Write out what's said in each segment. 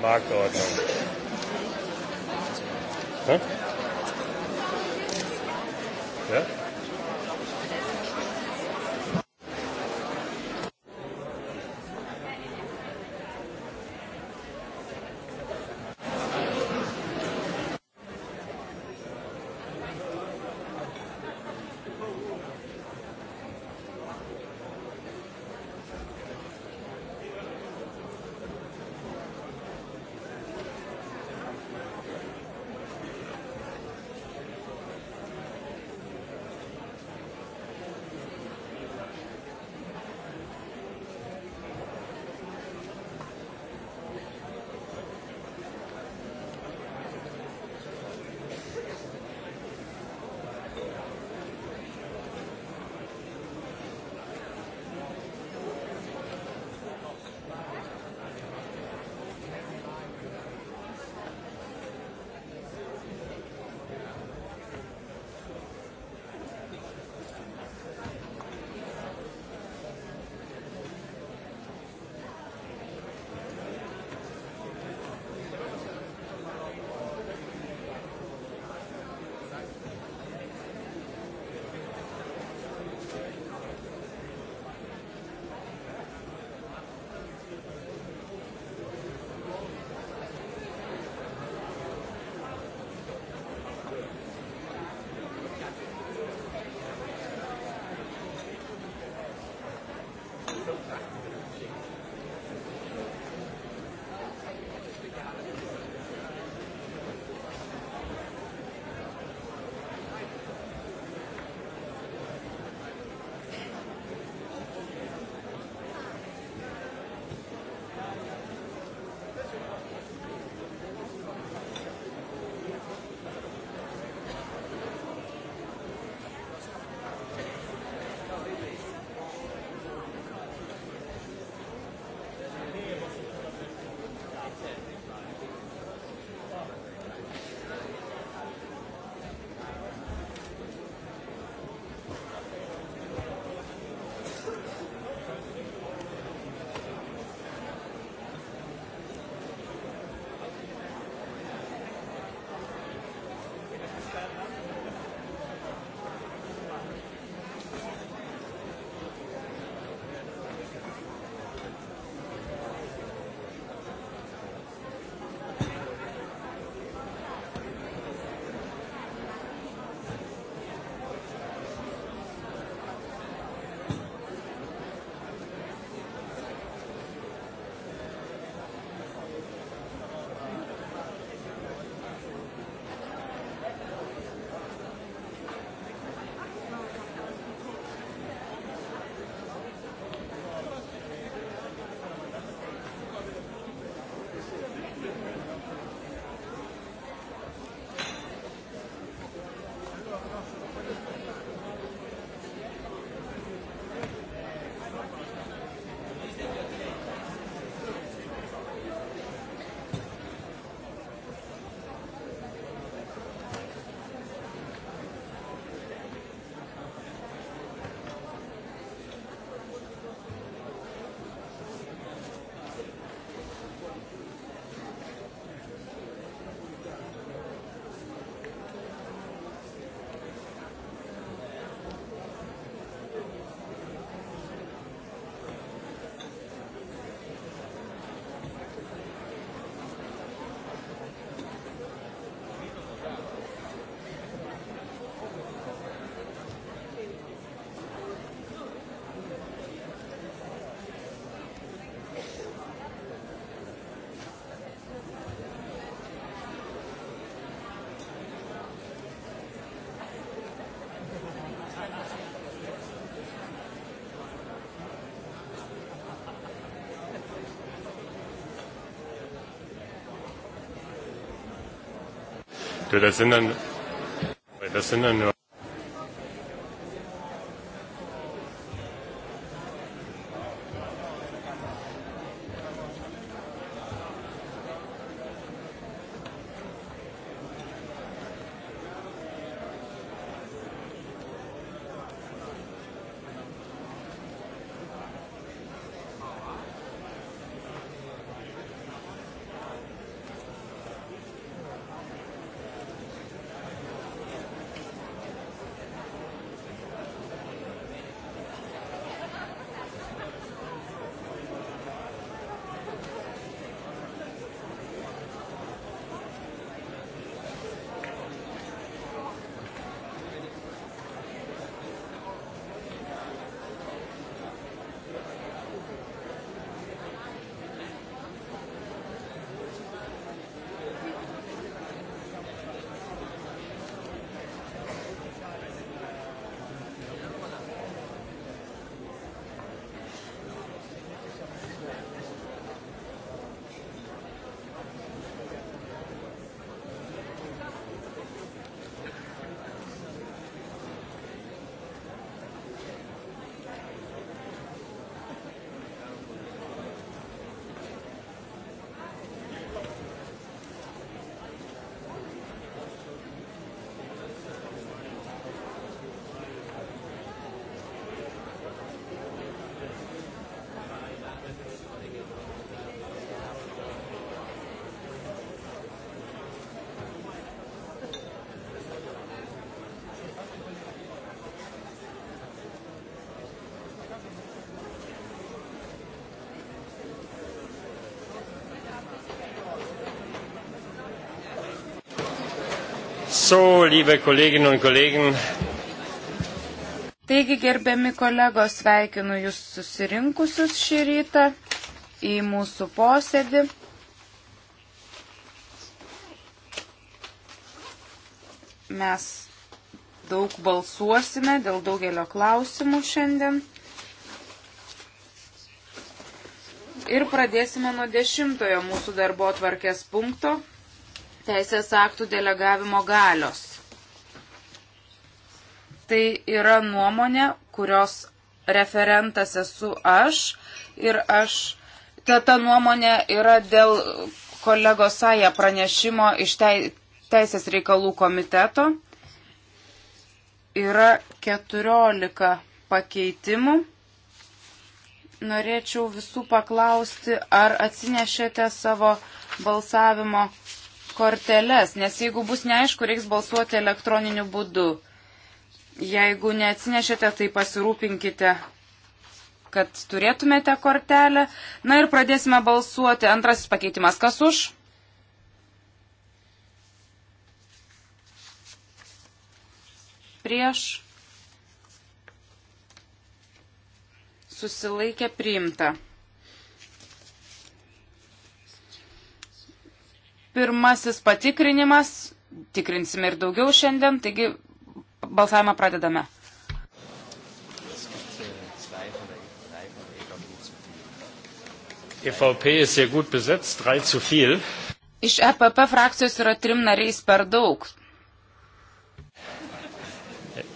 Marktordnung. Du, das sind dann, das sind dann nur So, liebe Kolleginnen und Kollegen. Taigi, gerbiami kolegos, sveikinu Jūs susirinkusius šį rytą į mūsų posėdį. Mes daug balsuosime dėl daugelio klausimų šiandien. Ir pradėsime nuo dešimtojo mūsų darbo tvarkės punkto teisės aktų delegavimo galios. Tai yra nuomonė, kurios referentas esu aš ir aš, ta, ta nuomonė yra dėl kolegos Saja pranešimo iš Teisės reikalų komiteto. Yra 14 pakeitimų. Norėčiau visų paklausti, ar atsinešėte savo balsavimo korteles, nes jeigu bus neaišku, reiks balsuoti elektroniniu būdu. Jeigu neatsinešėte, tai pasirūpinkite, kad turėtumėte kortelę. Na ir pradėsime balsuoti. Antrasis pakeitimas. Kas už? Prieš. Susilaikė priimta. pirmasis patikrinimas. Tikrinsime ir daugiau šiandien, taigi balsavimą pradedame. EVP ist sehr gut besetzt, drei zu viel. Iš EPP frakcijos yra trim nariais per daug.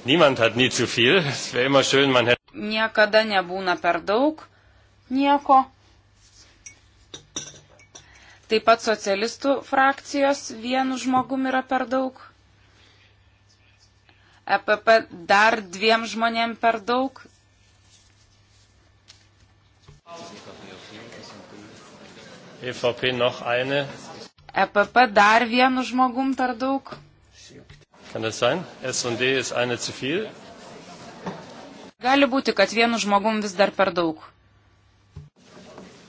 Niemand hat nie zu viel. Es wäre immer schön, man hätte. Niekada nebūna per daug nieko. Taip pat socialistų frakcijos vienu žmogum yra per daug. EPP dar dviem žmonėm per daug. EVP noch eine. EPP dar vienu žmogum per daug. Kann das sein? S&D ist eine zu viel. Gali būti, kad vienu žmogum vis dar per daug.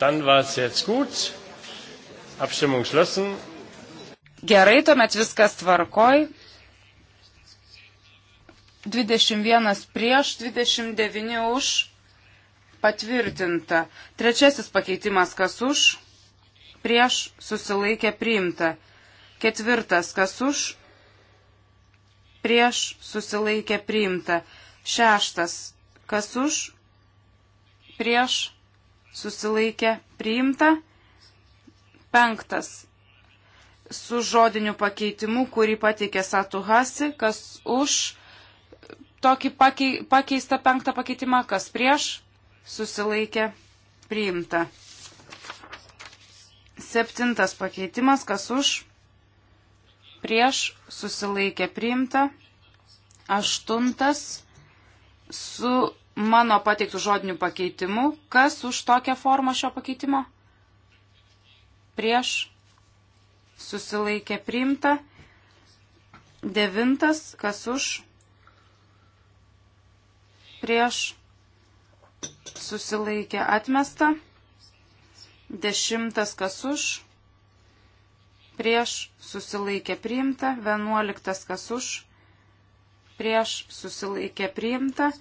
Dann war es jetzt gut. Apšimung šlesin. Gerai, tuomet viskas tvarkoj. 21 prieš, 29 už. Patvirtinta. Trečiasis pakeitimas kas už. Prieš susilaikė priimta. Ketvirtas kas už. Prieš susilaikė priimta. Šeštas kas už. Prieš susilaikė priimta. Penktas. Su žodiniu pakeitimu, kurį pateikė Satuhasi, kas už tokį pakei, pakeistą penktą pakeitimą, kas prieš, susilaikė, priimta. Septintas pakeitimas, kas už, prieš, susilaikė, priimta. Aštuntas, su mano pateiktų žodinių pakeitimų, kas už tokią formą šio pakeitimo? prieš, susilaikė priimta. Devintas, kas už, prieš, susilaikė atmesta. Dešimtas, kas už, prieš, susilaikė priimta. Vienuoliktas, kas už, prieš, susilaikė priimta.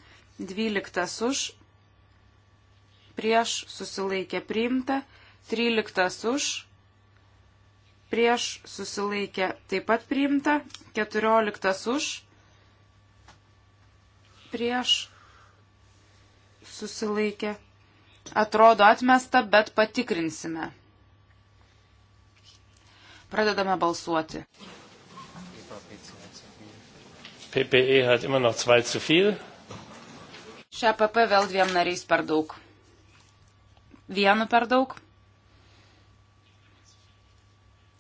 Dvyliktas už, prieš, susilaikė priimta. Tryliktas už, prieš susilaikė taip pat priimta, 14 už, prieš susilaikė. Atrodo atmesta, bet patikrinsime. Pradedame balsuoti. PPE hat immer noch zwei zu viel. Šią PP e vėl dviem nariais per daug. Vienu per daug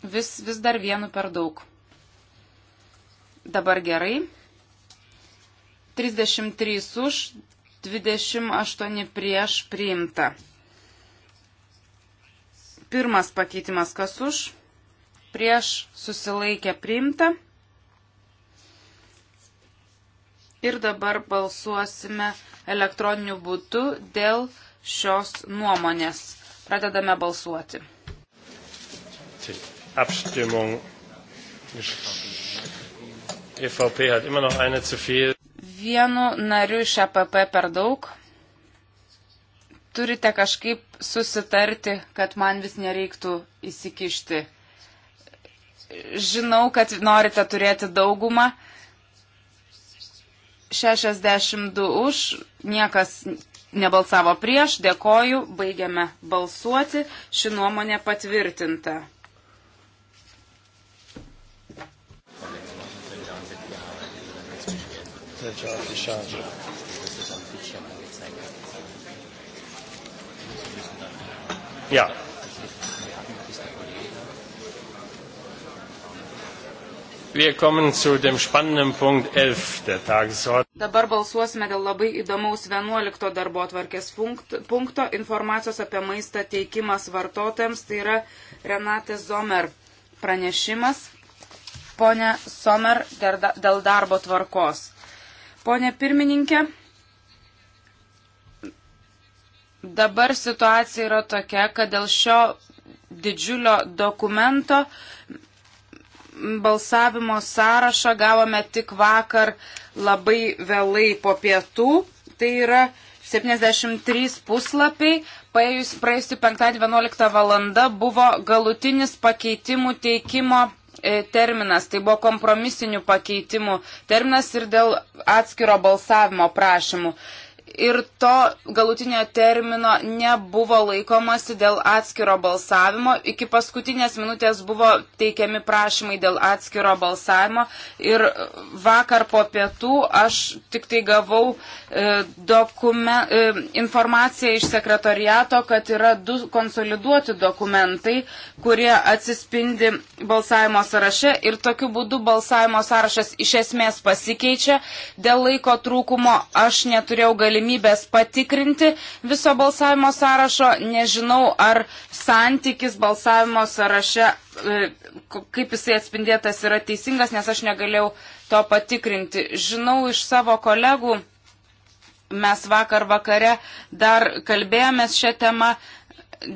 vis, vis dar vienu per daug. Dabar gerai. 33 už, 28 prieš priimta. Pirmas pakeitimas kas už, prieš susilaikę priimta. Ir dabar balsuosime elektroniniu būdu dėl šios nuomonės. Pradedame balsuoti. Taip. Abstimmung. EVP hat immer noch eine zu viel. Vienu nariu iš APP e per daug. Turite kažkaip susitarti, kad man vis nereiktų įsikišti. Žinau, kad norite turėti daugumą. 62 už, niekas nebalsavo prieš, dėkoju, baigiame balsuoti, ši nuomonė patvirtinta. già si change. Ja. Wir kommen zu dem spannenden Punkt 11 der Tagesordnung. Dabar balsuosime dėl labai įdomaus 11 darbo atvarkės punkto informacijos apie maistą teikimas vartotojams. Tai yra Renate Zomer pranešimas. Pone Somer dėl darbo tvarkos. Pone pirmininkė, dabar situacija yra tokia, kad dėl šio didžiulio dokumento balsavimo sąrašą gavome tik vakar labai vėlai po pietų. Tai yra 73 puslapiai. Praėjusį penktadienį 11 val. buvo galutinis pakeitimų teikimo E, terminas, tai buvo kompromisinių pakeitimų terminas ir dėl atskiro balsavimo prašymų ir to galutinio termino nebuvo laikomasi dėl atskiro balsavimo. Iki paskutinės minutės buvo teikiami prašymai dėl atskiro balsavimo ir vakar po pietų aš tik tai gavau e, dokumen, e, informaciją iš sekretoriato, kad yra du konsoliduoti dokumentai, kurie atsispindi balsavimo sąraše ir tokiu būdu balsavimo sąrašas iš esmės pasikeičia. Dėl laiko trūkumo aš neturėjau galimybę galimybės patikrinti viso balsavimo sąrašo. Nežinau, ar santykis balsavimo sąraše, e, kaip jisai atspindėtas, yra teisingas, nes aš negalėjau to patikrinti. Žinau iš savo kolegų, mes vakar vakare dar kalbėjomės šią temą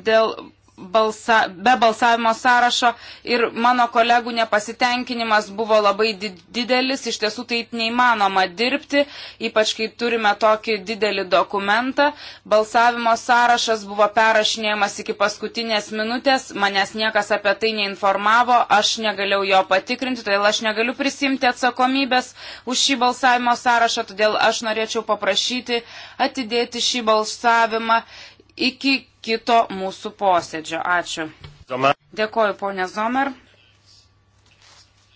dėl balsa, be balsavimo sąrašo ir mano kolegų nepasitenkinimas buvo labai didelis, iš tiesų taip neįmanoma dirbti, ypač kai turime tokį didelį dokumentą. Balsavimo sąrašas buvo perrašinėjamas iki paskutinės minutės, manęs niekas apie tai neinformavo, aš negalėjau jo patikrinti, todėl aš negaliu prisimti atsakomybės už šį balsavimo sąrašą, todėl aš norėčiau paprašyti atidėti šį balsavimą iki kito mūsų posėdžio. Ačiū. Zomer. Dėkoju, ponė Zomer.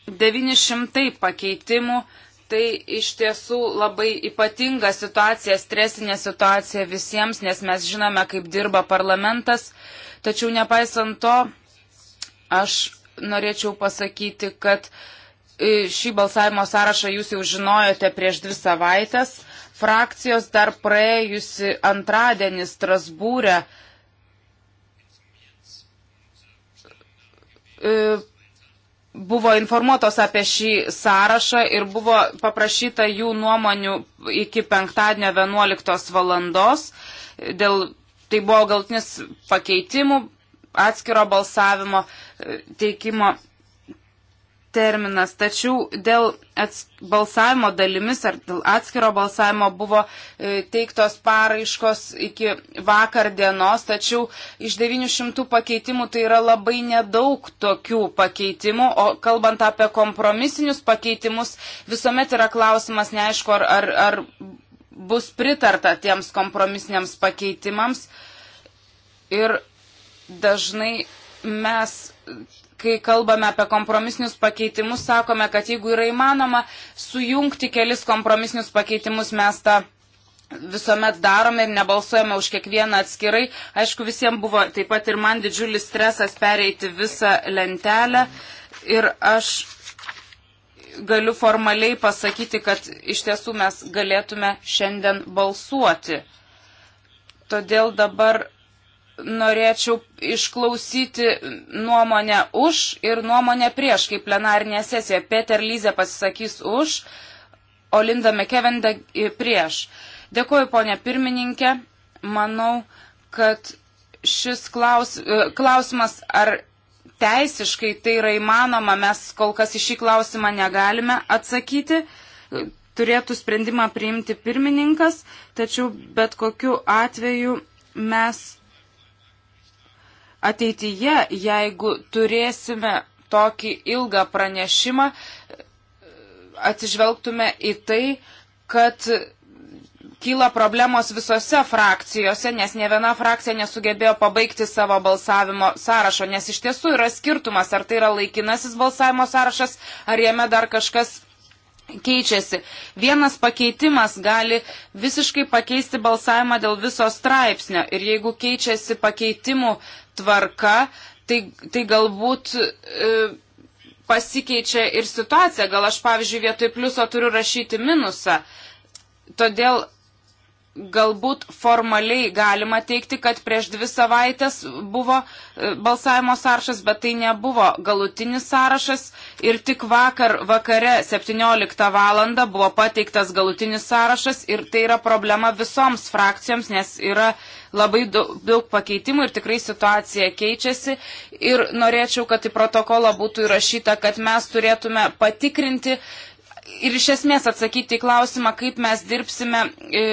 900 pakeitimų. Tai iš tiesų labai ypatinga situacija, stresinė situacija visiems, nes mes žinome, kaip dirba parlamentas. Tačiau nepaisant to, aš norėčiau pasakyti, kad e, šį balsavimo sąrašą jūs jau žinojote prieš dvi savaitės frakcijos dar praėjusi antradienį Strasbūrę e, buvo informuotos apie šį sąrašą ir buvo paprašyta jų nuomonių iki penktadienio 11 valandos. Dėl, tai buvo galtinis pakeitimų atskiro balsavimo e, teikimo terminas, tačiau dėl balsavimo dalimis ar dėl atskiro balsavimo buvo e, teiktos paraiškos iki vakar dienos, tačiau iš 900 pakeitimų tai yra labai nedaug tokių pakeitimų, o kalbant apie kompromisinius pakeitimus, visuomet yra klausimas neaišku, ar, ar, ar bus pritarta tiems kompromisiniams pakeitimams. Ir dažnai mes kai kalbame apie kompromisinius pakeitimus, sakome, kad jeigu yra įmanoma sujungti kelis kompromisinius pakeitimus, mes tą visuomet darome ir nebalsuojame už kiekvieną atskirai. Aišku, visiems buvo taip pat ir man didžiulis stresas pereiti visą lentelę. Ir aš galiu formaliai pasakyti, kad iš tiesų mes galėtume šiandien balsuoti. Todėl dabar norėčiau išklausyti nuomonę už ir nuomonę prieš, kaip plenarinė sesija. Peter Lyze pasisakys už, o Linda McKevenda prieš. Dėkuoju, ponė pirmininkė. Manau, kad šis klaus, e, klausimas, ar teisiškai tai yra įmanoma, mes kol kas į šį klausimą negalime atsakyti turėtų sprendimą priimti pirmininkas, tačiau bet kokiu atveju mes ateityje, jeigu turėsime tokį ilgą pranešimą, atsižvelgtume į tai, kad kyla problemos visose frakcijose, nes ne viena frakcija nesugebėjo pabaigti savo balsavimo sąrašo, nes iš tiesų yra skirtumas, ar tai yra laikinasis balsavimo sąrašas, ar jame dar kažkas keičiasi. Vienas pakeitimas gali visiškai pakeisti balsavimą dėl viso straipsnio ir jeigu keičiasi pakeitimų tvarka, tai, tai galbūt e, pasikeičia ir situacija. Gal aš, pavyzdžiui, vietoj pliuso turiu rašyti minusą. Todėl galbūt formaliai galima teikti, kad prieš dvi savaitės buvo e, balsavimo sąrašas, bet tai nebuvo galutinis sąrašas ir tik vakar vakare 17 val. buvo pateiktas galutinis sąrašas ir tai yra problema visoms frakcijoms, nes yra labai daug pakeitimų ir tikrai situacija keičiasi. Ir norėčiau, kad į protokolą būtų įrašyta, kad mes turėtume patikrinti ir iš esmės atsakyti į klausimą, kaip mes dirbsime. E,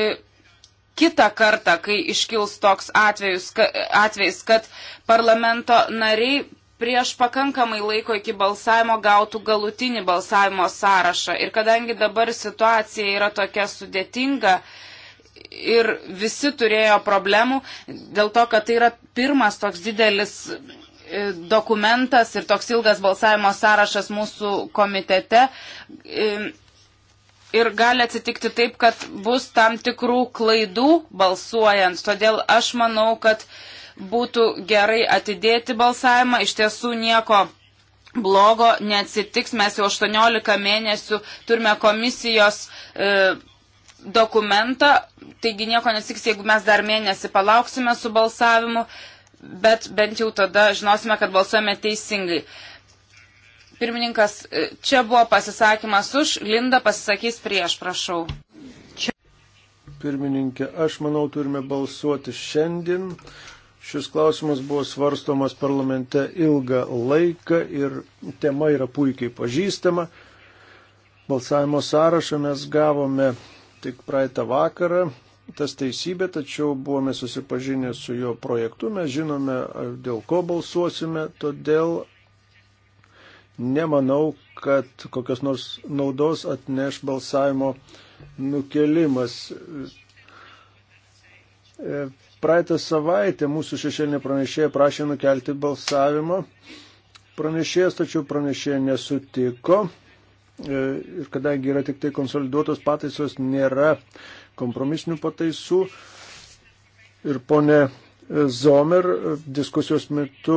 kitą kartą, kai iškils toks atvejus, ka, atvejs, kad parlamento nariai prieš pakankamai laiko iki balsavimo gautų galutinį balsavimo sąrašą. Ir kadangi dabar situacija yra tokia sudėtinga, ir visi turėjo problemų dėl to, kad tai yra pirmas toks didelis e, dokumentas ir toks ilgas balsavimo sąrašas mūsų komitete. E, ir gali atsitikti taip, kad bus tam tikrų klaidų balsuojant. Todėl aš manau, kad būtų gerai atidėti balsavimą. Iš tiesų nieko blogo neatsitiks. Mes jau 18 mėnesių turime komisijos. E, dokumentą, taigi nieko nesiks, jeigu mes dar mėnesį palauksime su balsavimu, bet bent jau tada žinosime, kad balsuojame teisingai. Pirmininkas, čia buvo pasisakymas už, Linda pasisakys prieš, prašau. Čia. Pirmininkė, aš manau, turime balsuoti šiandien. Šis klausimas buvo svarstomas parlamente ilgą laiką ir tema yra puikiai pažįstama. Balsavimo sąrašą mes gavome tik praeitą vakarą tas teisybė, tačiau buvome susipažinę su jo projektu, mes žinome, dėl ko balsuosime, todėl nemanau, kad kokios nors naudos atneš balsavimo nukelimas. E, praeitą savaitę mūsų šešėlinė pranešėja prašė nukelti balsavimą. Pranešėjas, tačiau pranešėja nesutiko. E, ir kadangi yra tik tai konsoliduotos pataisos, nėra kompromisinių pataisų. Ir ponė Zomer diskusijos metu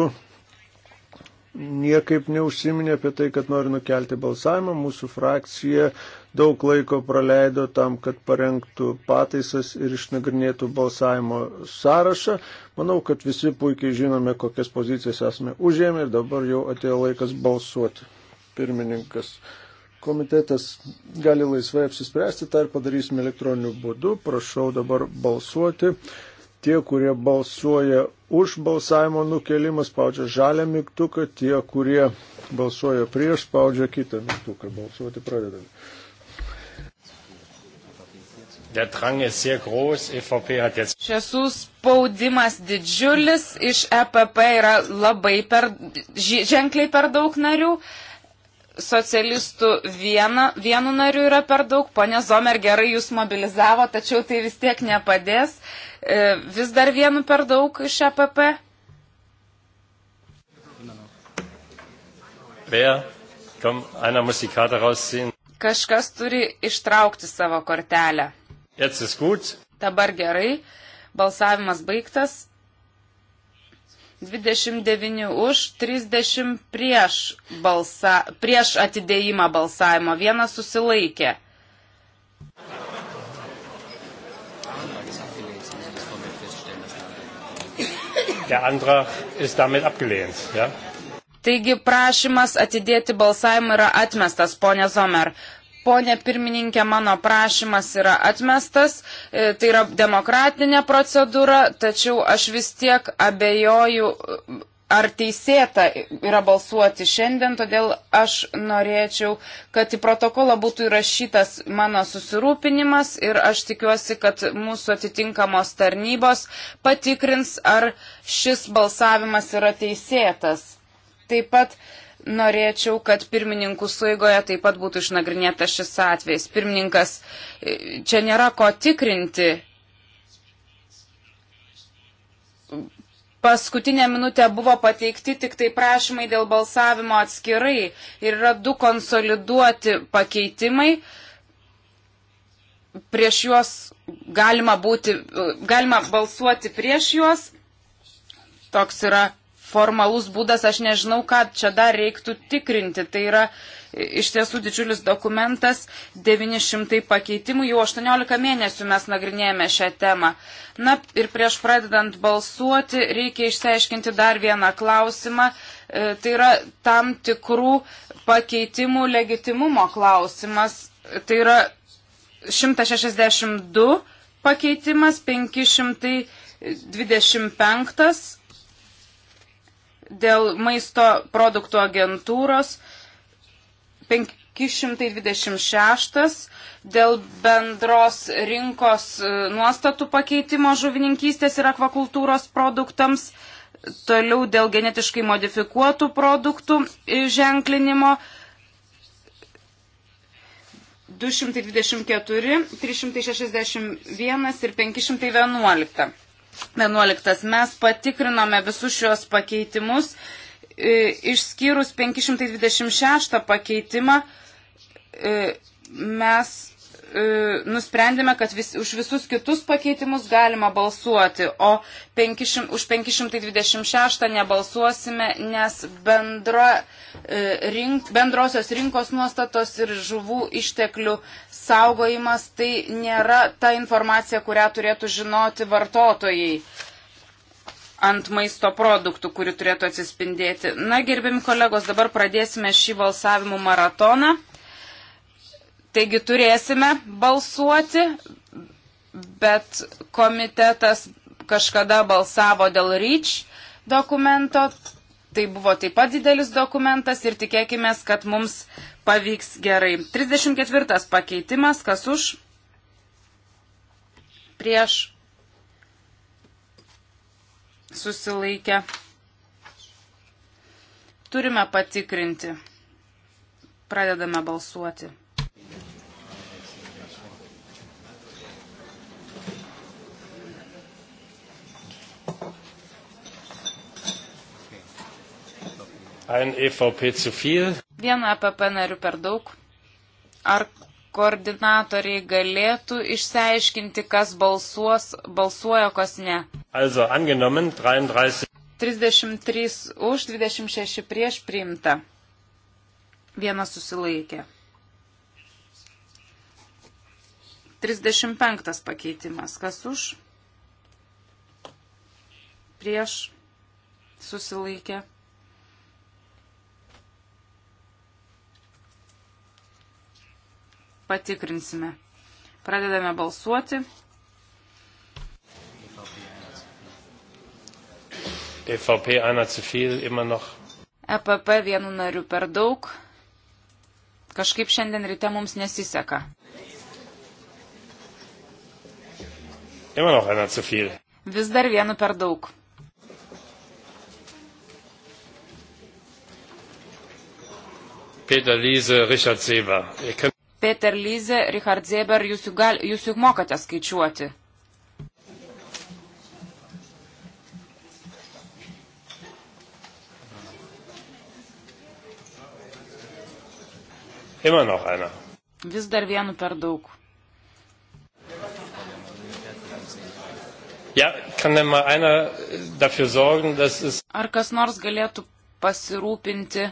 niekaip neužsiminė apie tai, kad nori nukelti balsavimą. Mūsų frakcija daug laiko praleido tam, kad parengtų pataisas ir išnagrinėtų balsavimo sąrašą. Manau, kad visi puikiai žinome, kokias pozicijas esame užėmę ir dabar jau atėjo laikas balsuoti. Pirmininkas komitetas gali laisvai apsispręsti, tą ir padarysime elektroniniu būdu. Prašau dabar balsuoti. Tie, kurie balsuoja už balsavimo nukelimą, spaudžia žalią mygtuką, tie, kurie balsuoja prieš, spaudžia kitą mygtuką. Balsuoti pradedame. E Šiesų spaudimas didžiulis, iš EPP yra labai per, ženkliai per daug narių. Uh, socialistų viena, vienu nariu yra per daug. Pone Zomer, gerai jūs mobilizavo, tačiau tai vis tiek nepadės. E, vis dar vienu per daug iš EPP. Kažkas turi ištraukti savo kortelę. Dabar gerai, balsavimas baigtas. 29 už, 30 prieš, balsa, prieš atidėjimą balsavimo, vienas susilaikė. Der Antrag ist damit abgelehnt. Ja? Taigi prašymas atidėti balsavimą yra atmestas, ponė Zomer. Pone pirmininkė, mano prašymas yra atmestas, e, tai yra demokratinė procedūra, tačiau aš vis tiek abejoju, ar teisėta yra balsuoti šiandien, todėl aš norėčiau, kad į protokolą būtų įrašytas mano susirūpinimas ir aš tikiuosi, kad mūsų atitinkamos tarnybos patikrins, ar šis balsavimas yra teisėtas. Taip pat norėčiau, kad pirmininkų suigoje taip pat būtų išnagrinėtas šis atvejs. Pirmininkas, e, čia nėra ko tikrinti. Paskutinė minutė buvo pateikti tik tai prašymai dėl balsavimo atskirai ir yra du konsoliduoti pakeitimai. Prieš juos galima, būti, galima balsuoti prieš juos. Toks yra formalus būdas, aš nežinau, ką čia dar reiktų tikrinti. Tai yra iš tiesų didžiulis dokumentas, 900 pakeitimų, jau 18 mėnesių mes nagrinėjame šią temą. Na ir prieš pradedant balsuoti, reikia išsiaiškinti dar vieną klausimą. E, tai yra tam tikrų pakeitimų legitimumo klausimas. Tai yra 162 pakeitimas, 525 dėl maisto produktų agentūros 526, dėl bendros rinkos e, nuostatų pakeitimo žuvininkystės ir akvakultūros produktams, toliau dėl genetiškai modifikuotų produktų ženklinimo 224, 361 ir 511. 11. Mes patikrinome visus šios pakeitimus, e, išskyrus 526 pakeitimą, e, mes E, nusprendėme, kad vis, už visus kitus pakeitimus galima balsuoti, o 500, už 526 nebalsuosime, nes bendra, e, rink, bendrosios rinkos nuostatos ir žuvų išteklių saugojimas tai nėra ta informacija, kurią turėtų žinoti vartotojai ant maisto produktų, kuri turėtų atsispindėti. Na, gerbiami kolegos, dabar pradėsime šį balsavimų maratoną. Taigi turėsime balsuoti, bet komitetas kažkada balsavo dėl REACH dokumento. Tai buvo taip pat didelis dokumentas ir tikėkime, kad mums pavyks gerai. 34 pakeitimas, kas už? Prieš susilaikę. Turime patikrinti. Pradedame balsuoti. Ein EVP zu viel. Vieną APP e narių per daug. Ar koordinatoriai galėtų išsiaiškinti, kas balsuos, balsuoja, kas ne? Also, angenommen, 33. 33 už, 26 prieš priimta. Vienas susilaikė. 35 pakeitimas. Kas už? Prieš susilaikė. patikrinsime. Pradedame balsuoti. EVP einer zu viel, immer noch. EPP vienu nariu per daug. Kažkaip šiandien ryte mums nesiseka. Immer noch einer zu viel. Vis dar vienu per daug. Peter Liese, Richard Seber. Peter Lyze, Richard Zeber, jūs juk, gal, jūs juk mokate skaičiuoti. Immer noch einer. Vis dar vienu per daug. Ja, kann denn mal einer dafür sorgen, dass es... Ar kas nors galėtų pasirūpinti,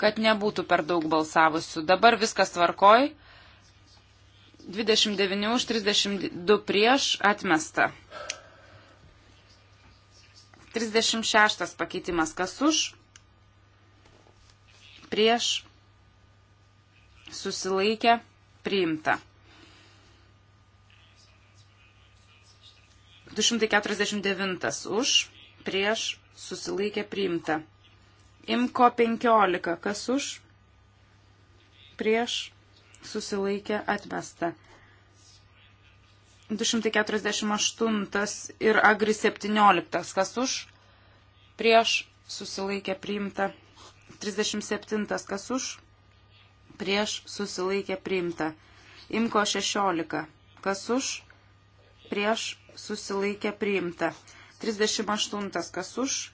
kad nebūtų per daug balsavusių. Dabar viskas tvarkoj. 29 už 32 prieš atmesta. 36 pakeitimas kas už, prieš, susilaikę, priimta. 249 už, prieš, susilaikę, priimta. Imko 15. Kas už? Prieš susilaikė atmesta. 248 ir Agri 17. Kas už? Prieš susilaikė priimta. 37. Kas už? Prieš susilaikė priimta. Imko 16. Kas už? Prieš susilaikė priimta. 38. Kas už?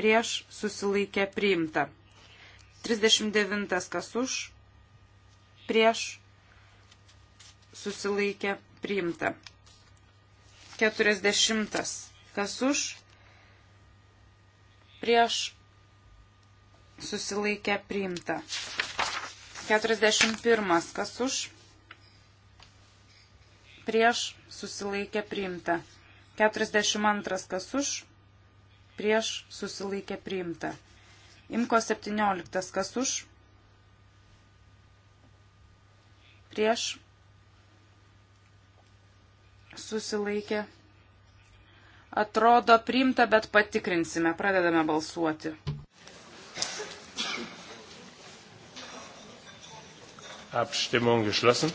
prieš susilaikė priimta. 39 kas už, prieš susilaikė priimta. 40 kas už, prieš susilaikė priimta. 41 kas už, prieš susilaikė priimta. 42 kas už, prieš susilaikė priimta. Imko 17, kas už, prieš susilaikė. Atrodo priimta, bet patikrinsime, pradedame balsuoti. Abstimmung geschlossen.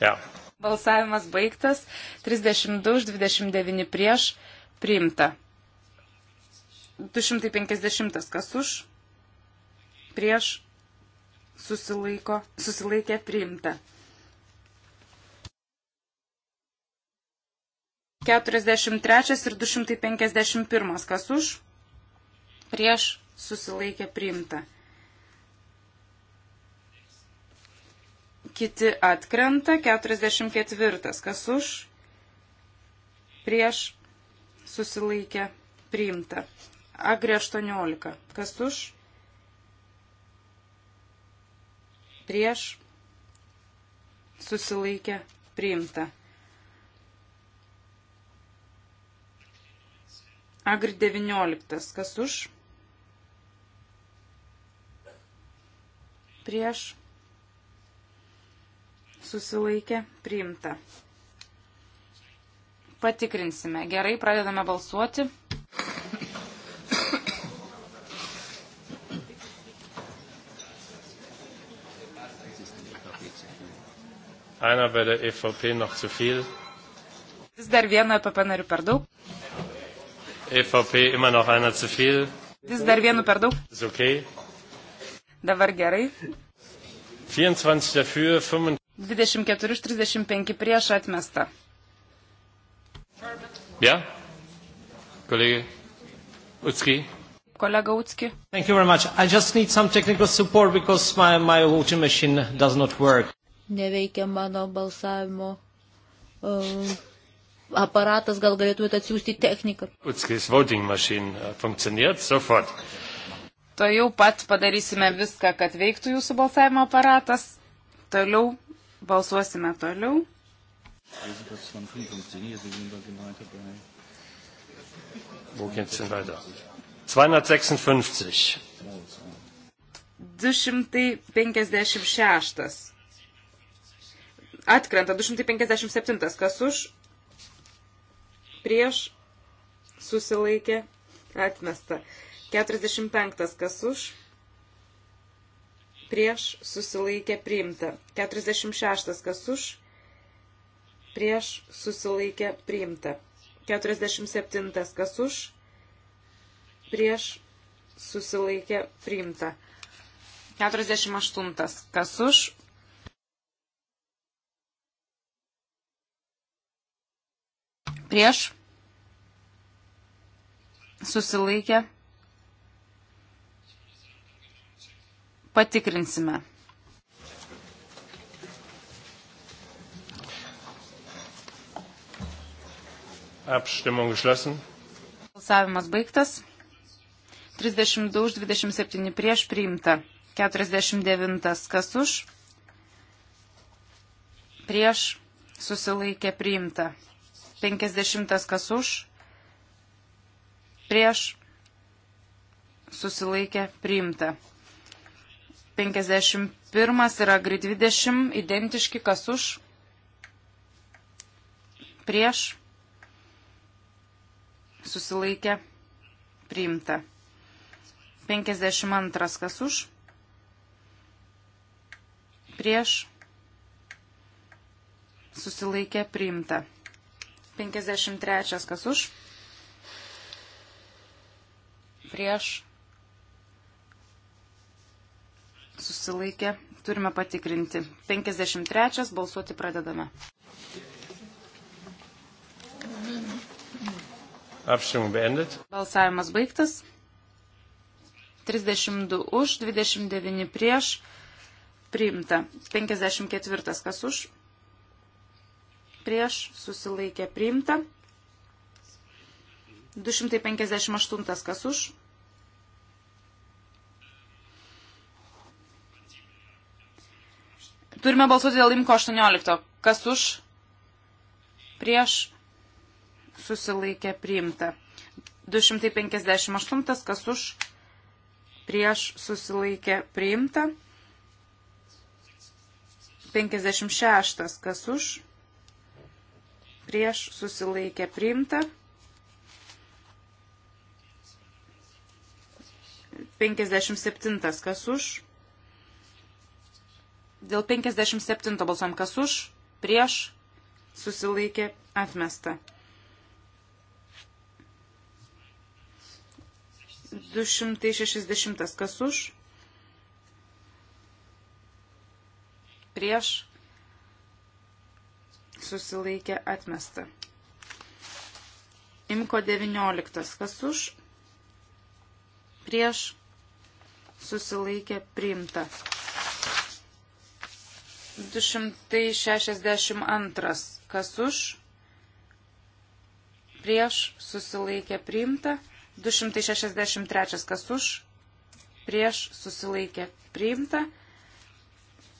Ja. Balsavimas baigtas. 32 už 29 prieš priimta. 250 kas už, prieš, susilaiko, susilaikė priimta. 43 ir 251 kas už, prieš, susilaikė priimta. Kiti atkrenta, 44 kas už, prieš, susilaikė priimta. Agri 18. Kas už? Prieš. Susilaikė. Priimta. Agri 19. Kas už? Prieš. Susilaikė. Priimta. Patikrinsime. Gerai, pradedame balsuoti. Einer bei der EVP noch zu viel. Vis dar vieno EPP nariu per daug. EVP immer noch einer zu viel. Vis dar vienu per daug. Ist okay. Dabar gerai. 24 dafür, 25. 24 už 35 prieš atmesta. Ja? Kollege Utski. Kolega Utski. Thank you very much. I just need some technical support because my, my voting machine does not work neveikia mano balsavimo uh, aparatas, gal galėtumėte atsiųsti techniką. Utskis voting machine uh, funkcioniert sofort. To jau pat padarysime viską, kad veiktų jūsų balsavimo aparatas. Toliau balsuosime toliau. Wo geht's denn weiter? 256. 256. Atkrenta 257. Kas už? Prieš susilaikė. Atmesta. 45. Kas už? Prieš susilaikė priimta. 46. Kas už? Prieš susilaikė priimta. 47. Kas už? Prieš susilaikė priimta. 48. Kas už? prieš, susilaikė, patikrinsime. Abstimmung geschlossen. Balsavimas baigtas. 32 už 27 prieš priimta. 49 kas už. Prieš susilaikė priimta. 50 kas už, prieš, susilaikė, priimta. 51 yra gri 20, identiški kas už, prieš, susilaikė, priimta. 52 kas už, prieš, susilaikė, priimta. 53 kas už. Prieš. Susilaikė. Turime patikrinti. 53 balsuoti pradedame. Apšimų bendit. Balsavimas baigtas. 32 už, 29 prieš. Priimta. 54 kas už prieš susilaikė priimta. 258 kas už. Turime balsuoti dėl Imko 18. Kas už? Prieš susilaikė priimta. 258 kas už? Prieš susilaikė priimta. 56 kas už? prieš susilaikė priimta. 57 kas už. Dėl 57 balsuom kas už, prieš susilaikė atmesta. 260 kas už, prieš susilaikė atmesta. Imko 19. Kas už? Prieš susilaikė priimta. 262. Kas už? Prieš susilaikė priimta. 263. Kas už? Prieš susilaikė priimta.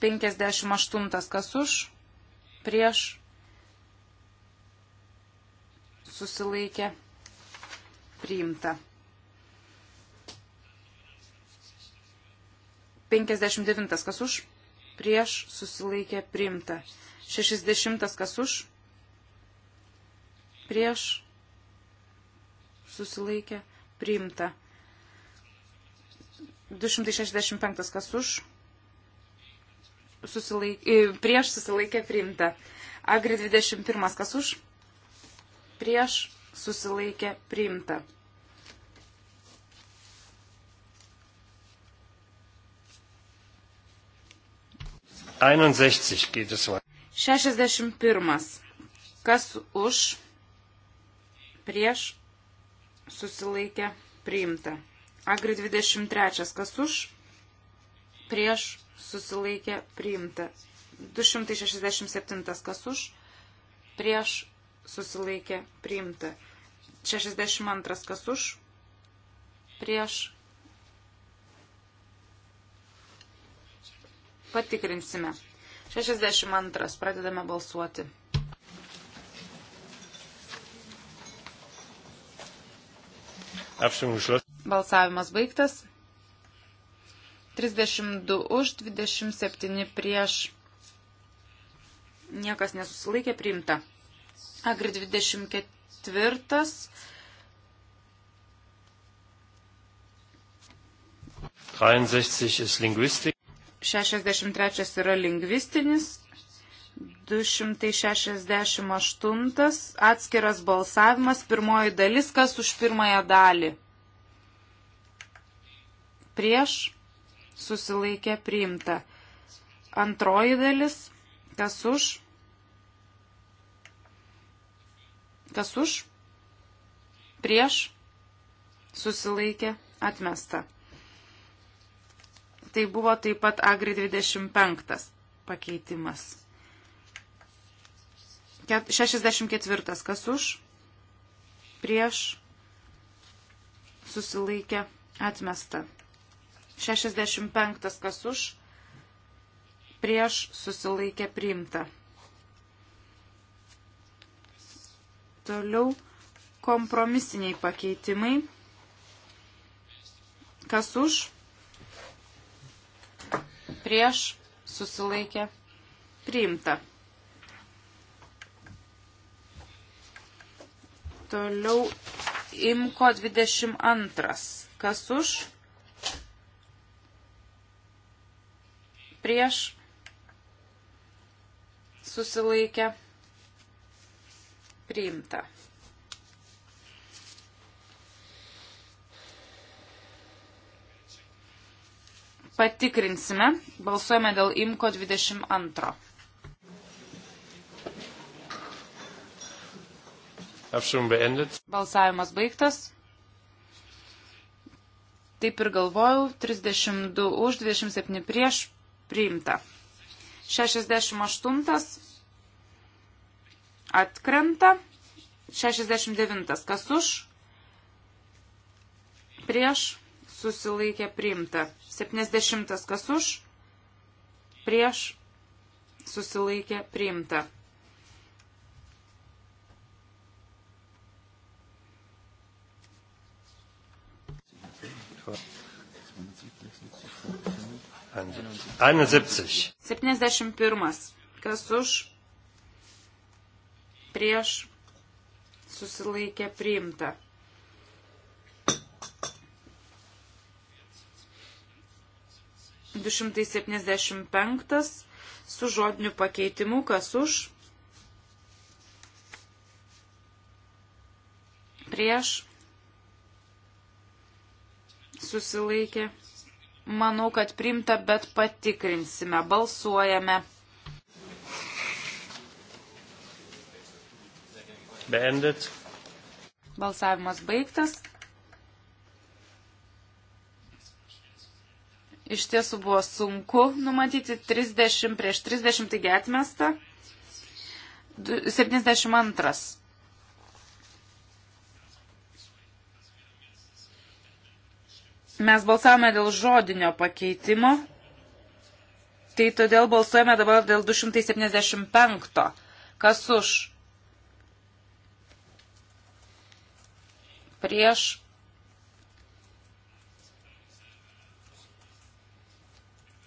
58. Kas už? Prieš susilaikė, priimta. 59 kas už, prieš susilaikė, priimta. 60 kas už, prieš susilaikė, priimta. 265 kas už, susilaikė, e, prieš susilaikė, priimta. Agri 21 kas už, prieš susilaikė priimta. geht es weiter. 61. Kas už prieš susilaikė priimta. Agri 23. Kas už prieš susilaikė priimta. 267. Kas už prieš susilaikė priimta. 62 kas už, prieš. Patikrinsime. 62 pradedame balsuoti. Balsavimas baigtas. 32 už, 27 prieš. Niekas nesusilaikė priimta. Agri 24. ist linguistik. 63 yra lingvistinis, 268 atskiras balsavimas, pirmoji dalis, kas už pirmąją dalį. Prieš susilaikė priimta. Antroji dalis, kas už Kas už? Prieš? Susilaikė? Atmesta. Tai buvo taip pat Agri 25 pakeitimas. 64. Kas už? Prieš? Susilaikė? Atmesta. 65. Kas už? Prieš? Susilaikė? Priimta. Toliau kompromisiniai pakeitimai. Kas už? Prieš susilaikė priimta. Toliau imko 22. Kas už? Prieš susilaikė priimta priimta. Patikrinsime. Balsuojame dėl IMKO 22. Balsavimas baigtas. Taip ir galvojau, 32 už, 27 prieš priimta. 68 atkrenta. 69. Kas už? Prieš susilaikė priimta. 70. Kas už? Prieš susilaikė priimta. An 71. 71. Kas už? prieš susilaikė priimta. Du šimtai septyniasdešimt penktas su žodiniu pakeitimu, kas už, prieš, susilaikė. Manau, kad primta, bet patikrinsime, balsuojame. beendet. Balsavimas baigtas. Iš tiesų buvo sunku numatyti 30 prieš 30 taigi atmesta. 72. Mes balsavome dėl žodinio pakeitimo, tai todėl balsuojame dabar dėl 275. Kas už? prieš.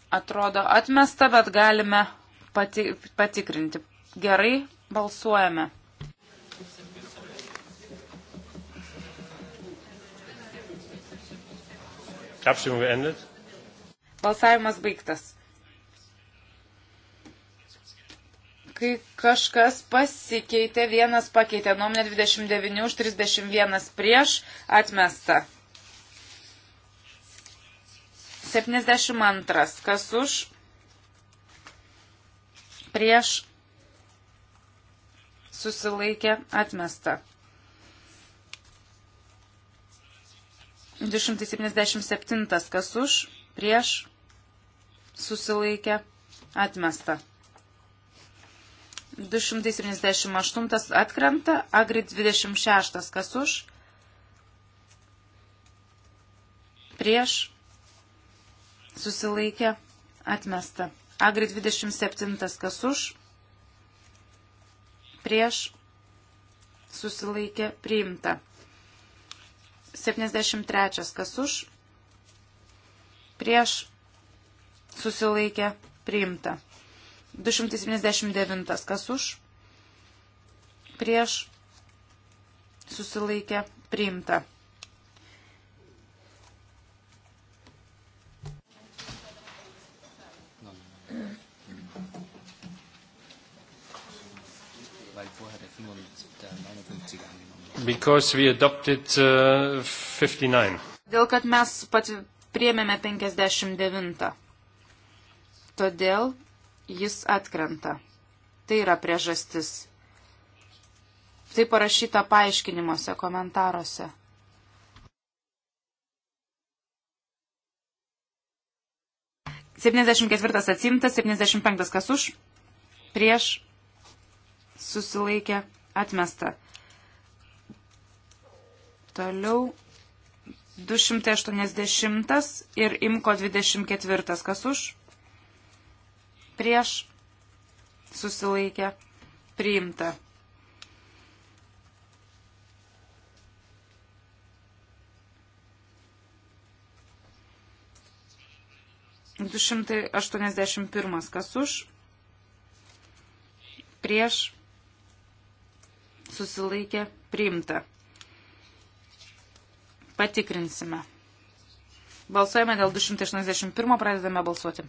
Atrodo atmesta, bet galime pati, patikrinti. Gerai, balsuojame. Balsavimas baigtas. kai kažkas pasikeitė, vienas pakeitė nuomonę 29 už 31 prieš atmestą. 72. Kas už? Prieš susilaikė atmestą. 277. Kas už? Prieš susilaikė atmestą. 278 atkrenta, agri 26 kas už, prieš, susilaikė, atmesta. Agri 27 kas už, prieš, susilaikė, priimta. 73 kas už, prieš, susilaikė, priimta. 279. Kas už? Prieš susilaikė priimta. Because we adopted uh, 59. Dėl kad mes pat priėmėme 59. Todėl jis atkrenta. Tai yra priežastis. Tai parašyta paaiškinimuose, komentaruose. Septyniasdešimt ketvirtas atsimtas, septyniasdešimt penktas kas už, prieš, susilaikė, atmesta. Toliau 280 ir imko 24 kas už, prieš susilaikę priimta. Du šimtai aštuoniasdešimt pirmas kas už, prieš susilaikę priimta. Patikrinsime. Balsuojame dėl 281, pradedame balsuoti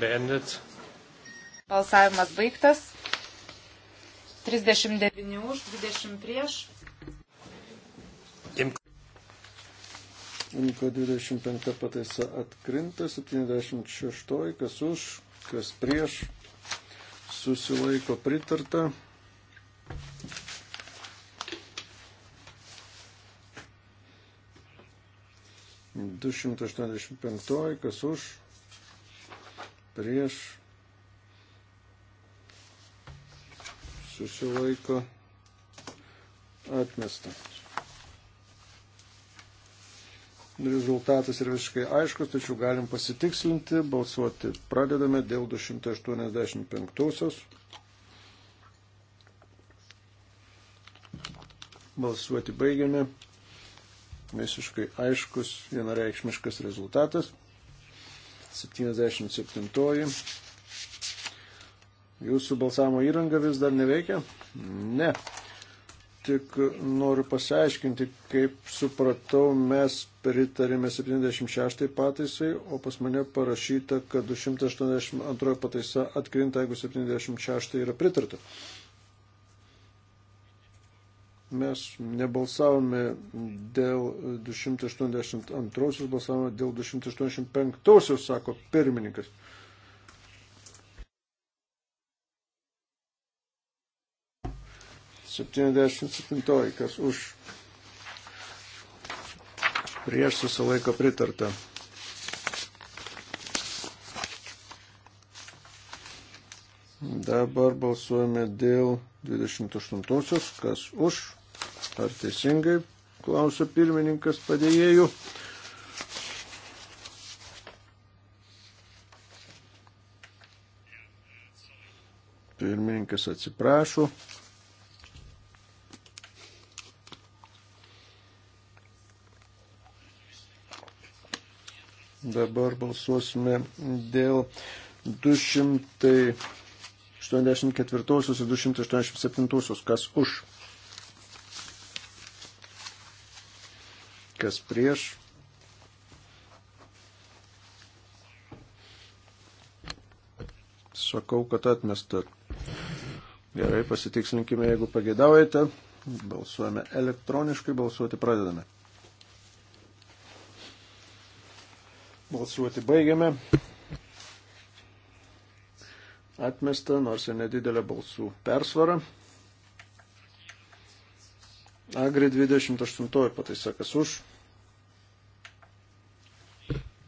beendet. Balsavimas baigtas. 39 už, 20 prieš. Imko 25 pataisa atkrinta, 76, kas už, kas prieš, susilaiko pritarta. Du šimtai aštuoniasdešimt penktoji, kas už, prieš susilaiko atmesta. Rezultatas yra visiškai aiškus, tačiau galim pasitikslinti, balsuoti. Pradedame dėl 285-osios. Balsuoti baigiame. Visiškai aiškus, vienareikšmiškas rezultatas. 77. Jūsų balsavimo įranga vis dar neveikia? Ne. Tik noriu pasiaiškinti, kaip supratau, mes pritarėme 76 pataisai, o pas mane parašyta, kad 282 pataisa atkrinta, jeigu 76 yra pritarta mes nebalsavome dėl 282, balsavome dėl 285, sako pirmininkas. Septyniasdešimt septintoji, kas už prieš susilaiko pritarta. Dabar balsuojame dėl 28, kas už Ar teisingai? Klausia pirmininkas padėjėjų. Pirmininkas atsiprašo. Dabar balsuosime dėl 284 ir 287, kas už. kas prieš. Sakau, kad atmesta. Gerai, pasitikslinkime, jeigu pagėdaujate. Balsuojame elektroniškai, balsuoti pradedame. Balsuoti baigiame. Atmesta, nors ir nedidelė balsų persvara. Agri 28 pataisa, kas už,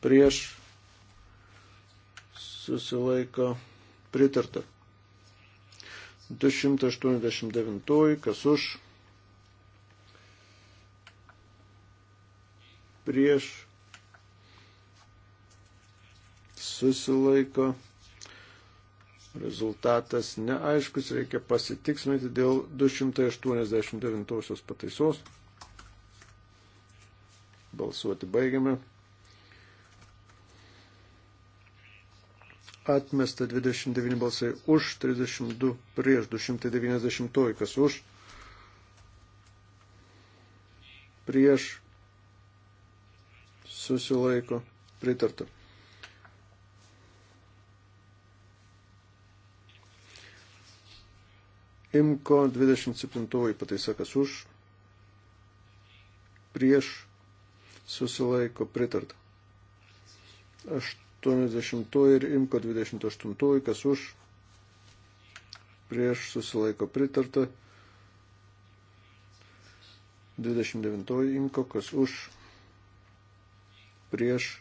prieš, susilaiko pritarta. 289, kas už, prieš, susilaiko pritarta rezultatas neaiškus, reikia pasitiksminti dėl 289 pataisos. Balsuoti baigiame. Atmesta 29 balsai už, 32 prieš, 290 kas už, prieš, susilaiko, pritarta. Imko 27 pataisa kas už, prieš susilaiko pritarta. 80 ir Imko 28 kas už, prieš susilaiko pritarta. 29 Imko kas už, prieš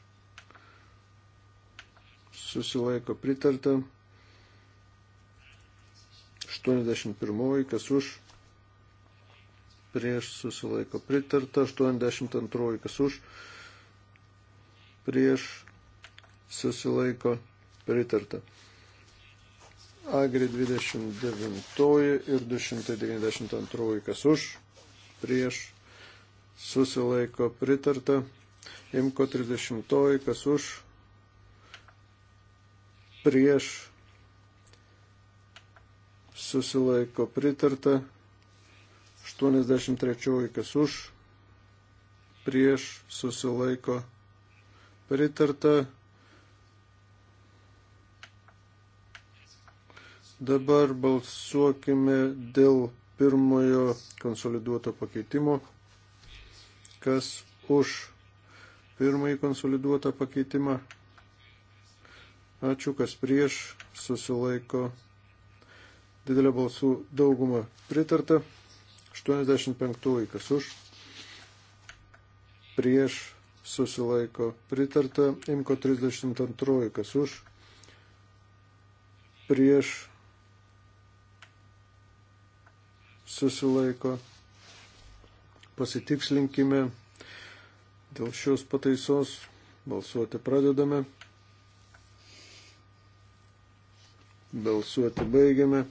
susilaiko pritarta. 81, kas už, prieš susilaiko pritarta, 82, kas už, prieš susilaiko pritarta. Agri 29 ir 292, kas už, prieš susilaiko pritarta. Imko 30, kas už, prieš susilaiko pritarta. 83 kas už, prieš susilaiko pritarta. Dabar balsuokime dėl pirmojo konsoliduoto pakeitimo. Kas už pirmąjį konsoliduotą pakeitimą? Ačiū, kas prieš susilaiko pritarta didelė balsų dauguma pritarta. 85 kas už, prieš susilaiko pritarta. Imko 32 kas už, prieš susilaiko. Pasitikslinkime dėl šios pataisos. Balsuoti pradedame. Balsuoti baigiame.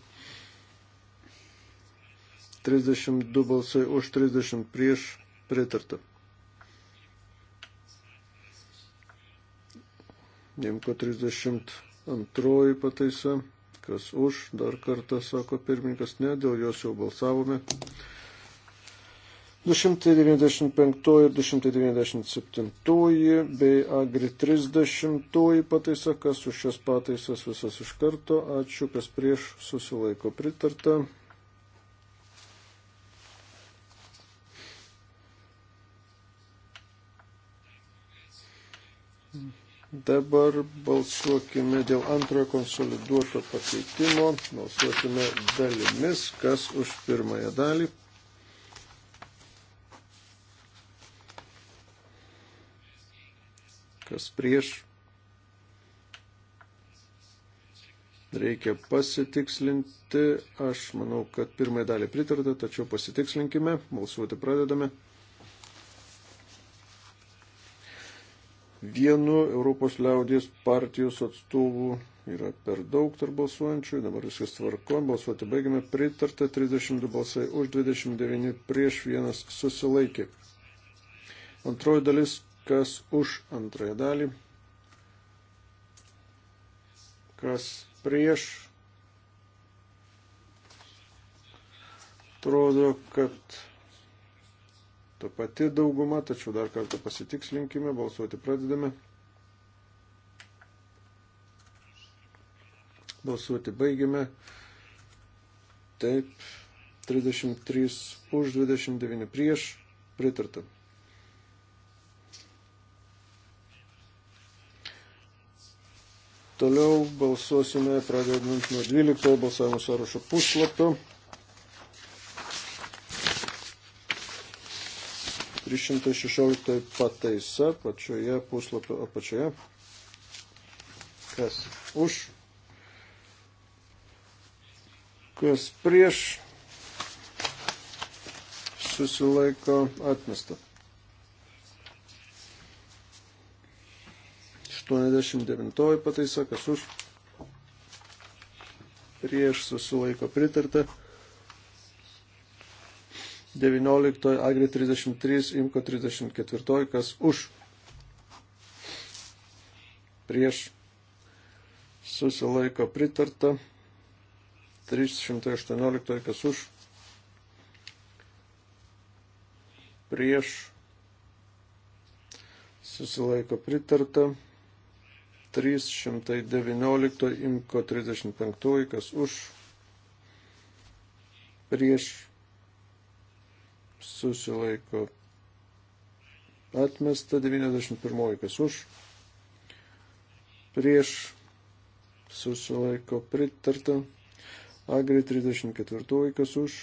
32 balsai už 30 prieš pritarta. Nemko 32 pataisa. Kas už, dar kartą sako pirmininkas, ne, dėl jos jau balsavome. 295 ir 297 bei Agri 30 pataisa, kas už šias pataisas visas iš karto, ačiū, kas prieš susilaiko pritarta. Dabar balsuokime dėl antrojo konsoliduoto pakeitimo. Balsuokime dalimis, kas už pirmąją dalį. Kas prieš. Reikia pasitikslinti. Aš manau, kad pirmąją dalį pritarta, tačiau pasitikslinkime. Balsuoti pradedame. vienu Europos liaudės partijos atstovu yra per daug tarp balsuojančių, dabar viskas tvarko, balsuoti baigiame, pritarta 32 balsai už 29 prieš vienas susilaikė. Antroji dalis, kas už antrąją dalį, kas prieš. Atrodo, kad ta pati dauguma, tačiau dar kartą pasitikslinkime, balsuoti pradedame. Balsuoti baigiame. Taip, 33 už 29 prieš, pritarta. Toliau balsuosime, pradedant nuo 12 balsavimo sąrašo puslapio. 316 pataisa pačioje puslapio apačioje. Kas už? Kas prieš? Susilaiko atmesta. 89 pataisa, kas už? Prieš susilaiko pritarta. 19, Agri 33, Imko 34, kas už, prieš, susilaiko pritarta, 318, kas už, prieš, susilaiko pritarta, 319, Imko 35, kas už, prieš, susilaiko atmesta 91 kas už, prieš susilaiko pritarta, agri 34 kas už,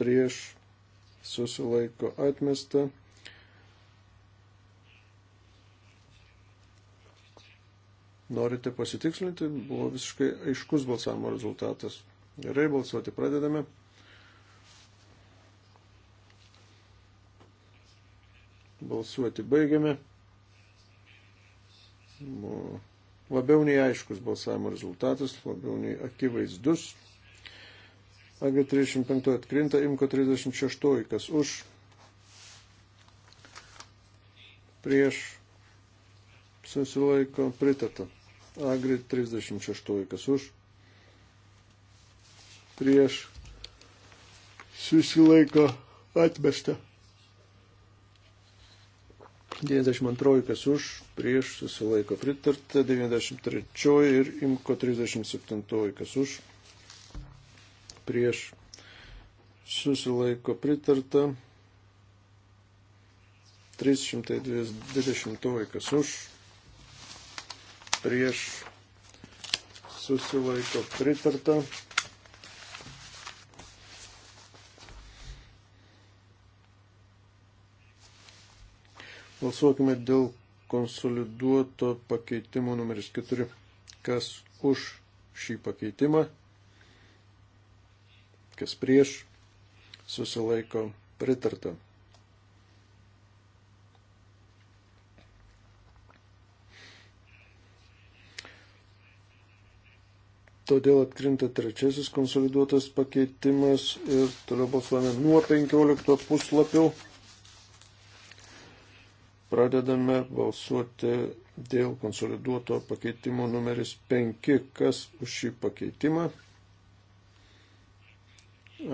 prieš susilaiko atmesta. Norite pasitikslinti, buvo visiškai aiškus balsavimo rezultatas. Gerai, balsuoti pradedame. Balsuoti baigiame. Buvo labiau nei aiškus balsavimo rezultatas, labiau nei akivaizdus. Agri 35 atkrinta, Imko 36, kas už, prieš, susilaiko, pritarta. Agri 36, kas už, prieš, susilaiko, atmesta. 92 kas už, prieš susilaiko pritarta, 93 ir imko 37 kas už, prieš susilaiko pritarta, 320 kas už, prieš susilaiko pritarta. Balsuokime dėl konsoliduoto pakeitimo numeris 4. Kas už šį pakeitimą, kas prieš, susilaiko pritarta. Todėl atkrinta trečiasis konsoliduotas pakeitimas ir toliau balsuojame nuo 15 puslapių. Pradedame balsuoti dėl konsoliduoto pakeitimo numeris 5. Kas už šį pakeitimą?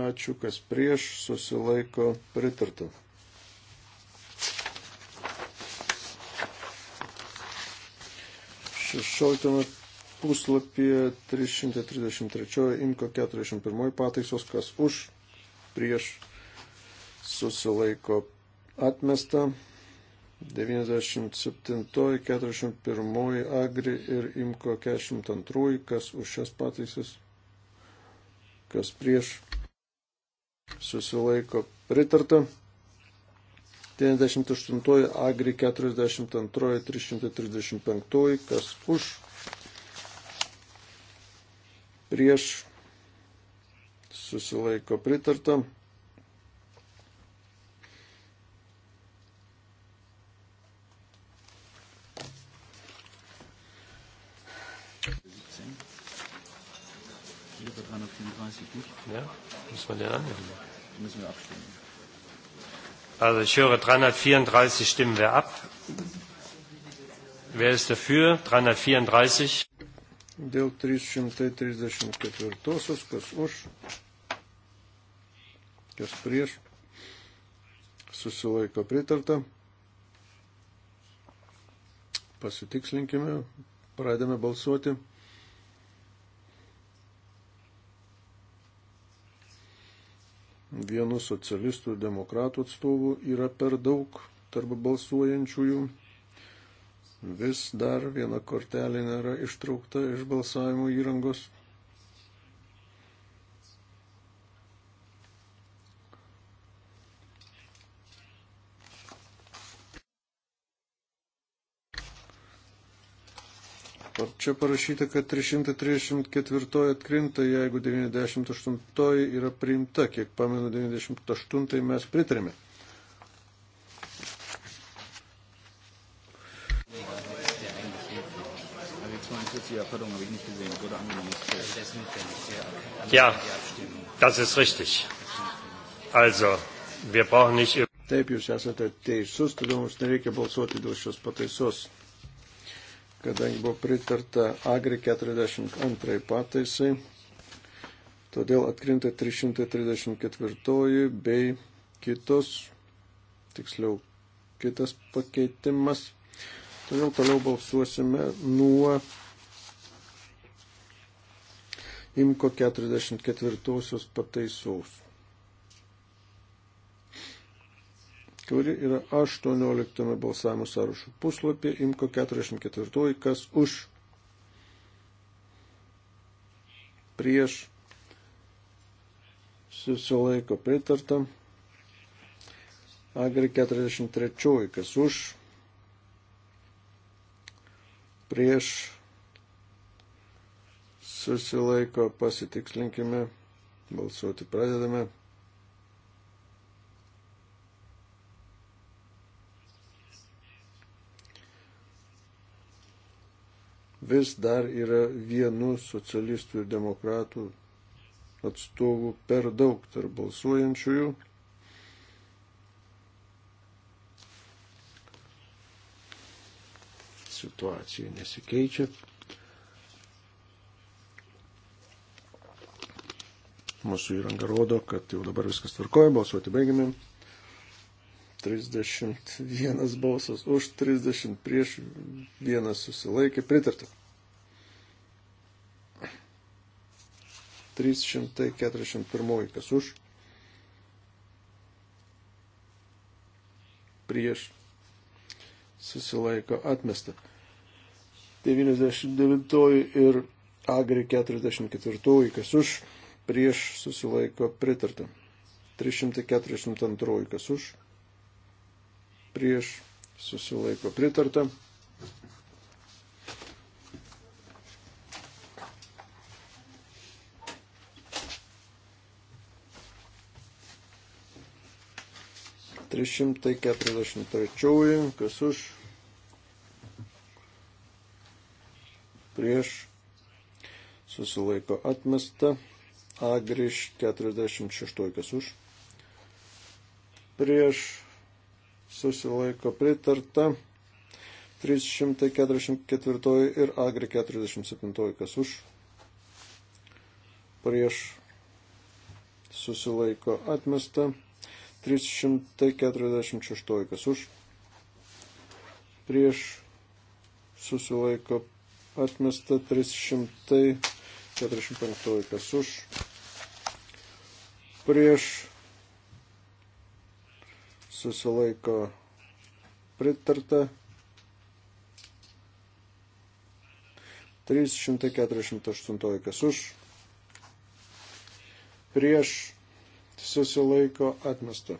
Ačiū, kas prieš susilaiko pritarta. Šešioliktame puslapyje 333 imko 41 pataisos, kas už prieš susilaiko atmesta. 97, 41, Agri ir Imko 42, kas už šias pataisas, kas prieš susilaiko pritarta. 98, Agri 42, 335, kas už prieš susilaiko pritarta. steht da 335 nicht. Ja, müssen wir den annehmen. Da müssen wir abstimmen. Also ich höre 334 stimmen wir ab. Wer ist dafür? 334. Dėl 334, kas už, kas prieš, susilaiko pritarta. Pasitikslinkime, pradėme balsuoti. vienu socialistų ir demokratų atstovu yra per daug tarp balsuojančiųjų. Vis dar viena kortelė nėra ištraukta iš balsavimo įrangos. Čia parašyta, kad 334 atkrinta, jeigu 98 yra priimta, kiek pamenu, 98 mes pritarėme. Ja, das ist richtig. Also, wir brauchen nicht. Taip, jūs esate teisus, todėl mums nereikia balsuoti dėl šios pataisos kadangi buvo pritarta Agri 42 pataisai, todėl atkrinta 334 bei kitos, tiksliau kitas pakeitimas. Todėl toliau balsuosime nuo Imko 44 pataisos. kuri yra 18 balsavimo sąrašų puslapį, imko 44, kas už, prieš, susilaiko pritarta, agri 43, kas už, prieš, susilaiko pasitikslinkime, balsuoti pradedame. vis dar yra vienu socialistų ir demokratų atstovų per daug tarp balsuojančiųjų. Situacija nesikeičia. Mūsų įranga rodo, kad jau dabar viskas tvarkoja, balsuoti baigiame. 31 balsas už, 30 prieš, vienas susilaikė, pritartė. 341 kas už. Prieš susilaiko atmesta. 99 ir Agri 44 kas už. Prieš susilaiko pritarta. 342 kas už. Prieš susilaiko pritarta. 343, kas už, prieš, susilaiko atmesta, agriš 46, kas už, prieš, susilaiko pritarta, 344 ir agri 47, kas už, prieš, susilaiko atmesta, 346 kas už, prieš susilaiko atmesta 345 kas už, prieš susilaiko pritarta 348 kas už, prieš susilaiko atmesta.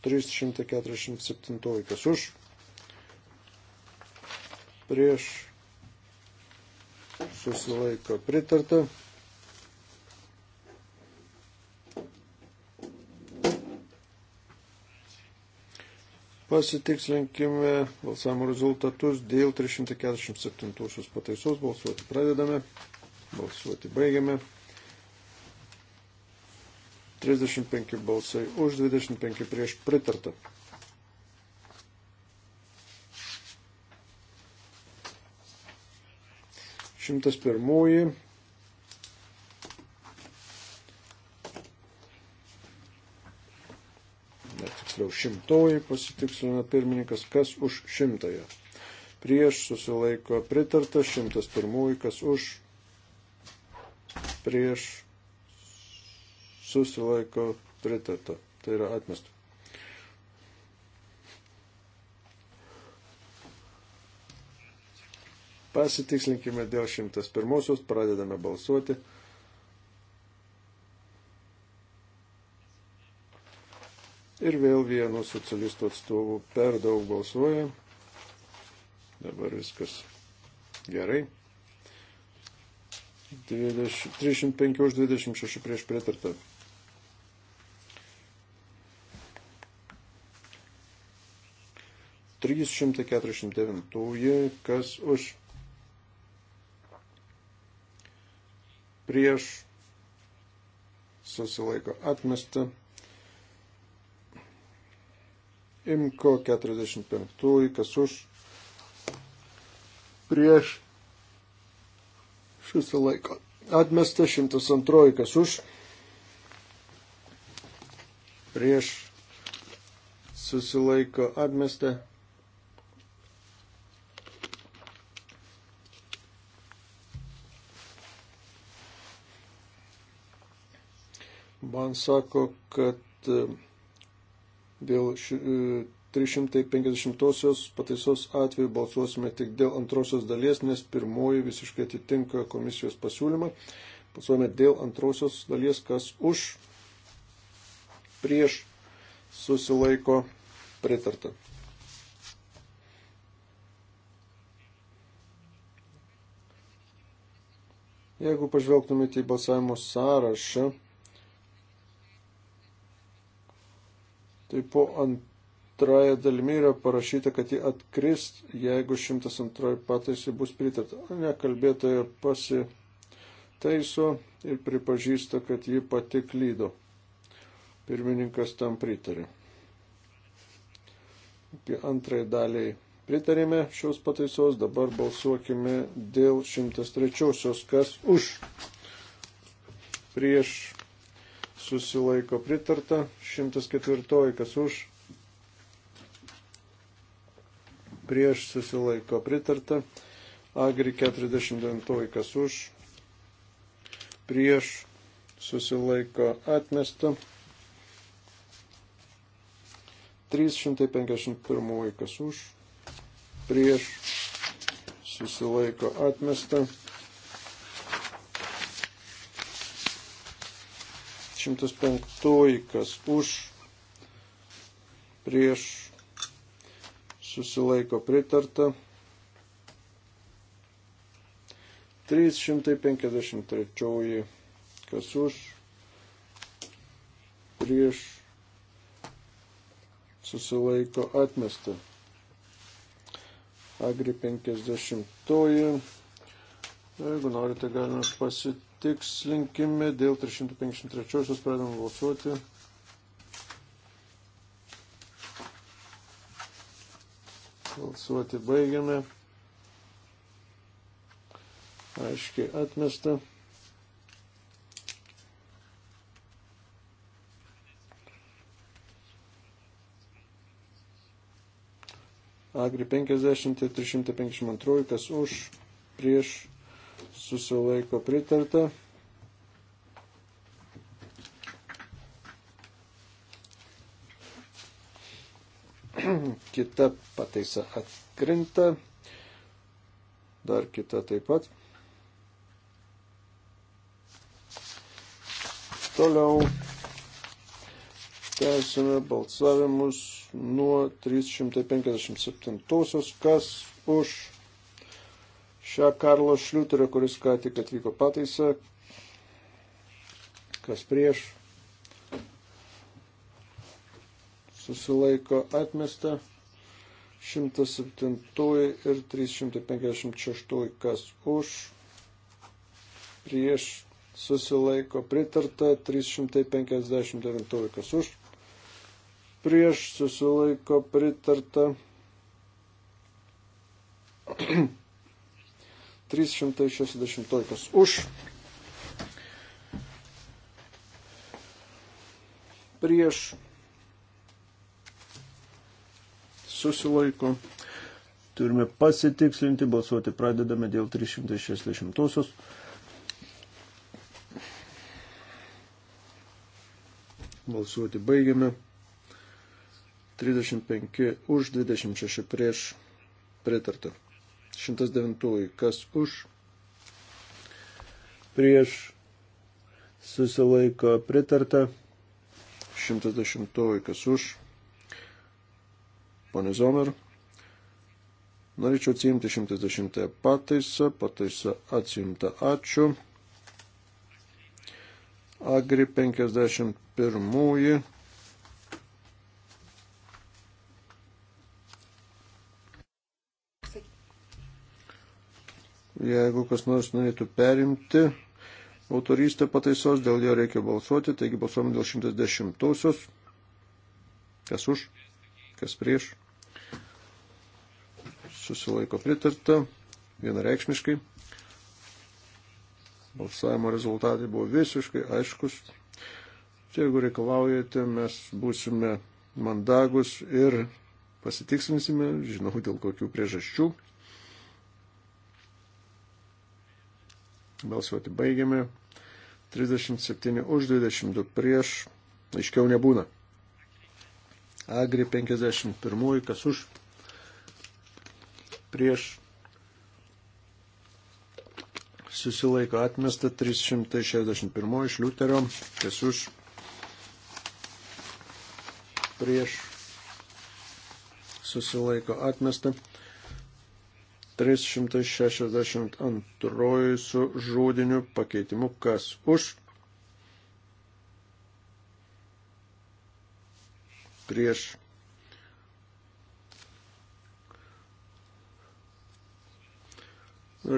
347 kas už, prieš susilaiko pritarta. Pasitikslinkime balsavimo rezultatus dėl 347 pataisos. Balsuoti pradedame, balsuoti baigiame. 35 balsai už, 25 prieš pritarta. Šimtas pirmoji. Netiksliau šimtoji pasitikslina pirmininkas, kas už šimtąją. Prieš susilaiko pritarta, šimtas pirmoji, kas už, prieš susilaiko pritarta. Tai yra atmesta. Pasitikslinkime dėl 101. Pradedame balsuoti. Ir vėl vienu socialistų atstovu per daug balsuoja. Dabar viskas gerai. 20, 305 už 26 prieš pritartą. 349. Kas už? Prieš susilaiko atmesta. Imko 45. Kas už? Prieš susilaiko atmesta 102. Kas už? Prieš susilaiko atmesta man sako, kad e, dėl 350-osios e, pataisos atveju balsuosime tik dėl antrosios dalies, nes pirmoji visiškai atitinka komisijos pasiūlymą. Balsuojame dėl antrosios dalies, kas už, prieš, susilaiko, pritarta. Jeigu pažvelgtumėte į balsavimo sąrašą, Tai po antraja dalimi yra parašyta, kad ji atkris, jeigu 102 pataisai bus pritarta. Nekalbėtoja pasitaiso ir pripažįsta, kad ji pati klydo. Pirmininkas tam pritarė. Apie antrąją dalį pritarėme šios pataisos, dabar balsuokime dėl 103, kas už prieš susilaiko pritarta, 104 kas už, prieš susilaiko pritarta, agri 49 kas už, prieš susilaiko atmesta, 351 kas už, prieš susilaiko atmesta. 105, kas už, prieš, susilaiko pritarta. 353, kas už, prieš, susilaiko atmesta. Agri 50. Jeigu norite, galime pasitikti pasitikslinkime dėl 353-osios, pradedam balsuoti. Balsuoti baigiame. Aiškiai atmesta. Agri 50 ir 352, kas už, prieš, susilaiko pritarta. Kita pataisa atkrinta. Dar kita taip pat. Toliau tęsime balsavimus nuo 357. Kas už šią Karlo Šliuterio, kuris ką tik atvyko pataisą. Kas prieš? Susilaiko atmesta. 107 ir 356 kas už. Prieš susilaiko pritarta 359 kas už. Prieš susilaiko pritarta 360 kas už. Prieš susilaiko. Turime pasitikslinti, balsuoti pradedame dėl 360. -osios. Balsuoti baigiame. 35 už 26 prieš pritartą. 109. Kas už? Prieš susilaiko pritarta. 110. Kas už? Pone Zomer. Norėčiau atsiimti 110 pataisą. Pataisa atsiimta. Ačiū. Agri 51. Jeigu kas nors norėtų perimti autorystę pataisos, dėl jo reikia balsuoti, taigi balsuojame dėl 110-osios. Kas už, kas prieš. Susilaiko pritarta vienareikšmiškai. Balsavimo rezultatai buvo visiškai aiškus. Čia, jeigu reikalaujate, mes būsime mandagus ir pasitikslinsime, žinau dėl kokių priežasčių. Balsuoti baigiame. 37 už 22 prieš. Aiškiau nebūna. Agri 51, kas už. Prieš. Susilaiko atmesta 361 iš Liuterio, kas už. Prieš. Susilaiko atmesta 362 su žodiniu pakeitimu kas už. Prieš.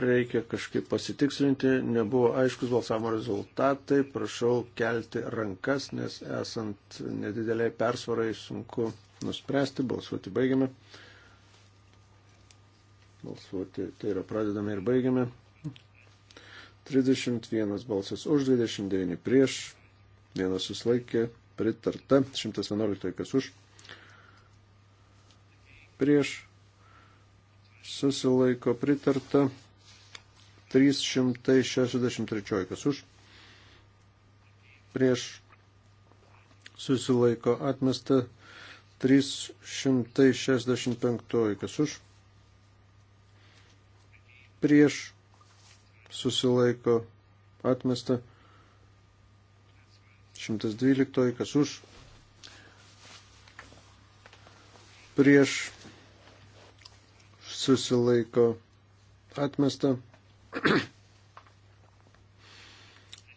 Reikia kažkaip pasitikslinti, nebuvo aiškus balsavimo rezultatai, prašau kelti rankas, nes esant nedideliai persvarai sunku nuspręsti, balsuoti baigiame balsuoti. Tai yra pradedame ir baigiame. 31 balsas už, 29 prieš, vienas susilaikė, pritarta, 111 kas už, prieš, susilaiko pritarta, 363 kas už, prieš, susilaiko atmesta, 365 kas už prieš susilaiko atmesta. 112, kas už, prieš susilaiko atmesta.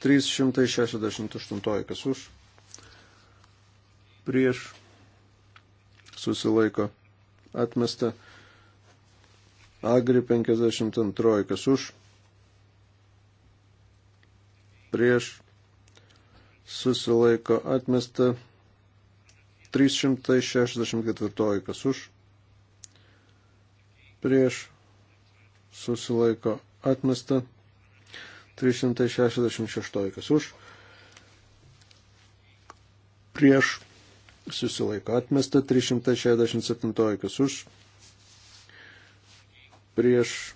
368, kas už, prieš susilaiko atmesta. Agri 52, kas už, prieš, susilaiko atmesta 364, kas už, prieš, susilaiko atmesta 366, kas už, prieš, susilaiko atmesta 367, kas už, prieš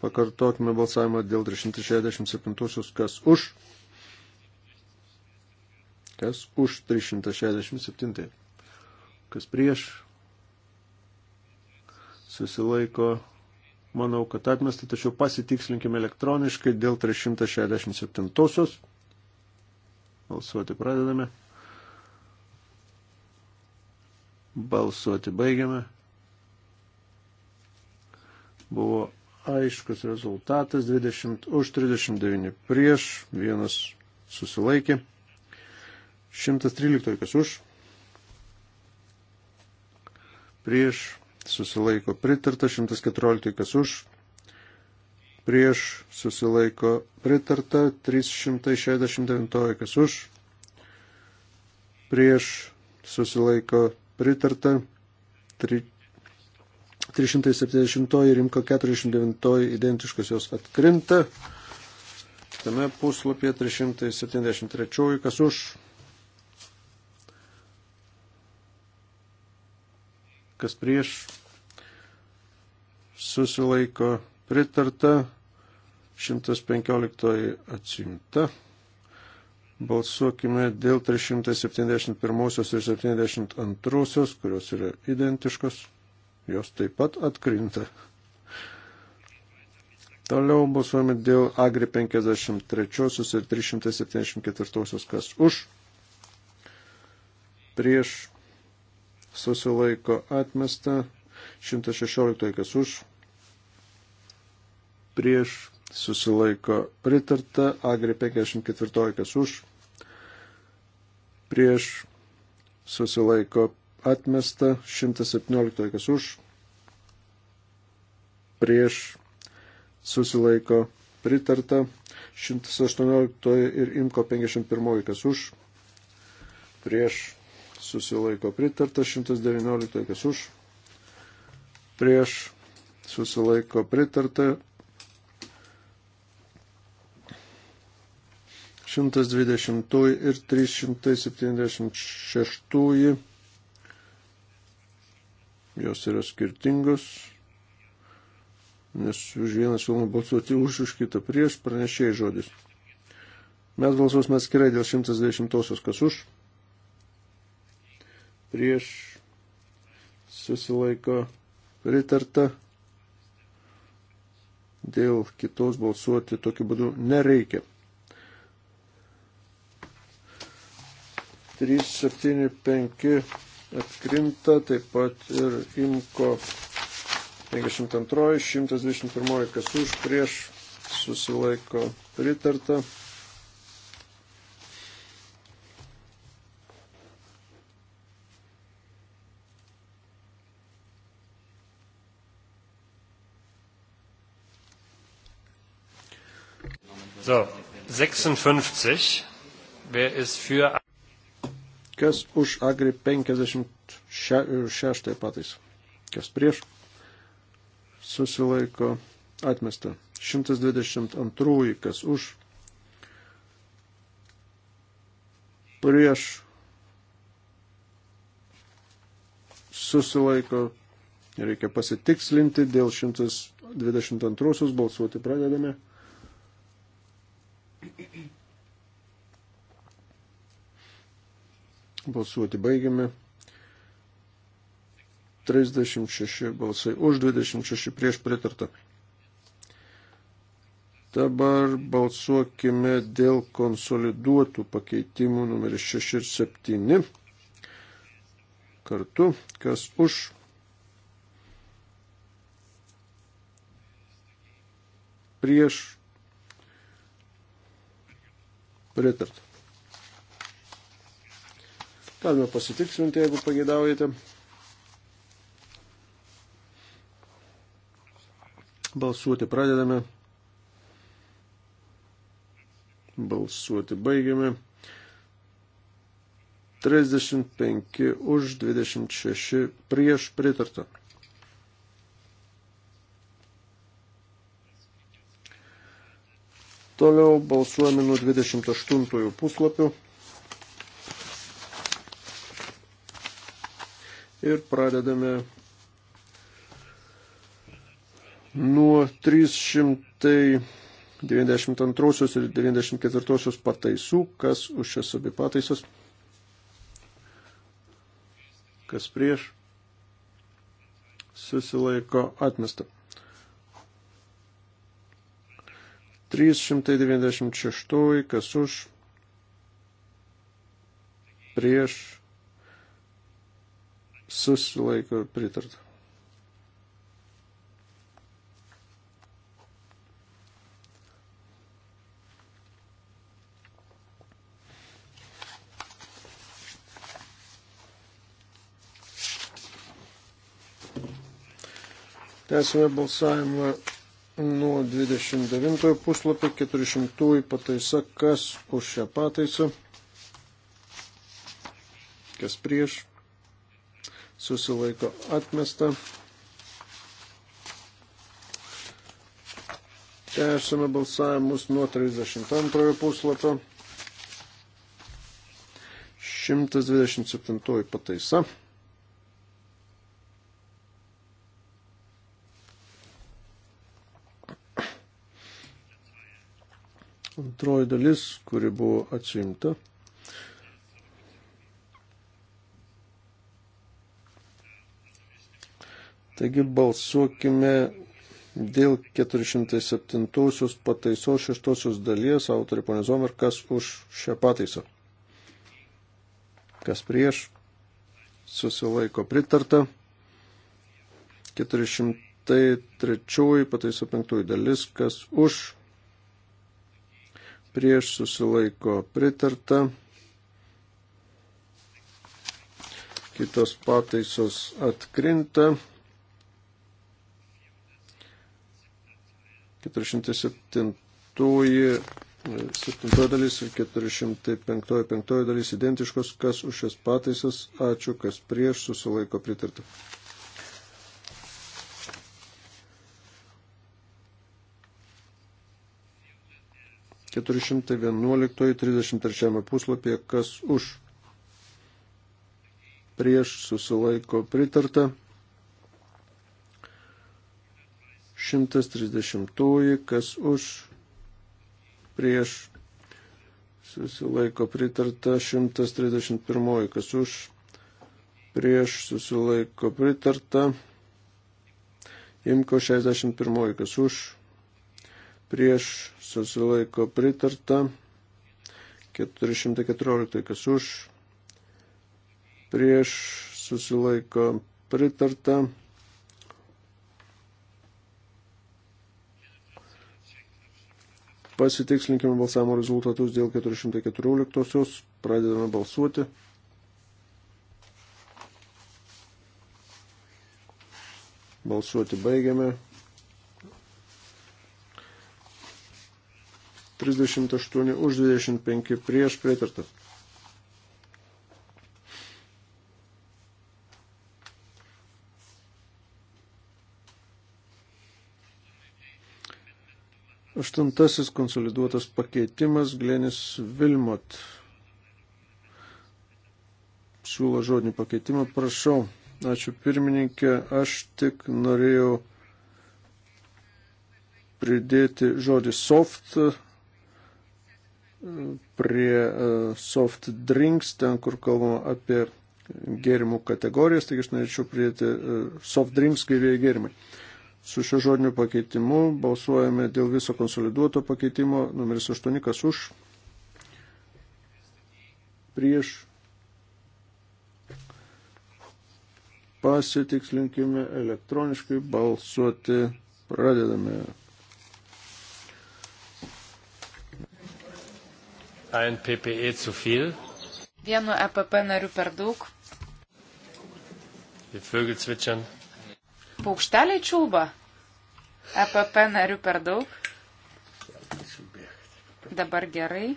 Pakartokime balsavimą dėl 367, kas už, kas už 367, kas prieš, susilaiko, manau, kad atmesti, tačiau pasitikslinkime elektroniškai dėl 367. Balsuoti pradedame. Balsuoti baigiame. Buvo aiškus rezultatas 20 už 39 prieš, vienas susilaikė. 113 kas už, prieš, susilaiko pritarta, 114 kas už, prieš, susilaiko pritarta, 369 kas už, prieš, susilaiko pritarta 3, 370 ir imko 49 identiškos jos atkrinta. Tame puslapyje 373, kas už, kas prieš, susilaiko pritarta, 115 atsimta. Balsuokime dėl 371 ir 72, kurios yra identiškos. Jos taip pat atkrinta. Toliau balsuojame dėl Agri 53 ir 374, kas už. Prieš susilaiko atmesta. 116, kas už. Prieš susilaiko pritarta. Agri 54, kas už prieš susilaiko atmesta 117, kas už, prieš susilaiko pritarta 118 ir imko 51, kas už, prieš susilaiko pritarta 119, kas už, prieš susilaiko pritarta 120 ir 376. Jos yra skirtingos, nes už vieną siūloma balsuoti už, už kitą prieš, pranešėjai žodis. Mes balsuosime atskirai dėl 120-osios, kas už, prieš, susilaiko, pritarta, dėl kitos balsuoti tokiu būdu nereikia. 3, 7, 5 atkrinta, taip pat ir imko 52, 121, kas už, prieš, susilaiko pritarta. So, 56. Wer ist für? Kas už Agri 56 pataisą? Kas prieš? Susilaiko atmesta. 122, kas už? Prieš susilaiko. Reikia pasitikslinti dėl 122 balsuoti pradedame. Balsuoti baigiame. 36 balsai už, 26 prieš pritarta. Dabar balsuokime dėl konsoliduotų pakeitimų numeris 6 ir 7. Kartu, kas už. Prieš pritarta. Galime pasitikslinti, jeigu pageidaujate. Balsuoti pradedame. Balsuoti baigiame. 35 už 26 prieš pritartą. Toliau balsuojame nuo 28 puslapių. ir pradedame nuo 392 ir 94 pataisų, kas už šias abi pataisas, kas prieš, susilaiko atmesta. 396, kas už, prieš, susilaiko pritarta. Tęsime balsavimą nuo 29 puslapio 400 pataisa, kas už šią pataisą, kas prieš susilaiko atmesta. Tęsime balsavimus nuo 32 puslapio. 127 pataisa. Antroji dalis, kuri buvo atsimta. Taigi balsuokime dėl 407 pataisos šeštosios dalies autorių ponė Zomer, kas už šią pataisą. Kas prieš? Susilaiko pritarta. 403 pataiso penktųjų dalis, kas už prieš susilaiko pritarta. Kitos pataisos atkrinta. 407 dalis ir 405 dalis identiškos, kas už šias pataisas, ačiū, kas prieš, susilaiko pritarti. Keturi šimtai vienuoliktoji, trisdešimt trečiame puslapyje, kas už prieš susilaiko pritarta. 130, kas už, prieš, susilaiko pritarta, 131, kas už, prieš, susilaiko pritarta, imko 61, kas už, prieš, susilaiko pritarta, 414, kas už, prieš, susilaiko pritarta. Pasitikslinkime balsavimo rezultatus dėl 414. Pradedame balsuoti. Balsuoti baigiame. 38 už 25 prieš pritartas. Aštuntasis konsoliduotas pakeitimas Glenis Vilmot. Siūlo žodinį pakeitimą, prašau. Ačiū pirmininkė, aš tik norėjau pridėti žodį soft e, prie e, soft drinks, ten kur kalbama apie gėrimų kategorijas, taigi aš norėčiau pridėti e, soft drinks gaivėjai gėrimai. Uh, su šio žodiniu pakeitimu. Balsuojame dėl viso konsoliduoto pakeitimo. Numeris 8, kas už, prieš. Pasitikslinkime elektroniškai balsuoti. Pradedame. Ein PPE zu viel. Vienu EPP nariu per daug. Die Vögel zwitschern. Paukšteliai čiūba. EPP narių per daug. Dabar gerai.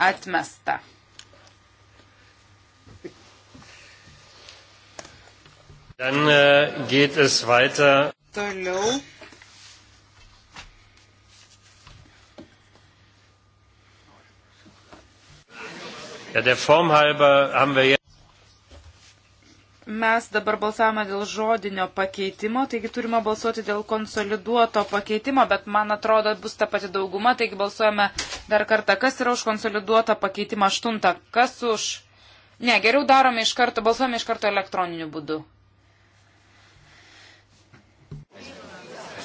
Atmesta. Dann äh, geht es weiter. Toliau. Ja, der Form halber haben wir jetzt mes dabar balsavome dėl žodinio pakeitimo, taigi turime balsuoti dėl konsoliduoto pakeitimo, bet man atrodo bus ta pati dauguma, taigi balsuojame dar kartą, kas yra už konsoliduotą pakeitimą aštuntą, kas už. Ne, geriau darome iš karto, balsuojame iš karto elektroniniu būdu.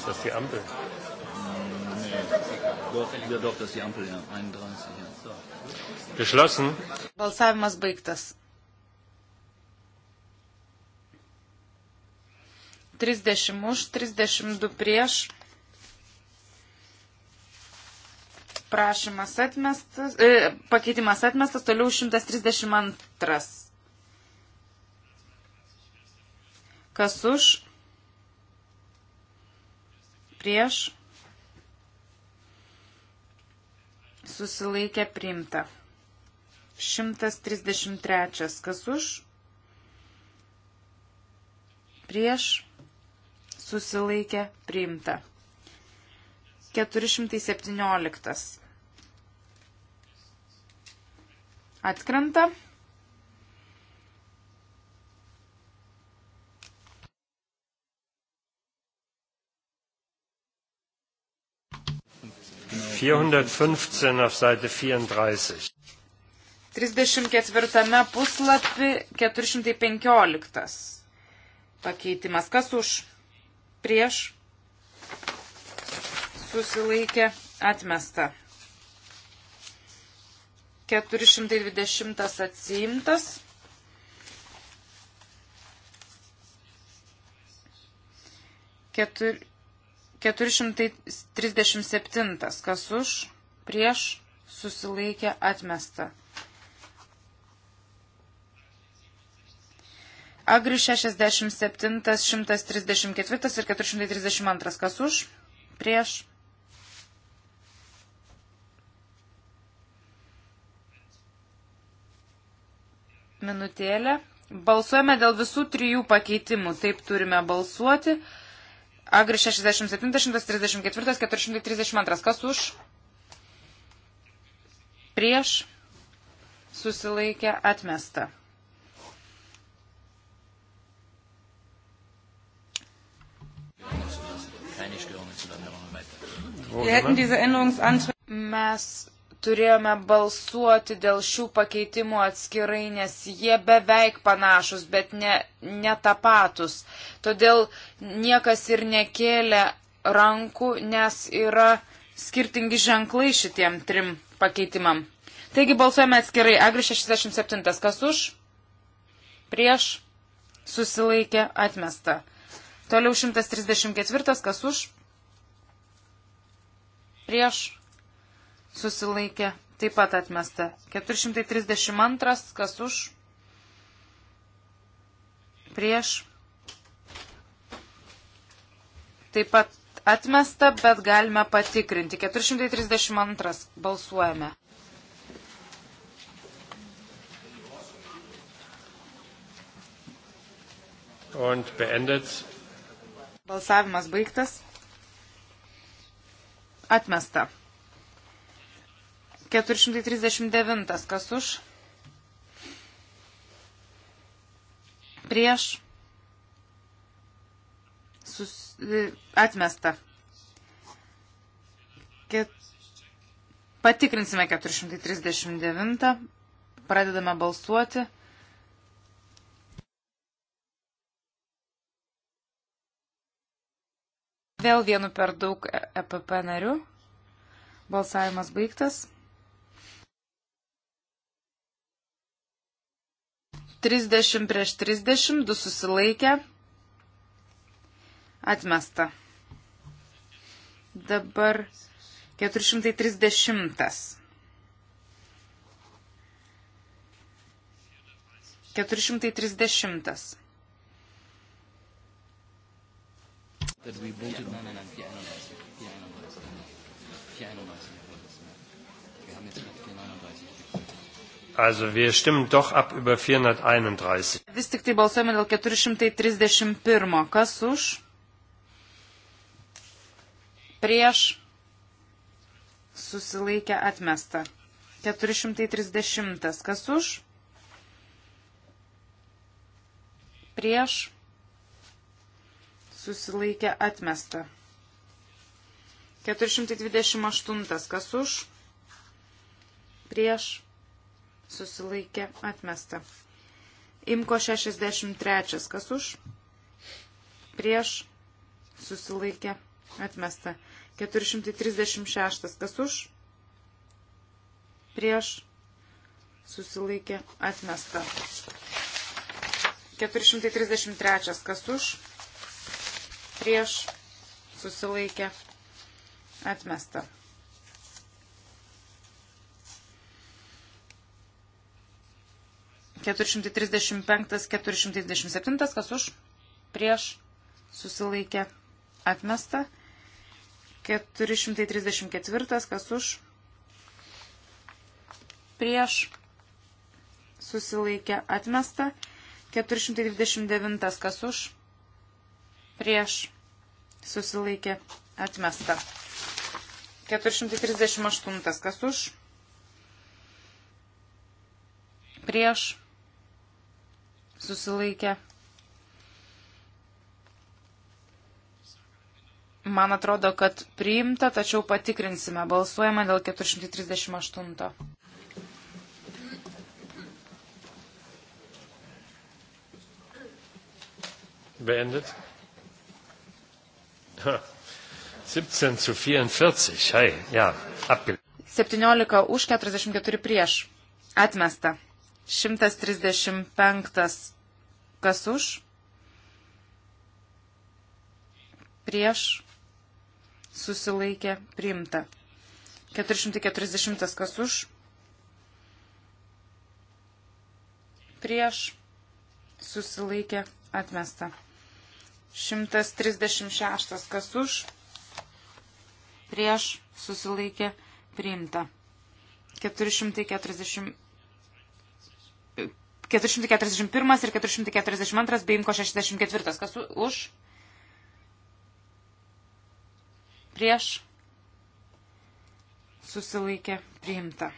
Das die Ampel. Geschlossen. Balsavimas baigtas. 30 už, 32 prieš. Prašymas atmestas, e, pakeitimas atmestas, toliau 132. Kas už? Prieš? Susilaikė priimta. 133. Kas už? Prieš? susilaikė, priimta. 417. Atkrenta. Vierhundertfünfzehn auf Seite 34. 34 puslapį 415 pakeitimas. Kas už? prieš susilaikė atmesta. 420 atsiimtas. Ketur, 437. Kas už, prieš, susilaikė atmesta. Agri 67, 134 ir 432. Kas už? Prieš. Minutėlė. Balsuojame dėl visų trijų pakeitimų. Taip turime balsuoti. Agri 67, 134, 432. Kas už? Prieš. Susilaikė atmesta. Mes turėjome balsuoti dėl šių pakeitimų atskirai, nes jie beveik panašus, bet ne, ne tapatus. Todėl niekas ir nekėlė rankų, nes yra skirtingi ženklai šitiem trim pakeitimam. Taigi balsuojame atskirai. Agri 67. Kas už? Prieš? Susilaikė atmesta. Toliau 134. Kas už? prieš susilaikė, taip pat atmesta. 432, kas už, prieš, taip pat atmesta, bet galime patikrinti. 432 balsuojame. Und beendet. Balsavimas baigtas. Atmesta. 439. Kas už? Prieš. Sus, e, atmesta. Ket, patikrinsime 439. Pradedame balsuoti. Vėl vienu per daug EPP e narių. Balsavimas baigtas. 30 prieš 30, 2 susilaikę. Atmesta. Dabar 430. 430. that we voted. Nein, nein, nein, die 31. Die 31. Die 31 war das. Wir haben jetzt gerade 439 gegründet. Also wir stimmen doch ab über 431. Vis tik tai balsuojame dėl 431. Kas už? Prieš? Susilaikę atmesta. 430. Kas už? Prieš? susilaikė atmesta. 428 kas už, prieš, susilaikė atmesta. Imko 63 kas už, prieš, susilaikė atmesta. 436 kas už, prieš, susilaikė atmesta. 433 kas už, prieš, susilaikė, atmesta. Keturšimtai trisdešimt penktas, keturšimtai trisdešimt septintas, kas už, prieš, susilaikė, atmesta. Keturšimtai trisdešimt ketvirtas, kas už, prieš, susilaikė, atmesta. 429 kas už, prieš susilaikė atmesta. 438 kas už, prieš, susilaikė. Man atrodo, kad priimta, tačiau patikrinsime. Balsuojame dėl 438. Beendet. 17 zu 44, hei, ja, apgel. 17 už 44 prieš. Atmesta. 135 kas už. Prieš. Susilaikė. Priimta. 440 kas už. Prieš. Susilaikė. Atmesta. 136 kas už, prieš susilaikė priimta. 440, 441 ir 442 bei 64 kas už, prieš susilaikė priimta.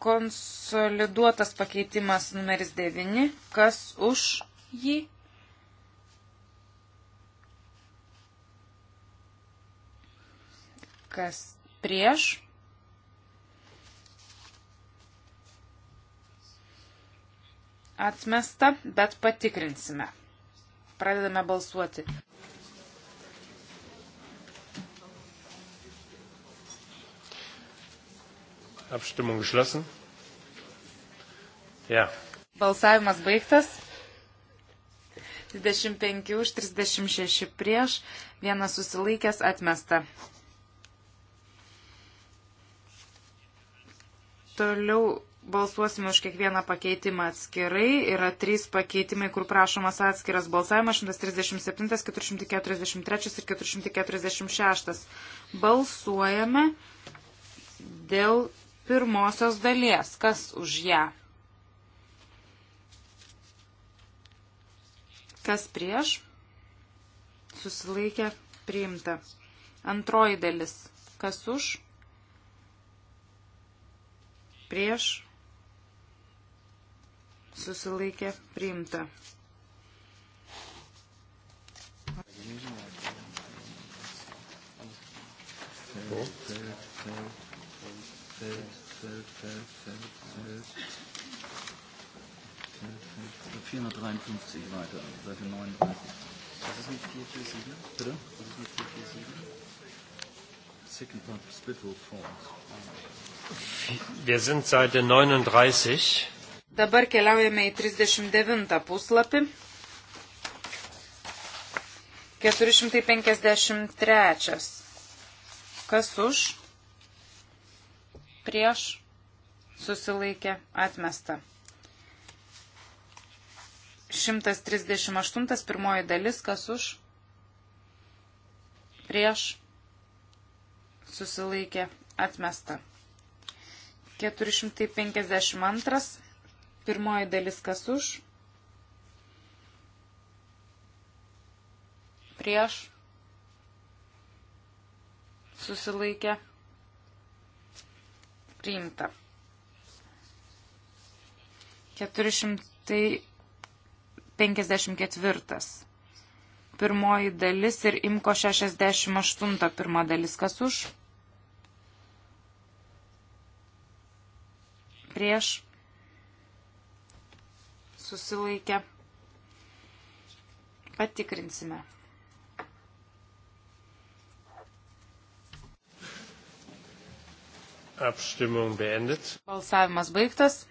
Konsoliduotas pakeitimas numeris 9, kas už jį. Kas prieš? Atmesta, bet patikrinsime. Pradedame balsuoti. Abstimmung geschlossen. Ja. Balsavimas baigtas. 25 už 36 prieš, vienas susilaikęs atmesta. Toliau balsuosime už kiekvieną pakeitimą atskirai. Yra trys pakeitimai, kur prašomas atskiras balsavimas 137, 443 ir 446. Balsuojame dėl pirmosios dalies. Kas už ją? Kas prieš? Susilaikė priimta. Antroji dalis. Kas už? Prieš? Susilaikė priimta. Third, third, third, third, third, third, third. 453 weiter, Seite 39. Das ist nicht 447? Bitte? Das ist nicht 447? Second part, Splitwell Falls. Wir sind Seite 39. Dabar keliaujame į 39 puslapį. 453. Kas už? Prieš? Susilaikė. Atmesta. 138 pirmoji dalis, kas už, prieš, susilaikė, atmesta. 452 pirmoji dalis, kas už, prieš, susilaikė, priimta. 400 tai 54. Pirmoji dalis ir imko 68 pirma dalis. Kas už? Prieš susilaikę. Patikrinsime. Abstimmung beendet. Balsavimas baigtas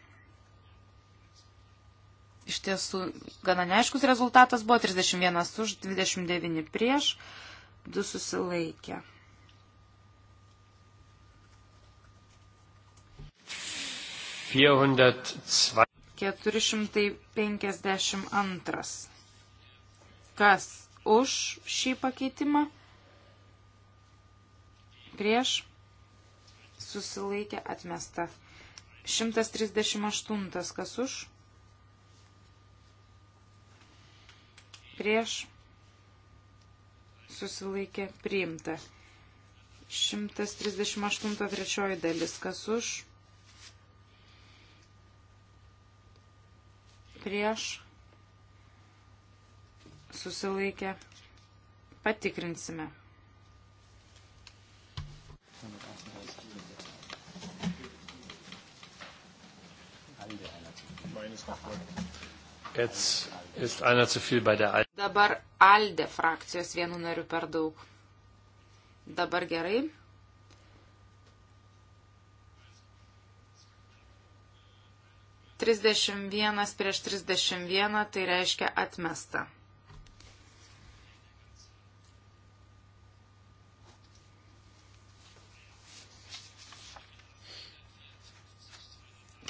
iš tiesų gana neaiškus rezultatas buvo 31 už, 29 prieš, 2 susilaikė. Keturi šimtai penkiasdešimt antras. Kas už šį pakeitimą? Prieš susilaikė atmesta. Šimtas trisdešimt aštuntas. Kas už? prieš susilaikė priimta. 138 trečioji dalis, kas už, prieš susilaikė patikrinsime. Meines noch folgt. Dabar Alde frakcijos vienu nariu per daug. Dabar gerai. Trisdešimt vienas prieš trisdešimt vieną, tai reiškia atmesta.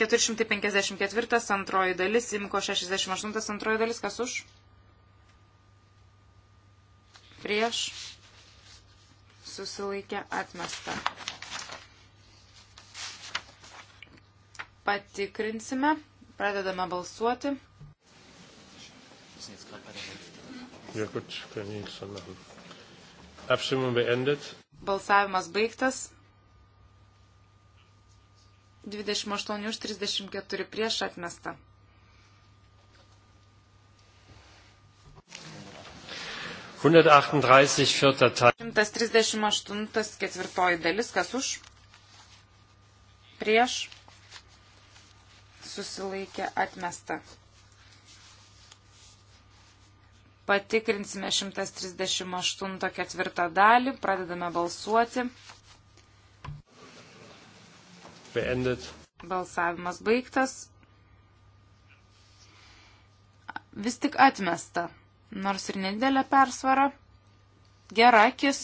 454 antroji dalis, Imko 68 antroji dalis, kas už? Prieš susilaikė atmesta. Patikrinsime, pradedame balsuoti. Ja, gut, kann ich er nichts machen. Abstimmung beendet. Balsavimas baigtas. 28 už 34 prieš atmesta. Šimtas trisdešimt aštuntas ketvirtoji dalis, kas už, prieš, susilaikė atmesta. Patikrinsime 138 ketvirtą dalį, pradedame balsuoti beendet. Balsavimas baigtas. Vis tik atmesta, nors ir nedidelė persvara. Gerakis.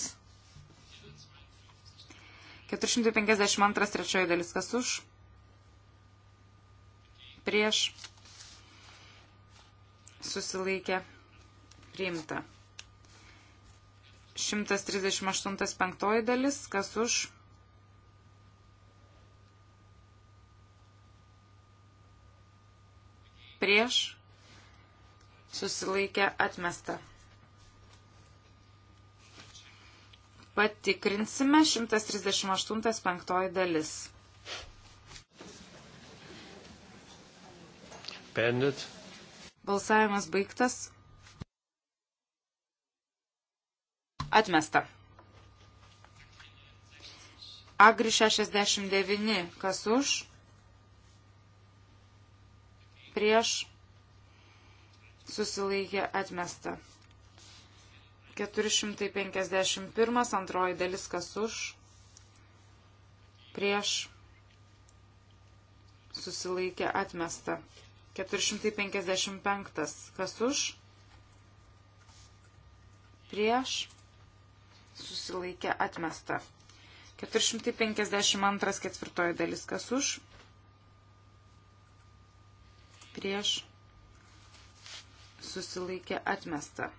452 trečioji dalis kas už. Prieš. Susilaikė. Priimta. 138 penktoji dalis kas už prieš, susilaikė atmesta. Patikrinsime 138 penktoji dalis. Bandit. Balsavimas baigtas. Atmesta. Agri 69, kas už? prieš susilaikė atmesta. 451 antroji dalis kas už prieš susilaikė atmesta. 455 kas už prieš susilaikė atmesta. 452 ketvirtoji dalis kas už prieš prieš susilaikė atmesta.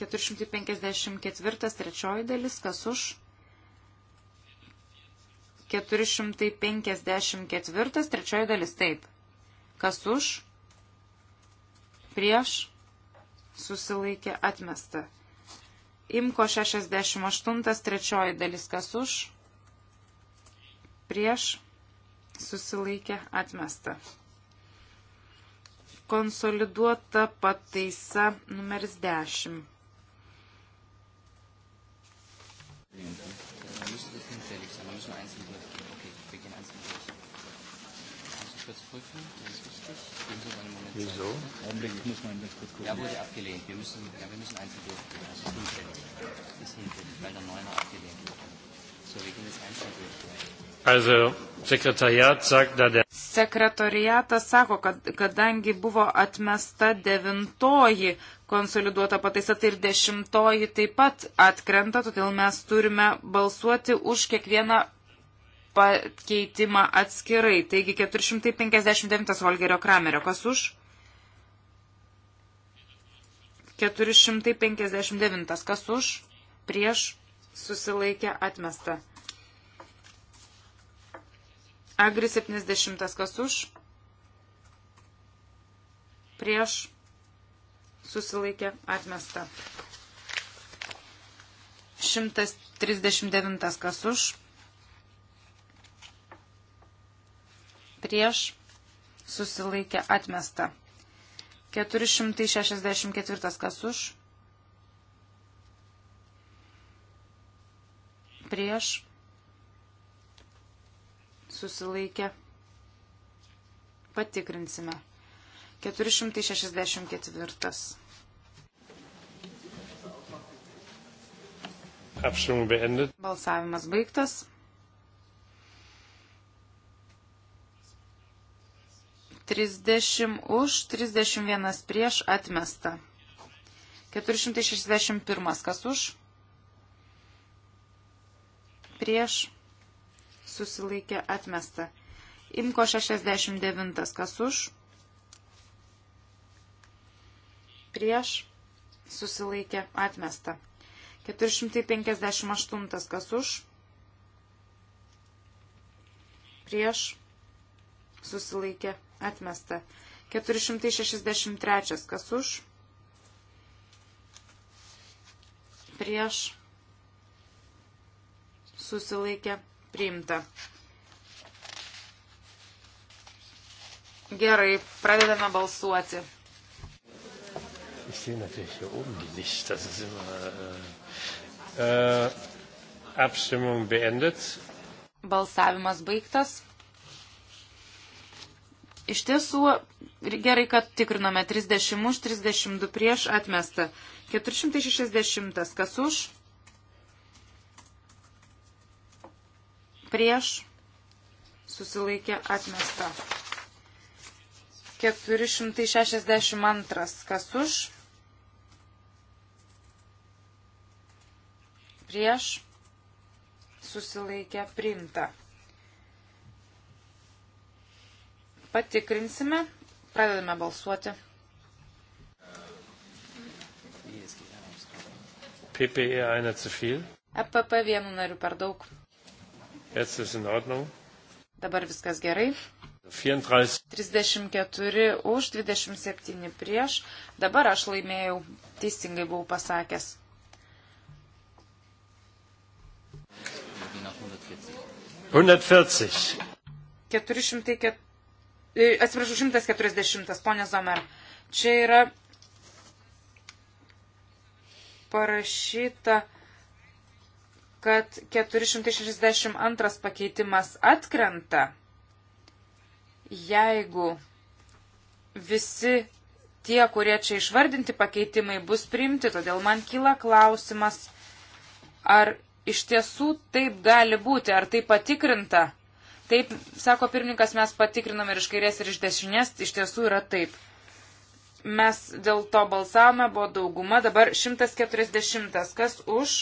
454 trečioji dalis, kas už? 454 trečioji dalis, taip. Kas už? Prieš susilaikė atmesta. Imko 68 trečioji dalis, kas už? Prieš susilaikė atmesta konsoliduota pataisa numeris 10. Wieso? Augenblick, ich muss mal ganz kurz gucken. Ja, wurde abgelehnt. Wir müssen, ja, wir müssen einzeln durchgehen. Das ist hinfällig. Das ist hinfällig, weil der Neuner abgelehnt wurde. So, wir gehen jetzt einzeln durch. Also, Sekretariat sagt, da der Sekretariatas sako, kad kadangi buvo atmesta devintoji konsoliduota pataisa, tai ir dešimtoji taip pat atkrenta, todėl mes turime balsuoti už kiekvieną pakeitimą atskirai. Taigi 459 Volgerio Kramerio, kas už? 459, kas už? Prieš susilaikė atmesta. Agri 70 kas už, prieš, susilaikė, atmesta. 139 kas už, prieš, susilaikė, atmesta. 464 kas už, prieš, susilaikė. Patikrinsime. 464. Abstimmung beendet. Balsavimas baigtas. Trisdešimt už, trisdešimt vienas prieš atmesta. 461 kas už, prieš susilaikė atmesta. Imko 69, kas už, prieš, susilaikė atmesta. 458, kas už, prieš, susilaikė atmesta. 463, kas už, prieš, susilaikė atmesta priimta. Gerai, pradedame balsuoti. Ich sehe natürlich hier oben die Licht, das ist immer. Äh, äh, Abstimmung beendet. Balsavimas baigtas. Iš tiesų, gerai, kad tikrinome 30 už, 32 prieš atmestą. 460, kas už, prieš, susilaikė atmesta. 462, kas už, prieš, susilaikė priimta. Patikrinsime, pradedame balsuoti. PPE eine zu viel. EPP vienu nariu per daug. Jetzt ist in Ordnung. Dabar viskas gerai. 34. 34 už, 27 prieš. Dabar aš laimėjau. Teisingai buvau pasakęs. Ket... E, atsiprašau, 140, ponė Zomer. Čia yra parašyta kad 462 pakeitimas atkrenta, jeigu visi tie, kurie čia išvardinti pakeitimai, bus priimti. Todėl man kyla klausimas, ar iš tiesų taip gali būti, ar tai patikrinta. Taip, sako pirmininkas, mes patikrinome ir iš kairės, ir iš dešinės, iš tiesų yra taip. Mes dėl to balsavome, buvo dauguma, dabar 140. Kas už?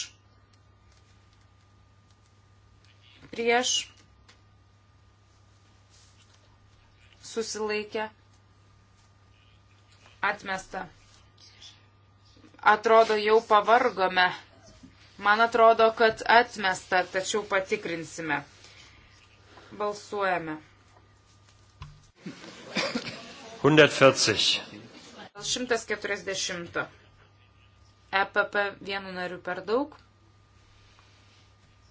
prieš susilaikė atmesta. Atrodo, jau pavargome. Man atrodo, kad atmesta, tačiau patikrinsime. Balsuojame. 140. 140. EPP vienu nariu per daug.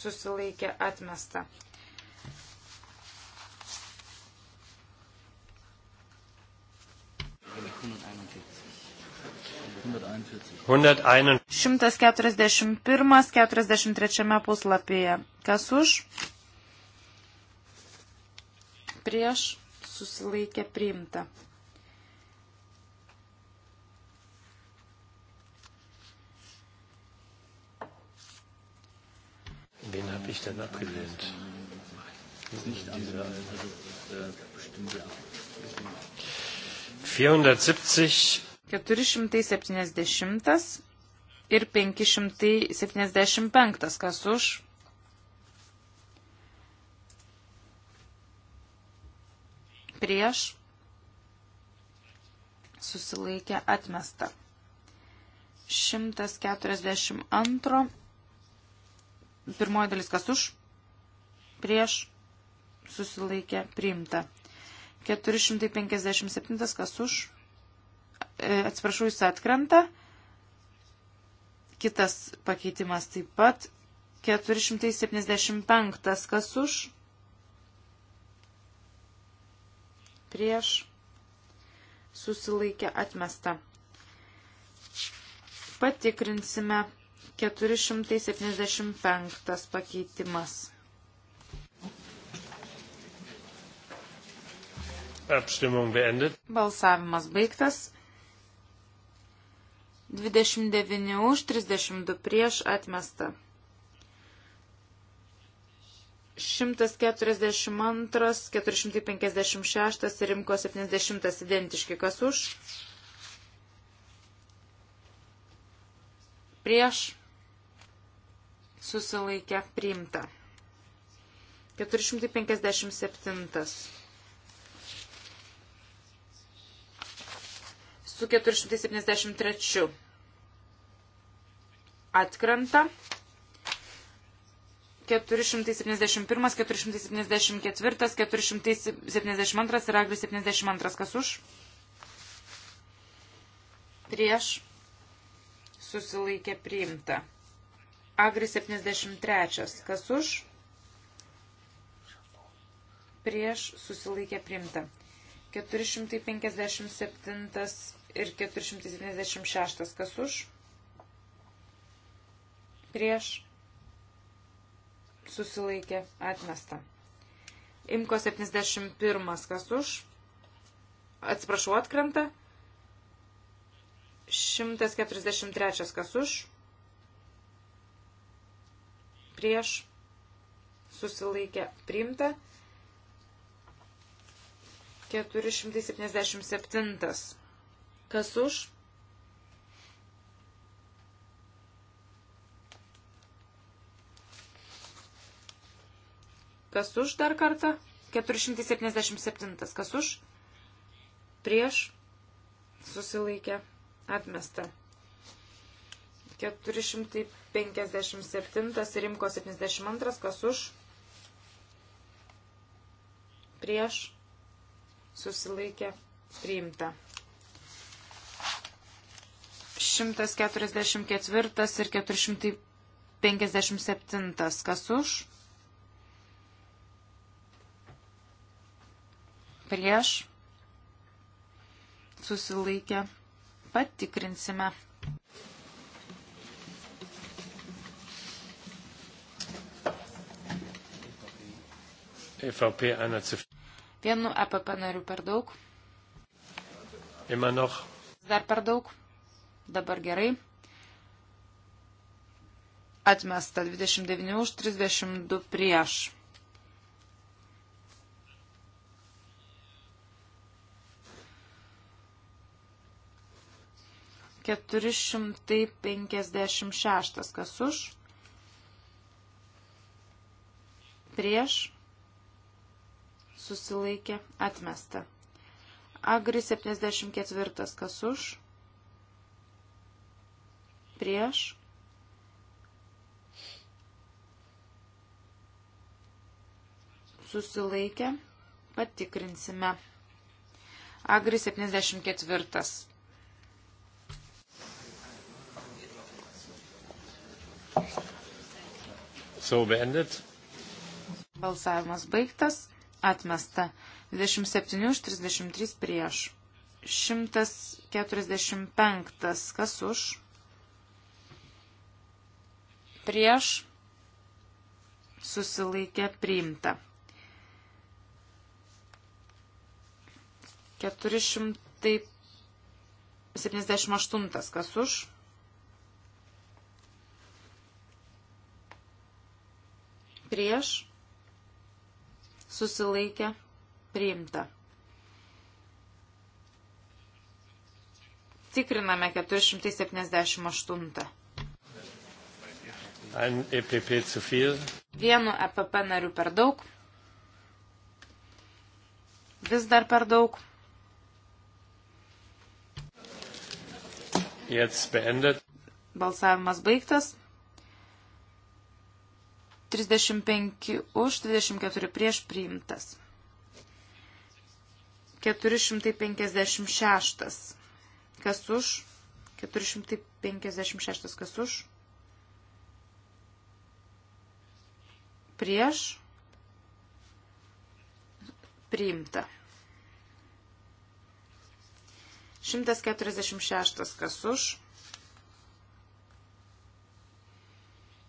susilaikė atmesta. Šimtas keturiasdešimt pirmas, keturiasdešimt trečiame puslapyje. Kas už? Prieš susilaikė priimta. Wen habe ich denn abgelehnt? Nicht diese, also, äh, bestimmt, ja. 470. 470 ir 575, kas už. Prieš susilaikė atmesta. 142 Pirmoji dalis kas už, prieš, susilaikė, priimta. 457 kas už, e, atsiprašau, jis atkrenta. Kitas pakeitimas taip pat. 475 kas už, prieš, susilaikė, atmesta. Patikrinsime 475 pakeitimas. Abstimmung beendet. Balsavimas baigtas. 29 už, 32 prieš atmesta. 142, 456 ir rimko 70 identiški. Kas už? Prieš susilaikę priimta. 457. Su 473 atkrenta. 471, 474, 472 ir agri 72. Kas už? Prieš susilaikė priimta. Agri 73. Kas už? Prieš susilaikė primta. 457 ir 476. Kas už? Prieš susilaikė atmesta. Imko 71. Kas už? Atsiprašau, atkrenta. 143. Kas už? prieš susilaikė priimta. 477. Kas už? Kas už dar kartą? 477. Kas už? Prieš susilaikė atmesta. 457 ir rimko 72, kas už, prieš, susilaikė, priimta. 144 ir 457, kas už, prieš, susilaikė, patikrinsime. EVP einer zu Vienu EPP nariu per daug. Immer noch. Dar per daug. Dabar gerai. Atmesta 29 už 32 prieš. Keturi šimtai penkiasdešimt šeštas. Kas už? Prieš susilaikė, atmesta. Agri 74, kas už, prieš, susilaikė, patikrinsime. Agri 74. So beendet. Balsavimas baigtas atmesta. 27 už 33 prieš. 145. Kas už? Prieš susilaikė priimta. 478. Kas už? Prieš susilaikė, priimta. Tikriname 478. Ein EPP zu viel. Vienu EPP nariu per daug. Vis dar per daug. Jetzt beendet. Balsavimas baigtas. 35 už, 24 prieš priimtas. 456. Kas už? 456. Kas už? Prieš? Priimta. 146. Kas už?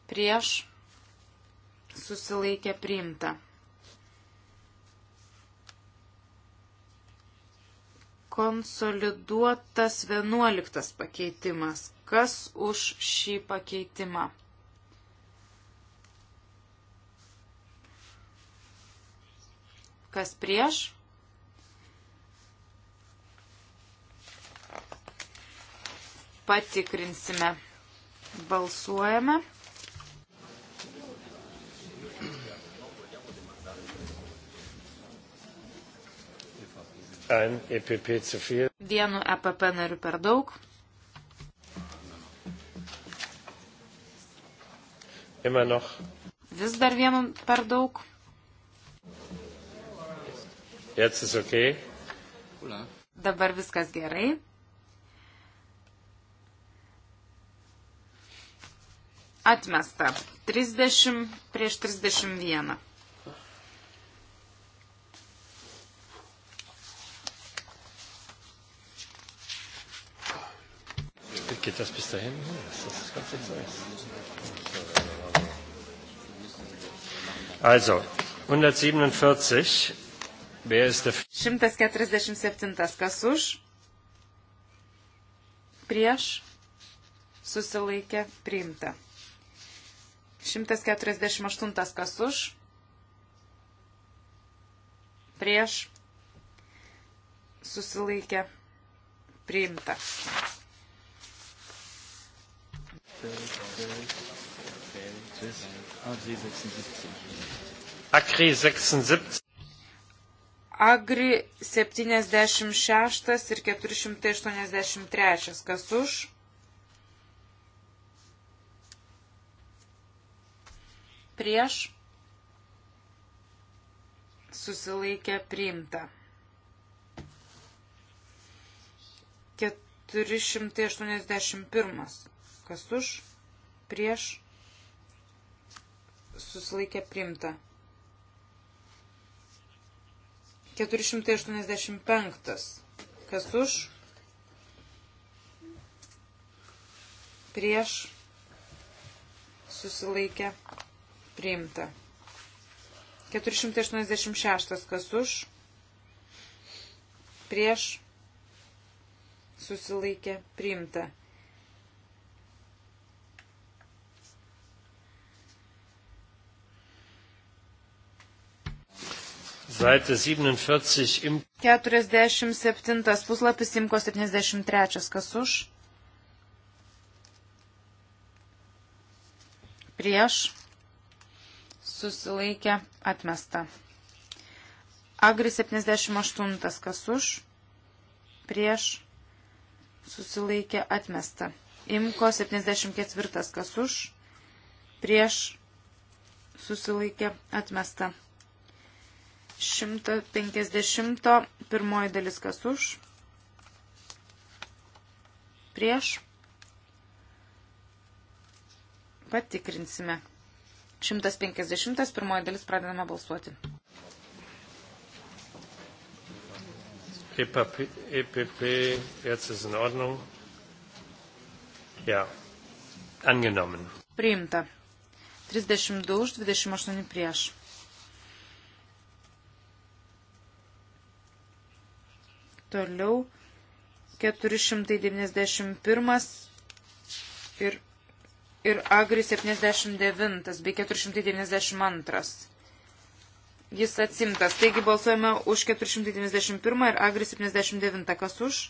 Prieš? susilaikė priimta. Konsoliduotas vienuoliktas pakeitimas. Kas už šį pakeitimą? Kas prieš? Patikrinsime. Balsuojame. E vienu EPP nariu per daug. Immer noch. Vis dar vienu per daug. Jetzt ist okay. Ula. Dabar viskas gerai. Atmesta. 30 prieš 31. Geht das bis dahin? Ist das ganz also, 147. Wer ist dafür? 147. Kas už? Prieš? Susilaikė? Priimta. 148. Kas už? Prieš? Susilaikė? Priimta. Agri 76. Agri 76. Agri 76 ir 483. Kas už? Prieš susilaikė priimta. 481. Kas už, prieš, susilaikė primta. 485. Kas už, prieš, susilaikė priimta. 486. Kas už, prieš, susilaikė priimta. Seite 47 im 47 puslapis Imko 73. Kas už? Prieš. Susilaikė atmesta. Agri 78. Kas už? Prieš. Susilaikė atmesta. Imko 74. Kas už? Prieš. Susilaikė atmesta. 150 pirmoji dalis kas už, prieš, patikrinsime. 150 pirmoji dalis pradedama balsuoti. EPP, EPP, jetzt ist in Ordnung. Ja, angenommen. Priimta. 32 už, 28 prieš. Toliau 491 ir, ir Agri 79 bei 492. Jis atsimtas. Taigi balsuojame už 491 ir Agri 79. Kas už?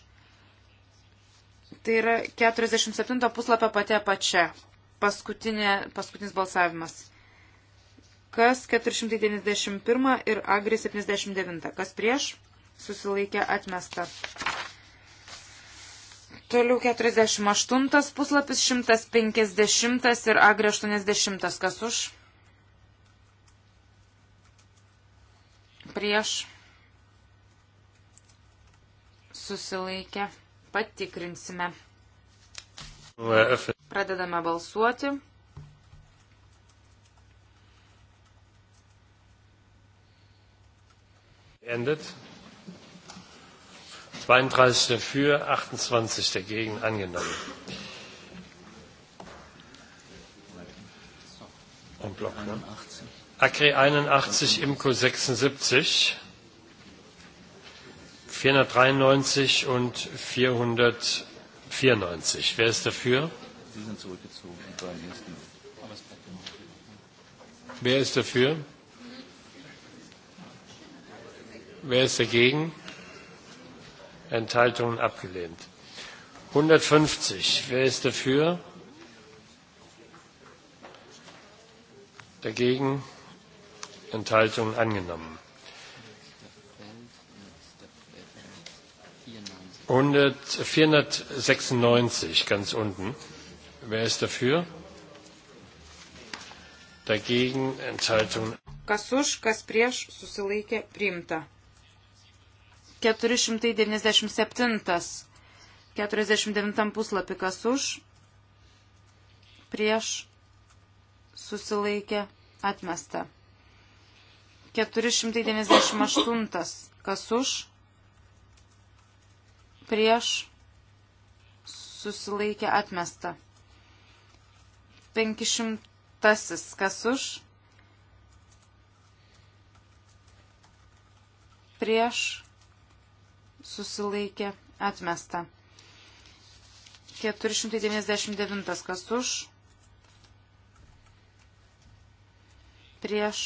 Tai yra 47 puslapio pati apačia. Paskutinė, paskutinis balsavimas. Kas 491 ir Agri 79? Kas prieš? susilaikė atmesta. Toliau 48 puslapis, 150 ir agri 80. Kas už? Prieš. Susilaikę. Patikrinsime. Pradedame balsuoti. Ended zweiunddreißig dafür achtundzwanzig dagegen angenommen. En bloc, ne? Acre 81, Imco 76, 493 und 494. Wer ist dafür? Sie sind zurückgezogen. Wer ist dafür? Wer ist dagegen? Enthaltungen abgelehnt. 150. Wer ist dafür? Dagegen? Enthaltungen angenommen. 100, 496 ganz unten. Wer ist dafür? Dagegen Enthaltungen. Kas už, kas prieš susilaikė priimta. 497. 49 puslapį kas už, prieš, susilaikė, atmesta. 498 kas už, prieš, susilaikė, atmesta. 500 kas už, prieš, susilaikė, atmesta. 499 kas už, prieš.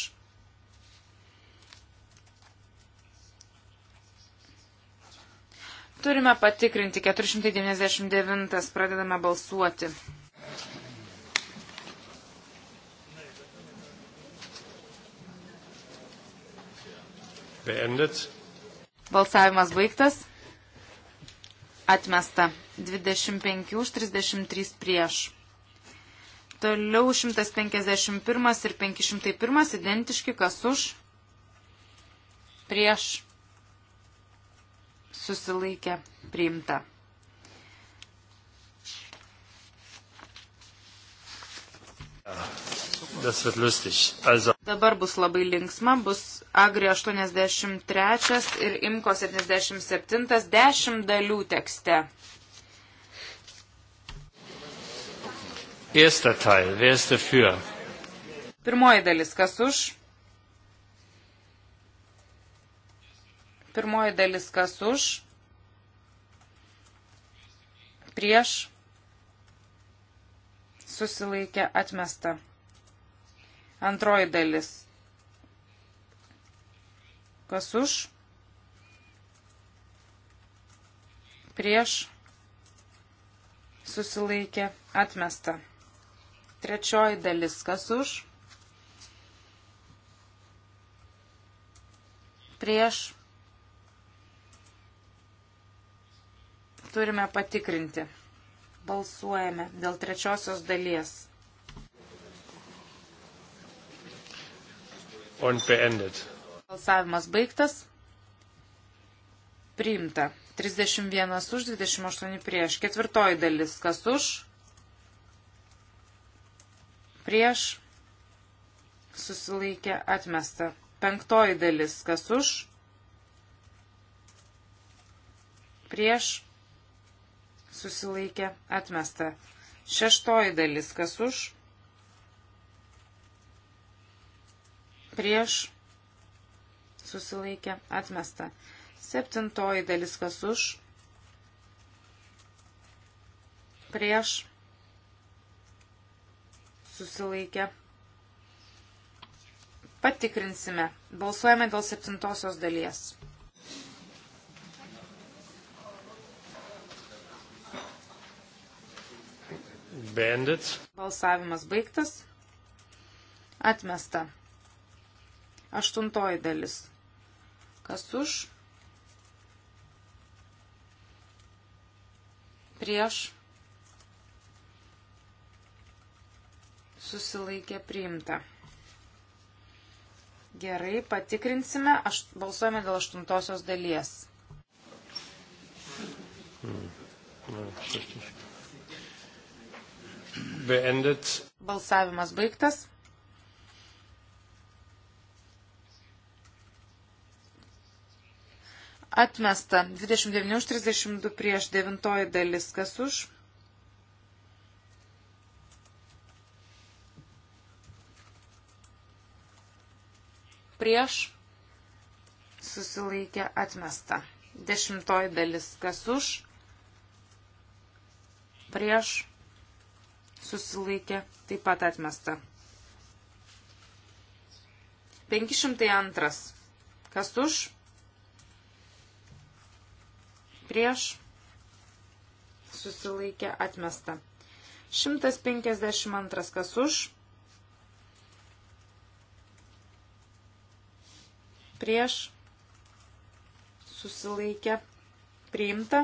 Turime patikrinti 499, pradedame balsuoti. Beendet. Balsavimas baigtas. Atmesta. 25 už 33 prieš. Toliau 151 ir 501 identiški, kas už, prieš, susilaikė, priimta. Uh. Das wird lustig. Also. Dabar bus labai linksma, bus Agri 83 ir Imko 77, 10 dalių tekste. Erster Teil, wer ist dafür? Pirmoji dalis, kas už? Pirmoji dalis, kas už? Prieš? Susilaikė atmesta. Antroji dalis. Kas už? Prieš susilaikė atmesta. Trečioji dalis. Kas už? Prieš turime patikrinti. Balsuojame dėl trečiosios dalies. und beendet. Balsavimas baigtas. Priimta. 31 už, 28 prieš. Ketvirtoji dalis. Kas už? Prieš. Susilaikė atmesta. Penktoji dalis. Kas už? Prieš. Susilaikė atmesta. Šeštoji dalis. Kas už? prieš susilaikė atmesta. Septintoji dalis kas už prieš susilaikė. Patikrinsime. Balsuojame dėl septintosios dalies. Bandits. Balsavimas baigtas. Atmesta. Aštuntoji dalis. Kas už? Prieš. Susilaikė priimta. Gerai, patikrinsime. Aš balsuojame dėl aštuntosios dalies. Beendet. Balsavimas baigtas. Atmesta 29 už 32 prieš 9 dalis. Kas už? Prieš susilaikė atmesta. Dešimtoji dalis. Kas už? Prieš susilaikė taip pat atmesta. 502. Kas už? prieš susilaikė atmesta. 152 kas už, prieš susilaikė priimta,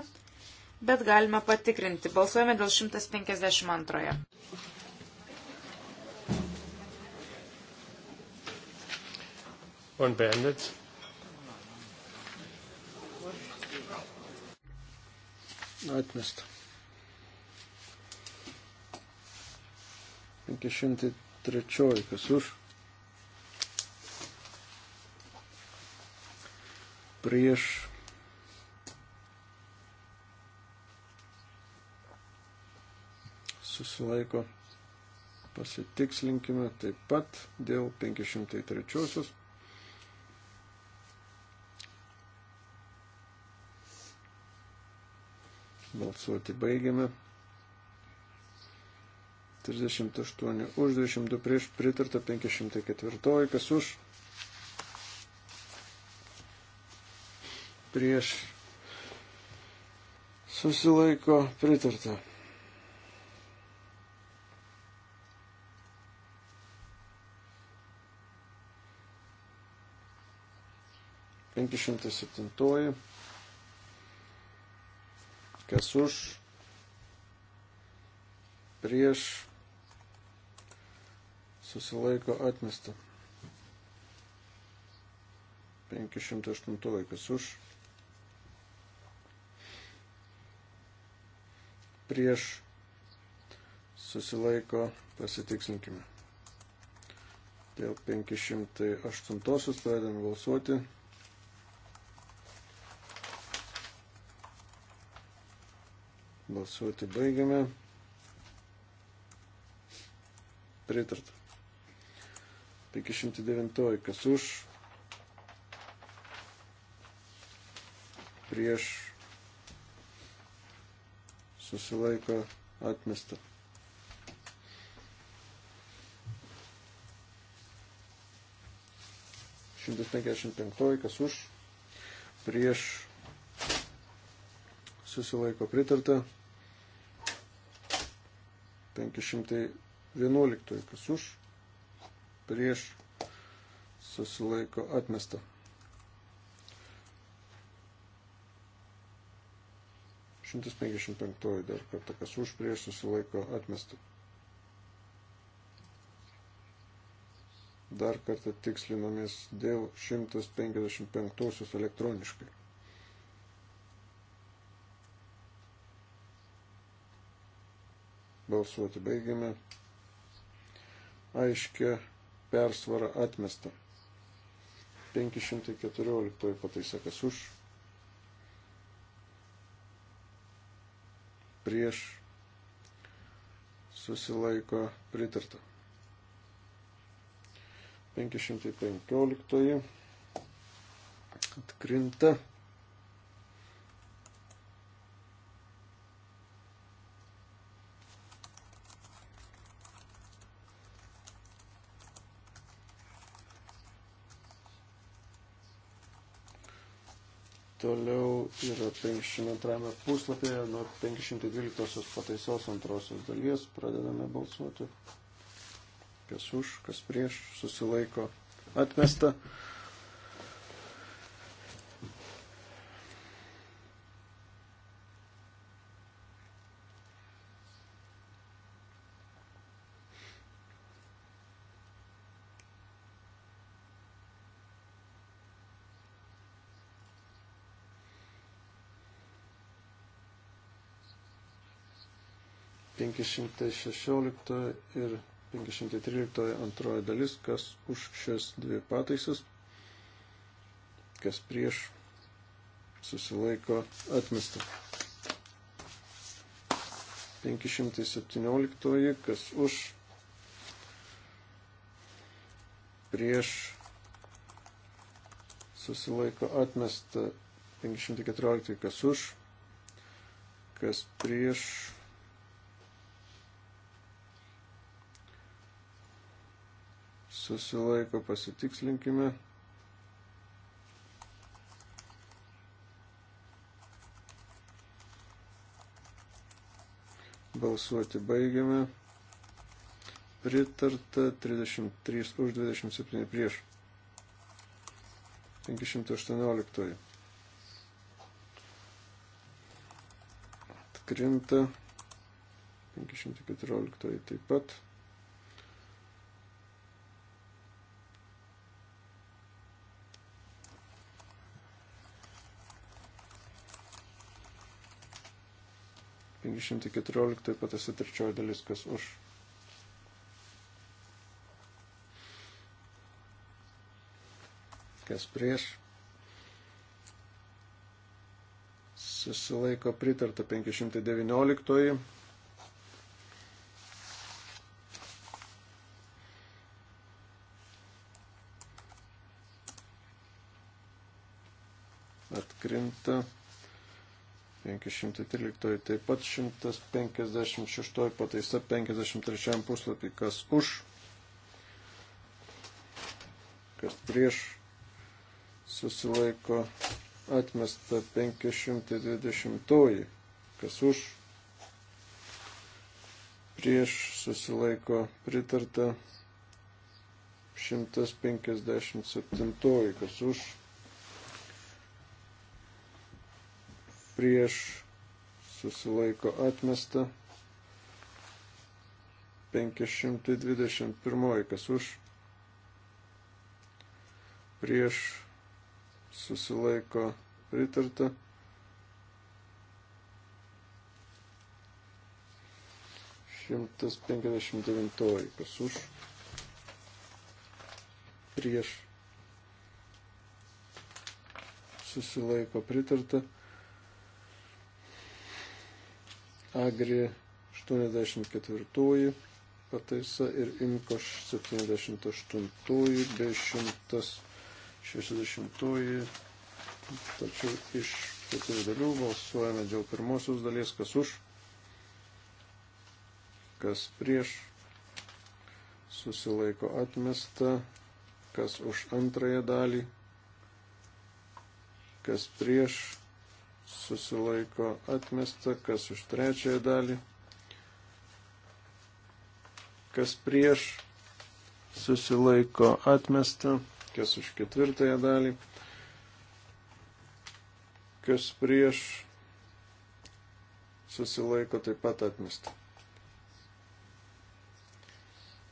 bet galime patikrinti. Balsuojame dėl 152. Und beendet. Atmesta. 513 už. Prieš. Susilaiko. Pasitikslinkime taip pat dėl 503. -osios. Balsuoti baigiame. 38 už, 22 prieš, pritarta 504, kas už. Prieš susilaiko pritarta. Penkišimtas septintoji. Kas už? Prieš susilaiko atmesta. 508 kas už. Prieš susilaiko pasitikslinkime. Dėl 508 pradedam balsuoti. Balsuoti baigiame. Pritarta. 509. Kas už? Prieš susilaiko atmesta. Šimtas penkiasdešimt penktoji, kas už, prieš susilaiko pritarta. 511, kas už, prieš, susilaiko atmesta. Šimtas penkiasdešimt penktoji dar kartą, kas už, prieš, susilaiko atmesta. Dar kartą tikslinomis dėl 155 elektroniškai. Balsuoti baigiame. Aiškia persvara atmesta. 514 pataisa kas už. Prieš susilaiko pritarta. 515 atkrinta. Toliau yra 52 puslapyje nuo 512 pataisos antrosios dalies. Pradedame balsuoti. Kas už, kas prieš, susilaiko atmesta. 516 ir 513 antroji dalis, kas už šias dvi pataisas, kas prieš susilaiko atmesta. 517, kas už prieš susilaiko atmesta 514, kas už, kas prieš susilaiko, pasitikslinkime. Balsuoti baigiame. Pritarta 33 už 27 prieš. 518. Atkrinta 514 taip pat. 114 pataisa trečioji dalis, kas už. Kas prieš. Susilaiko pritarta 519. Atkrinta 513, taip pat 156 pataisa 53 puslapį, kas už, kas prieš, susilaiko atmesta 520, kas už, prieš, susilaiko pritarta 157, kas už prieš susilaiko atmesta. 521 kas už prieš susilaiko pritarta. Šimtas penkiasdešimt devintoji, kas už, prieš, susilaiko pritarta. Agri 84 pataisa ir Imko 78 bei 160. Tačiau iš keturių dalių balsuojame dėl pirmosios dalies, kas už, kas prieš, susilaiko atmesta, kas už antrąją dalį, kas prieš, susilaiko atmesta, kas už trečiąją dalį, kas prieš susilaiko atmesta, kas už ketvirtąją dalį, kas prieš susilaiko taip pat atmesta.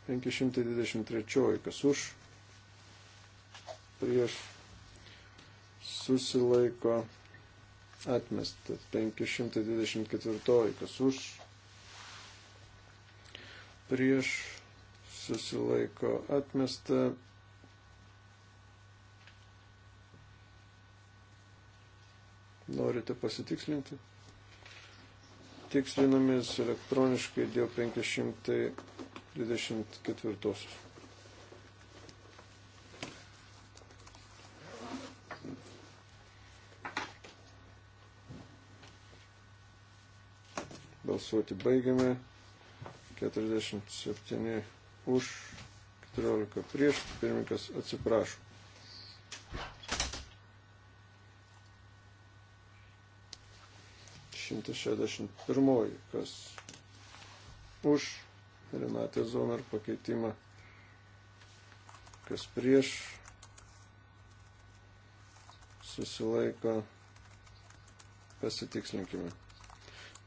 523, kas už, prieš susilaiko atmesta atmestas 524, kas už, prieš susilaiko atmesta. Norite pasitikslinti? Tikslinamės elektroniškai dėl 524. Balsuoti baigiame. 47 už, 14 prieš. Pirmininkas atsiprašo. Šimtas šešdešimt pirmoji, kas už Renatę Zoną ar pakeitimą, kas prieš susilaiko pasitikslinkime.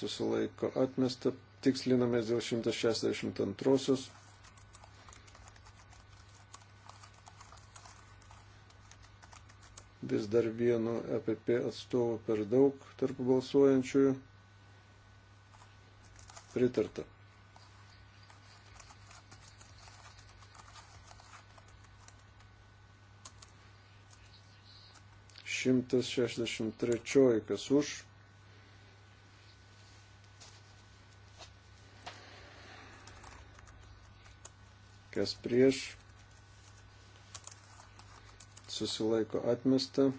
susilaiko atmesta. Tikslinamės dėl 162. Vis dar vienu EPP atstovu per daug tarp balsuojančiųjų. Pritarta. Šimtas šešdešimt trečioji, kas už kas prieš, susilaiko atmesta.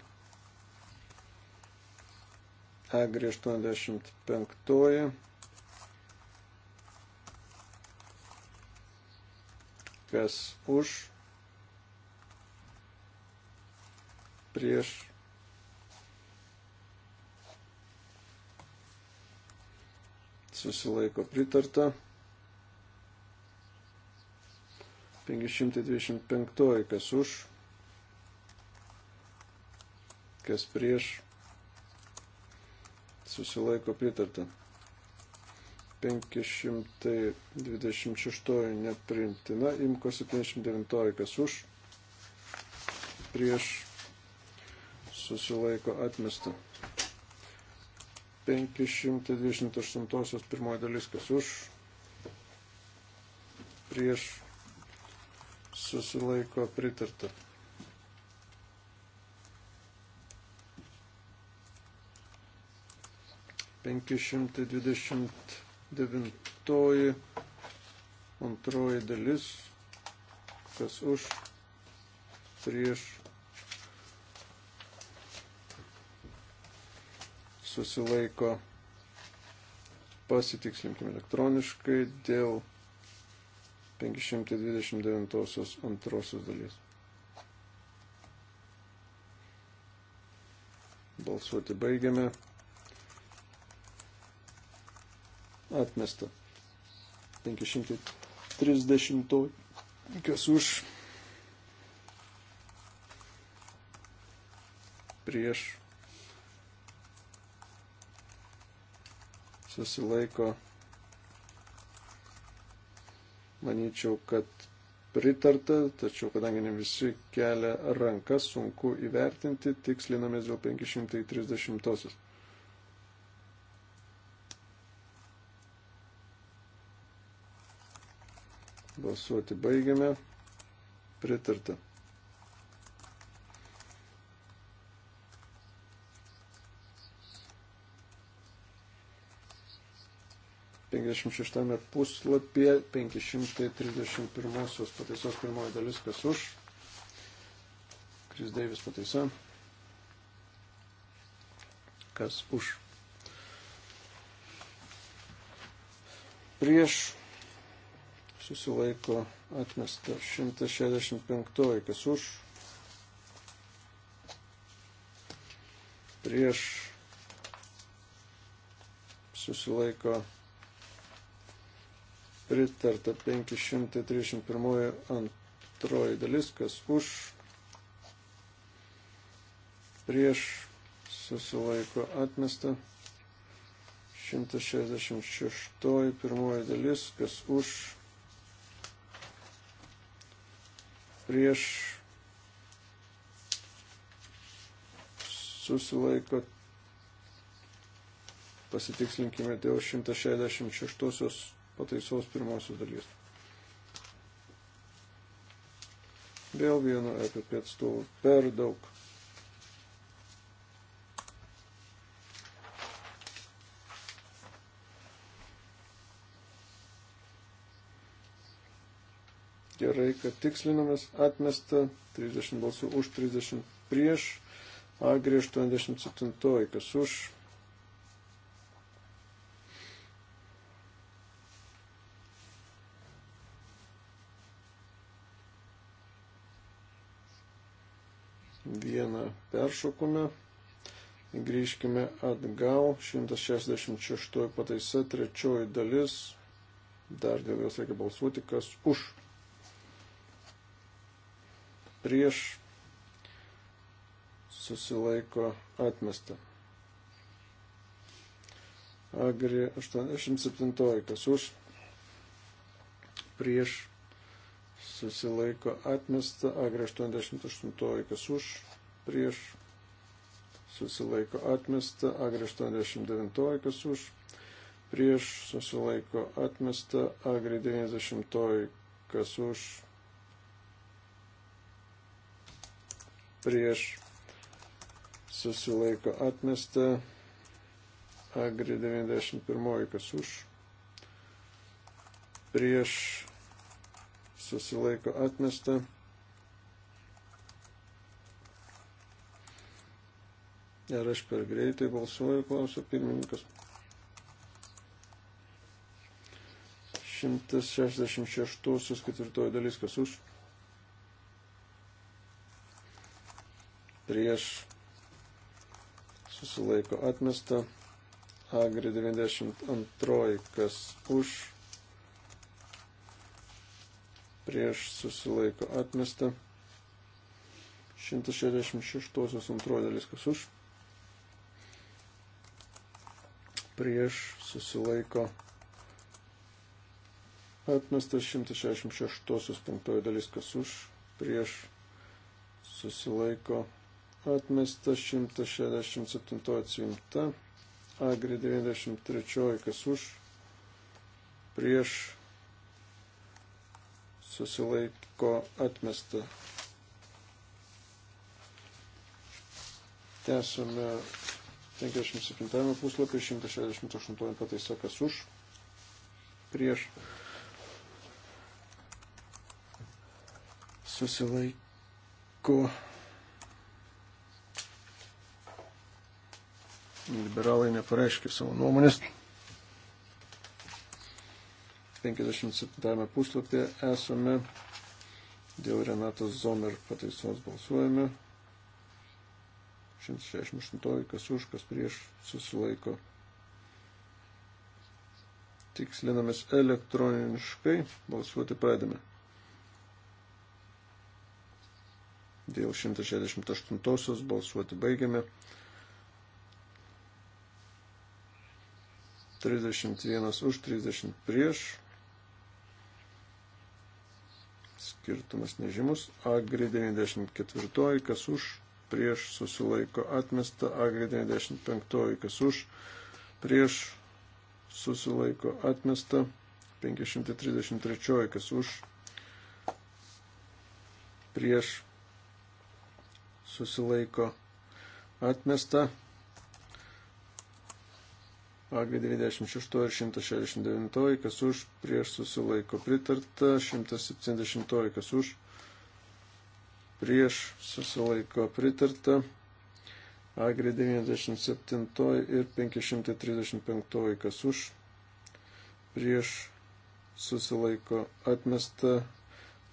Agri 85. Kas už, prieš, susilaiko pritarta. 525, kas už, kas prieš, susilaiko pritarta. 526 nepriimtina, imko 79, kas už, prieš, susilaiko atmesta. 528 pirmoji dalis, kas už, prieš, susilaiko pritarta. Penki šimtai dvidešimt devintoji antroji dalis, kas už, prieš, susilaiko, pasitikslinkim elektroniškai dėl 529 antrosios dalies. Balsuoti baigiame. Atmesta. 530. Kas už? Prieš. Susilaiko. Manyčiau, kad pritarta, tačiau kadangi ne visi kelia rankas, sunku įvertinti, tikslinamės dėl 530. -osios. Balsuoti baigiame. Pritarta. 56 puslapyje 531 pataisos pirmoji dalis, kas už. Kris Deivis pataisa. Kas už. Prieš susilaiko atmesta 165, kas už. Prieš susilaiko atmesta pritarta 531 antroji dalis, kas už, prieš, susilaiko atmesta, 166 pirmoji dalis, kas už, prieš, susilaiko pasitikslinkime dėl 166 pataisos pirmosios dalies. Vėl vieno EPP atstovų per daug. Gerai, kad tikslinamės atmesta 30 balsų už 30 prieš, A griežtų 87, kas už peršokome. Grįžkime atgal. 166 pataisa, trečioji dalis. Dar dėl jos reikia balsuoti, kas už. Prieš susilaiko atmestą. Agri 87, kas už, prieš susilaiko atmestą, Agri 88, kas už, prieš susilaiko atmesta, agri 89 kas už, prieš susilaiko atmesta, agri 90 kas už, prieš susilaiko atmesta, agri 91 kas už, prieš susilaiko atmesta. Ar aš per greitai balsuoju, klausiu pirmininkas. 166 ketvirtoji dalis, kas už. Prieš susilaiko atmesta. Agri 92, kas už. Prieš susilaiko atmesta. 166 antroji dalis, kas už. prieš susilaiko atmestas 166 penktoji dalis, kas už prieš susilaiko atmestas 167 atsiimta, agri 93 kas už prieš susilaiko atmestą. Tęsame 57 puslapį, 168 pataisa, kas už, prieš, susilaiko liberalai nepareiškia savo nuomonės. 57 puslapį esame dėl Renatos Zomer pataisos balsuojame. 168, kas už, kas prieš susilaiko. Tikslinamės elektroniškai, balsuoti pradėme. Dėl 168 balsuoti baigiame. 31 už, 30 prieš. Skirtumas nežymus. Agri 94, kas už, prieš susilaiko atmesta, agri 95 kas už, prieš susilaiko atmesta, 533 kas už, prieš susilaiko atmesta, agri 96 ir 169 kas už, prieš susilaiko pritarta, 170 kas už prieš susilaiko pritarta. Agri 97 ir 535 kas už, prieš susilaiko atmesta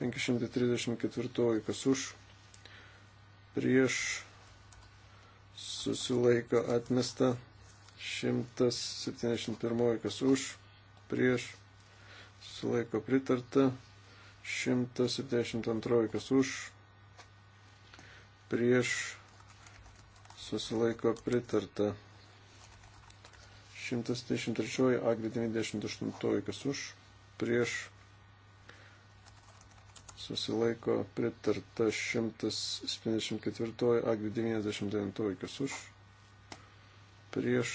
534 kas už, prieš susilaiko atmesta 171 kas už, prieš susilaiko pritarta 172 kas už prieš susilaiko pritarta. 133 agri 98 kas už prieš susilaiko pritarta 174 agri 99 kas už prieš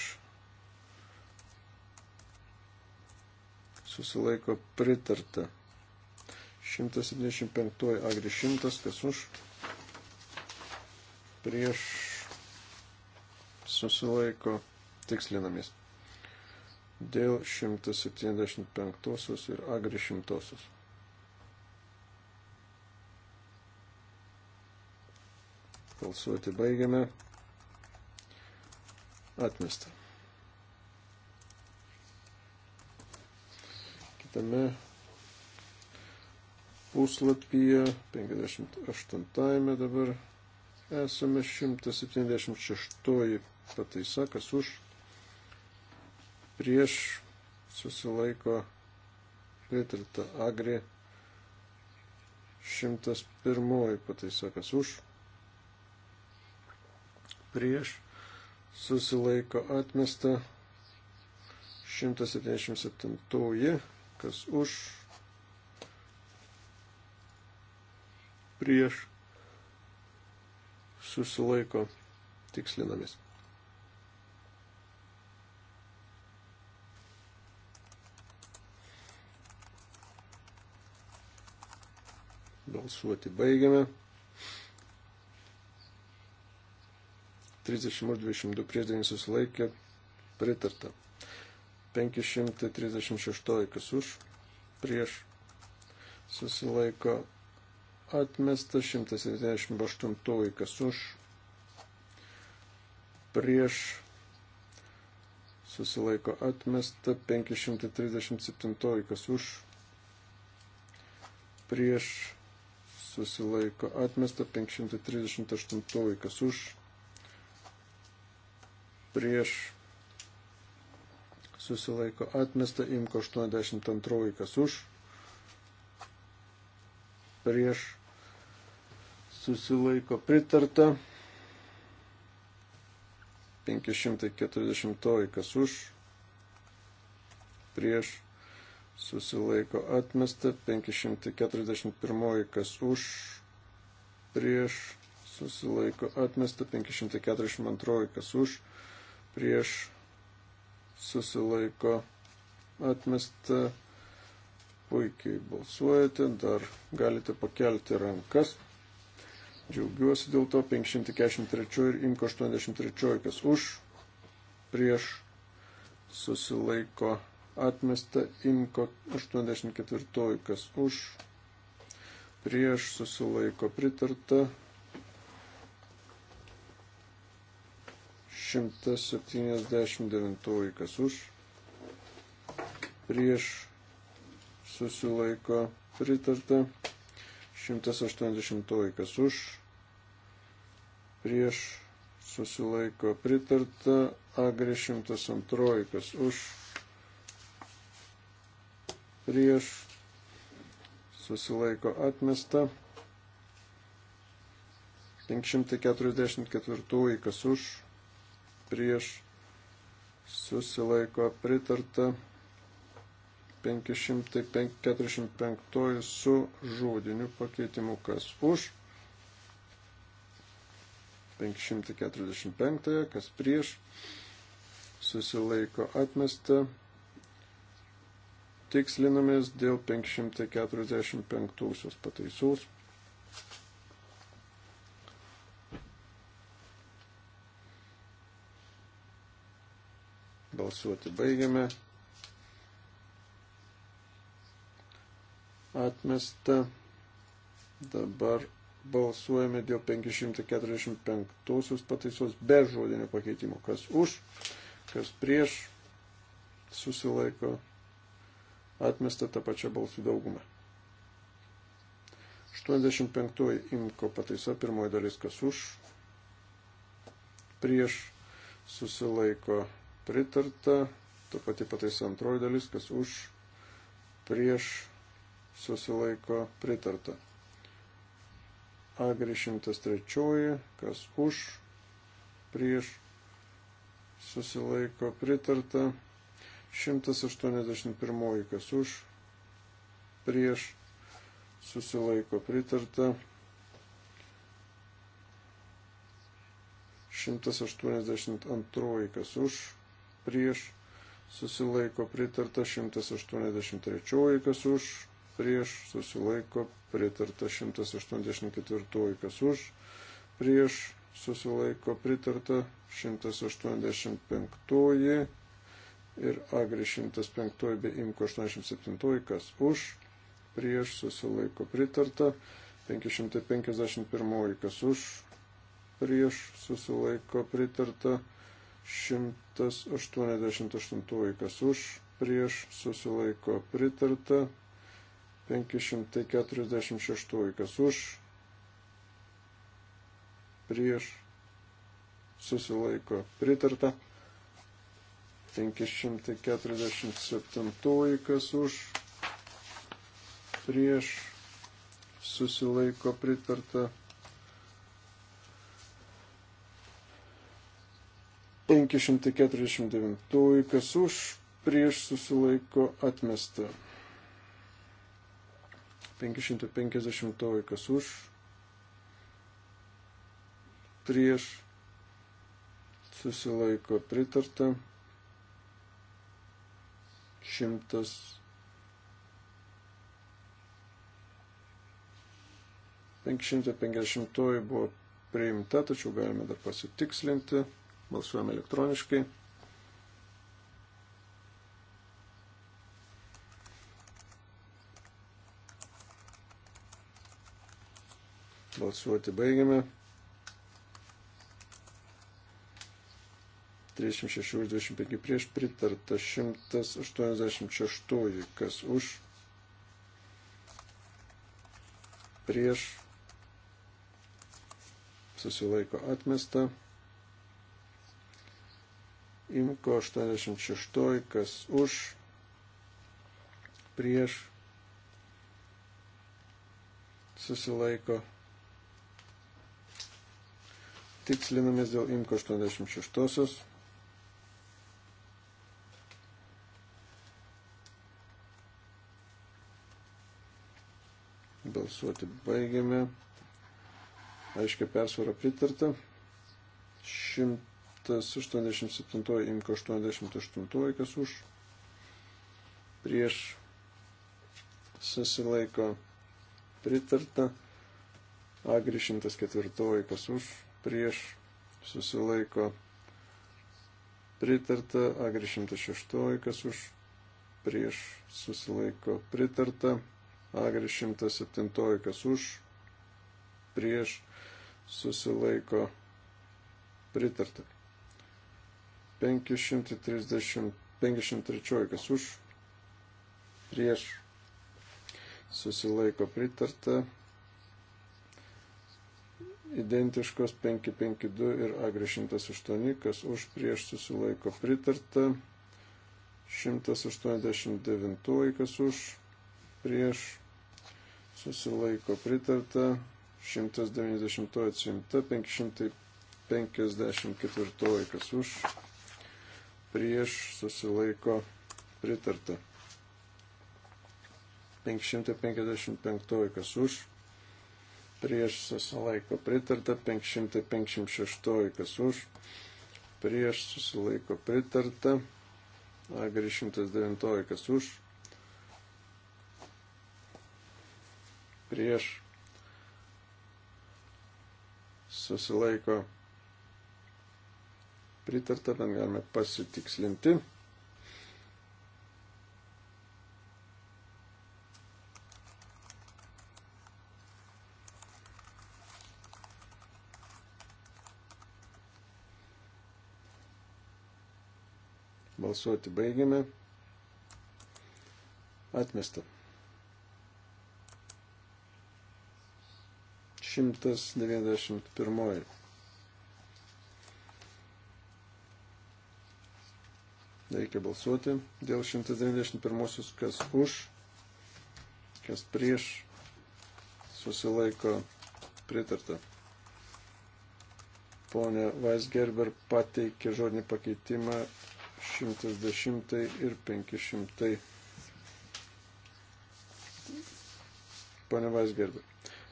susilaiko pritarta 175 agri 100 kas už prieš susilaiko tikslinamis dėl 175 ir agri 100. Balsuoti baigiame. Atmesta. Kitame puslapyje 58 dabar esame 176 pataisa, kas už prieš susilaiko pritarta agri 101 pataisa, kas už prieš susilaiko atmesta 177, kas už prieš susilaiko tikslinamis. Balsuoti baigiame. 30 už 22 prieš 9 susilaikė pritarta. 536 kas už prieš susilaiko atmesta 178, kas už, prieš, susilaiko atmesta 537, kas už, prieš, susilaiko atmesta 538, kas už, prieš, susilaiko atmesta imko 82, kas už prieš susilaiko pritarta. 540 kas už, prieš susilaiko atmesta, 541 kas už, prieš susilaiko atmesta, 542 kas už, prieš susilaiko atmesta, puikiai balsuojate, dar galite pakelti rankas. Džiaugiuosi dėl to 543 ir imko 83, kas už, prieš susilaiko atmesta, imko 84, kas už, prieš susilaiko pritarta. 179 kas už, prieš susilaiko pritarta. 180 kas už, prieš susilaiko pritarta. Agri 102 kas už, prieš susilaiko atmesta. 544 kas už, prieš susilaiko pritarta. 545 su žodiniu pakeitimu, kas už, 545, kas prieš, susilaiko atmesta. Tikslinamės dėl 545 pataisos. Balsuoti baigiame. atmesta. Dabar balsuojame dėl 545 pataisos be žodinio pakeitimo. Kas už, kas prieš, susilaiko atmesta tą pačią balsų daugumą. 85 imko pataisa, pirmoji dalis kas už, prieš susilaiko pritarta, ta pati pataisa antroji dalis, kas už, prieš susilaiko pritarta. Agri 103, kas už, prieš, susilaiko pritarta. 181, kas už, prieš, susilaiko pritarta. 182, kas už, prieš, susilaiko pritarta. 183, kas už, prieš susilaiko pritarta 184, kas už prieš susilaiko pritarta 185 ir agri 105 bei imko 87, kas už prieš susilaiko pritarta 551, kas už prieš susilaiko pritarta 188, kas už prieš susilaiko pritarta 546, kas už, prieš, susilaiko pritarta. 547, kas už, prieš, susilaiko pritarta. 549, kas už, prieš susilaiko atmesta. 550 kas už, prieš, susilaiko pritarta, 100. Penkšimtą penkdešimtoji buvo priimta, tačiau galime dar pasitikslinti. Balsuojame elektroniškai. Balsuoti baigiame. 36 už 25 prieš pritarta 186, kas už, prieš, susilaiko atmesta, imko 86, kas už, prieš, susilaiko atmesta tikslinamės dėl IMKO 86. Balsuoti baigiame. Aiškia persvara pritarta. 187 IMKO 88, kas už. Prieš susilaiko pritarta. Agri 104, kas už prieš susilaiko pritarta, agri 106, kas už prieš susilaiko pritarta, agri 107, kas už prieš susilaiko pritarta. 530, 53, kas už prieš susilaiko pritarta, identiškos 552 ir agri 108, kas už prieš susilaiko pritarta, 189, kas už prieš susilaiko pritarta, 190 atsimta, 554, kas už prieš susilaiko pritarta. 555 kas už prieš susilaiko pritarta, 556 kas už, prieš susilaiko pritarta, agri 109 kas už, prieš susilaiko pritarta, bet galime pasitikslinti. Balsuoti baigiame. Atmesta. 191. Reikia balsuoti dėl 191, kas už, kas prieš, susilaiko pritarta. Pone Weisgerber pateikė žodinį pakeitimą 110 ir 500. Pane Vaisgerbi.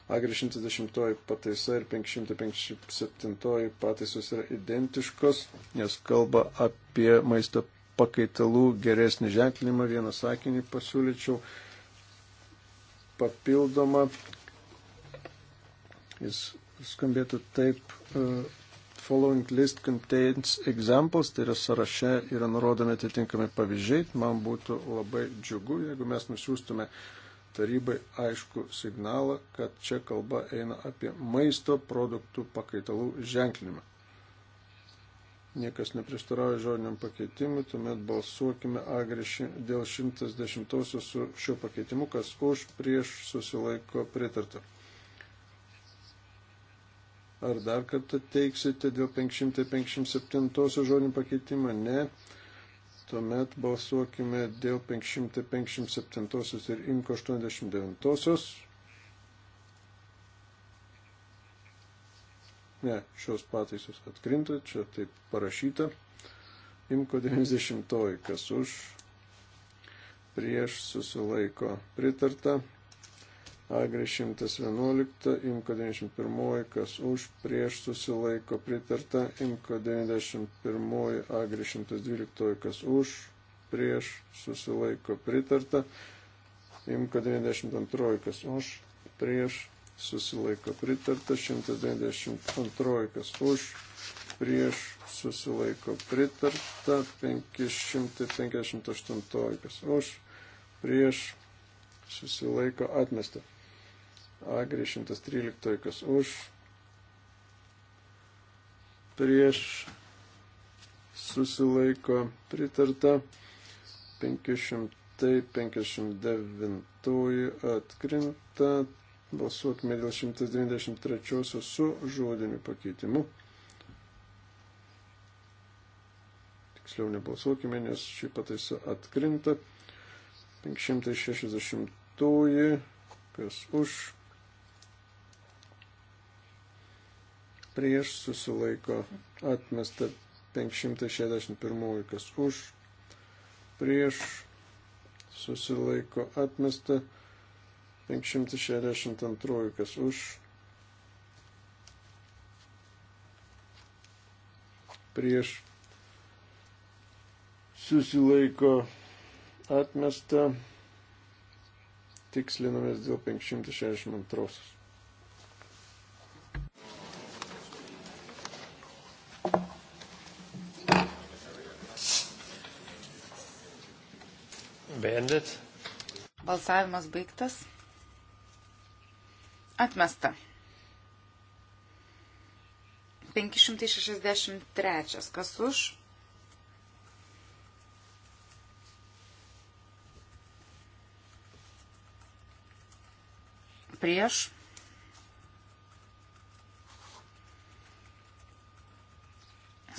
Agri 110 pataisa ir 557 pataisos yra identiškos, nes kalba apie maisto pakaitalų geresnį ženklinimą. Vieną sakinį pasiūlyčiau papildomą. Jis skambėtų taip. Uh, following list contains examples, tai yra sąraše yra nurodomi atitinkami pavyzdžiai. Man būtų labai džiugu, jeigu mes nusiųstume tarybai aišku signalą, kad čia kalba eina apie maisto produktų pakaitalų ženklinimą. Niekas neprieštarauja žodiniam pakeitimui, tuomet balsuokime agrišį dėl 110 su šiuo pakeitimu, kas už prieš susilaiko pritarta. Ar dar kartą teiksite dėl 557 žodinį pakeitimą? Ne. Tuomet balsuokime dėl 557 ir Inko 89. Ne, šios pataisos atkrinta, čia taip parašyta. Imko 90, kas už, prieš susilaiko pritarta. Agri 111, Imko 91, kas už, prieš susilaiko pritarta, Imko 91, Agri 112, kas už, prieš susilaiko pritarta, Imko 92, kas už, prieš susilaiko pritarta, 192, kas už, prieš susilaiko pritarta, 558, kas už, prieš susilaiko atmesta. Agri 113, kas už, prieš, susilaiko pritarta, 559 atkrinta, balsuokime dėl 193 su žodiniu pakeitimu. Tiksliau nebalsuokime, nes šį pataisą atkrinta. 560, kas už, prieš susilaiko atmesta 561, kas už, prieš susilaiko atmesta 562, kas už, prieš susilaiko atmesta tikslinamės dėl 562. beendet. Balsavimas baigtas. Atmesta. 563. Kas už? Prieš.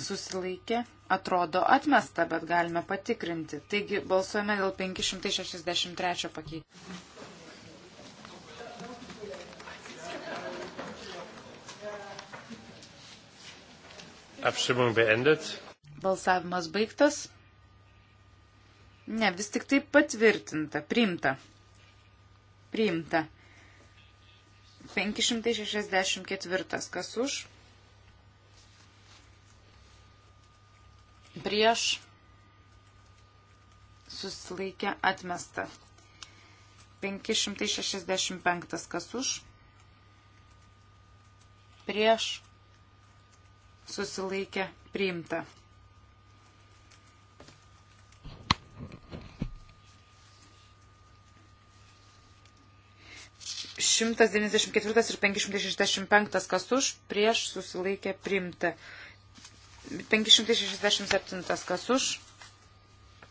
susilaikė, atrodo atmesta, bet galime patikrinti. Taigi balsuojame dėl 563 pakeitimo. Apšimung beendet. Balsavimas baigtas. Ne, vis tik tai patvirtinta, priimta. Priimta. 564. Kas už? prieš susilaikė atmesta. 565 kas už, prieš susilaikė priimta. Šimtas devyniasdešimt ketvirtas ir penkišimtas šešdešimt penktas kas už, prieš susilaikė priimta. 567 kas už,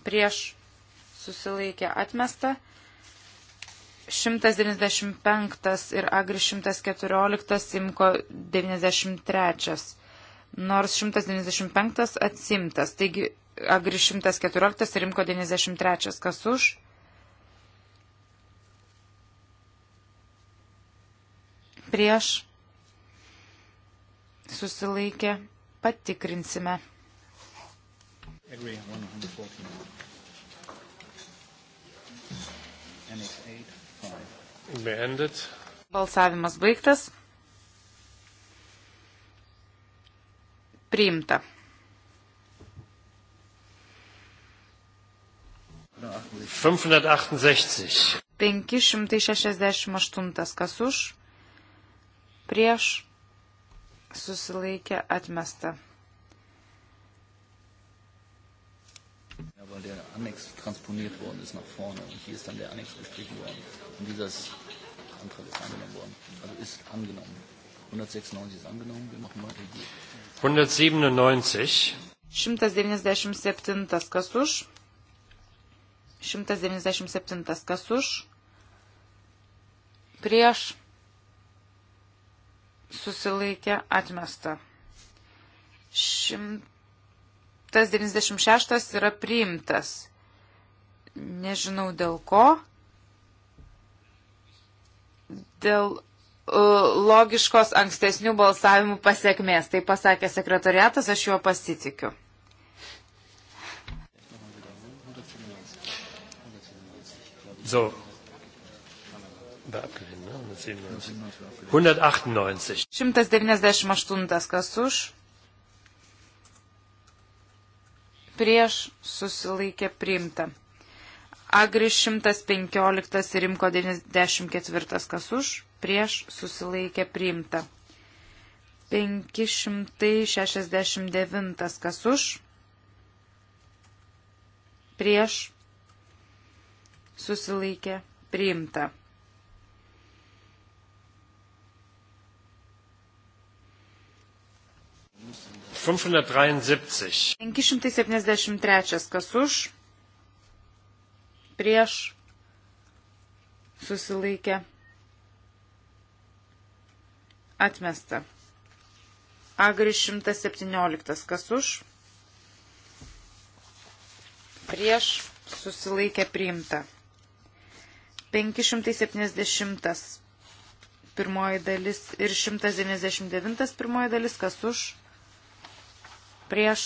prieš susilaikė atmesta. 195 ir Agri 114 imko 93, nors 195 atsimtas, taigi Agri 114 ir imko 93, kas už, prieš susilaikė patikrinsime. Agree, 114. And it's 8, 5. Beendet. Balsavimas baigtas. Priimta. No, 568. 568. Kas už? Prieš susilaikė atmesta. Ja, weil der Annex transponiert worden ist nach vorne und hier ist dann der Annex gestrichen worden. Und dieser Antrag ist angenommen worden. Also ist angenommen. 196 ist angenommen. Wir machen weiter hier. 197. 197 kas už. 197 kas už. Prieš susilaikė atmesta. 196 yra priimtas. Nežinau dėl ko. Dėl e, logiškos ankstesnių balsavimų pasiekmės. Tai pasakė sekretariatas, aš juo pasitikiu. So. Da abgelehnt. 198. 198. 198 kas už. Prieš susilaikė priimta. Agri 115 ir Rimko 94 kas už. Prieš susilaikė priimta. 569 kas už. Prieš susilaikė priimta. 573. 573. Kas už? Prieš? Susilaikė. Atmesta. Agri 117. Kas už? Prieš? Susilaikė priimta. 570 pirmoji dalis ir 199 pirmoji dalis, kas už prieš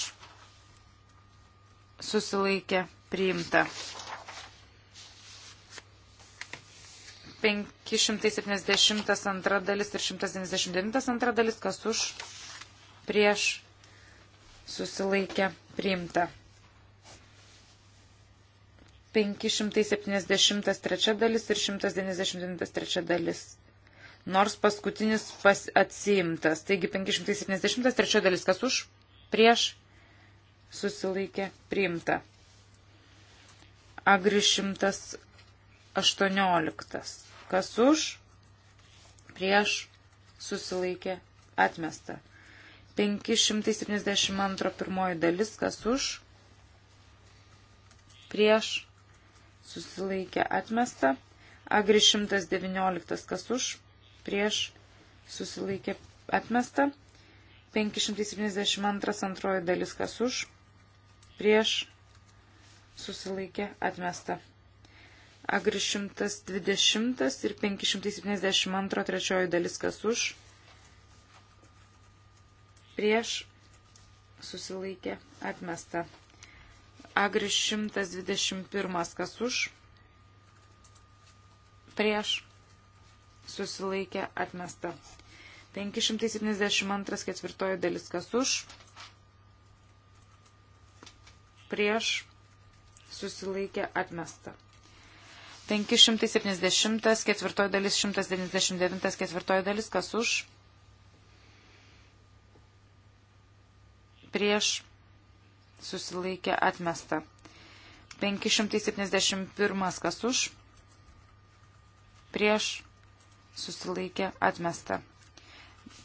susilaikė priimta. 572 dalis ir 199 antra dalis, kas už prieš susilaikė priimta. 573 dalis ir 193 dalis. Nors paskutinis pas atsiimtas. Taigi 573 dalis, kas už prieš susilaikė priimta. Agri 118. Kas už, prieš susilaikė atmesta. 572 pirmoji dalis, kas už, prieš susilaikė atmesta. Agri 119, kas už, prieš susilaikė atmesta. 572 antroji dalis kas už, prieš susilaikė atmesta. Agri 120 ir 572 trečioji dalis kas už, prieš susilaikė atmesta. Agri 121 kas už, prieš susilaikė atmesta. 572 ketvirtoji dalis kas už, prieš susilaikė atmesta. 570 ketvirtoji dalis 199 ketvirtoji dalis kas už, prieš susilaikė atmesta. 571 kas už, prieš susilaikė atmesta.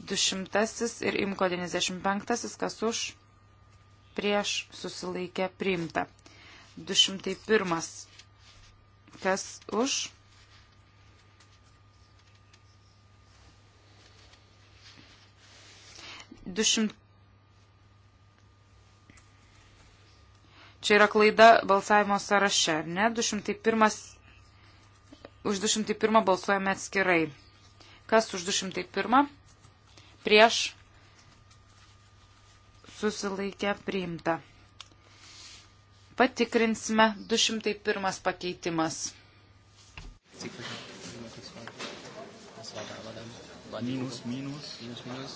200 ir imko 95, kas už, prieš susilaikė priimta. 201, kas už, dušimt. Čia yra klaida balsavimo sąraše, ne? 201, už 201 balsuojame atskirai. Kas už 201? prieš susilaikę priimta. Patikrinsime 201 pakeitimas. Minus, minus, minus, minus.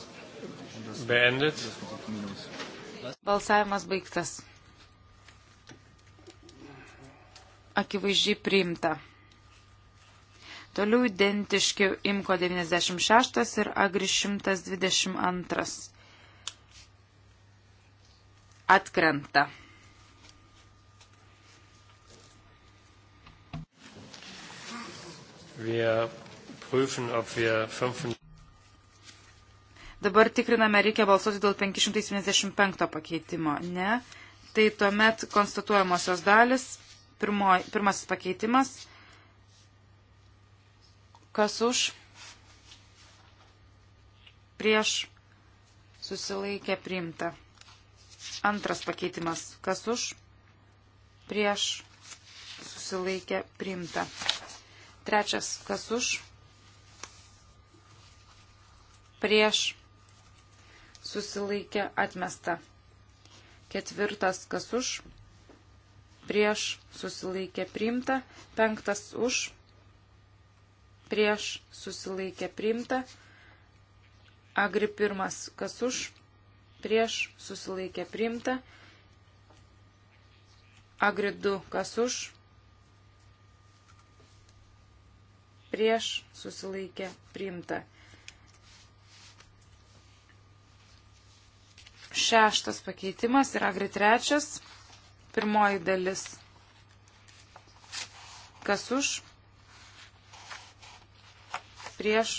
Bandit. Balsavimas baigtas. Akivaizdžiai priimta. Toliau identiški Imko 96 ir Agri 122. Atkrenta. Wir prüfen, ob wir 500. Dabar tikriname, reikia balsuoti dėl 575 pakeitimo. Ne. Tai tuomet konstatuojamosios dalis, pirmo, pirmasis pakeitimas Kas už? Prieš susilaikė priimta. Antras pakeitimas. Kas už? Prieš susilaikė priimta. Trečias. Kas už? Prieš susilaikė atmesta. Ketvirtas. Kas už? Prieš susilaikė priimta. Penktas už prieš susilaikė priimta. Agri pirmas, kas už, prieš susilaikė priimta. Agri du, kas už, prieš susilaikė priimta. Šeštas pakeitimas yra agri trečias, pirmoji dalis, kas už, prieš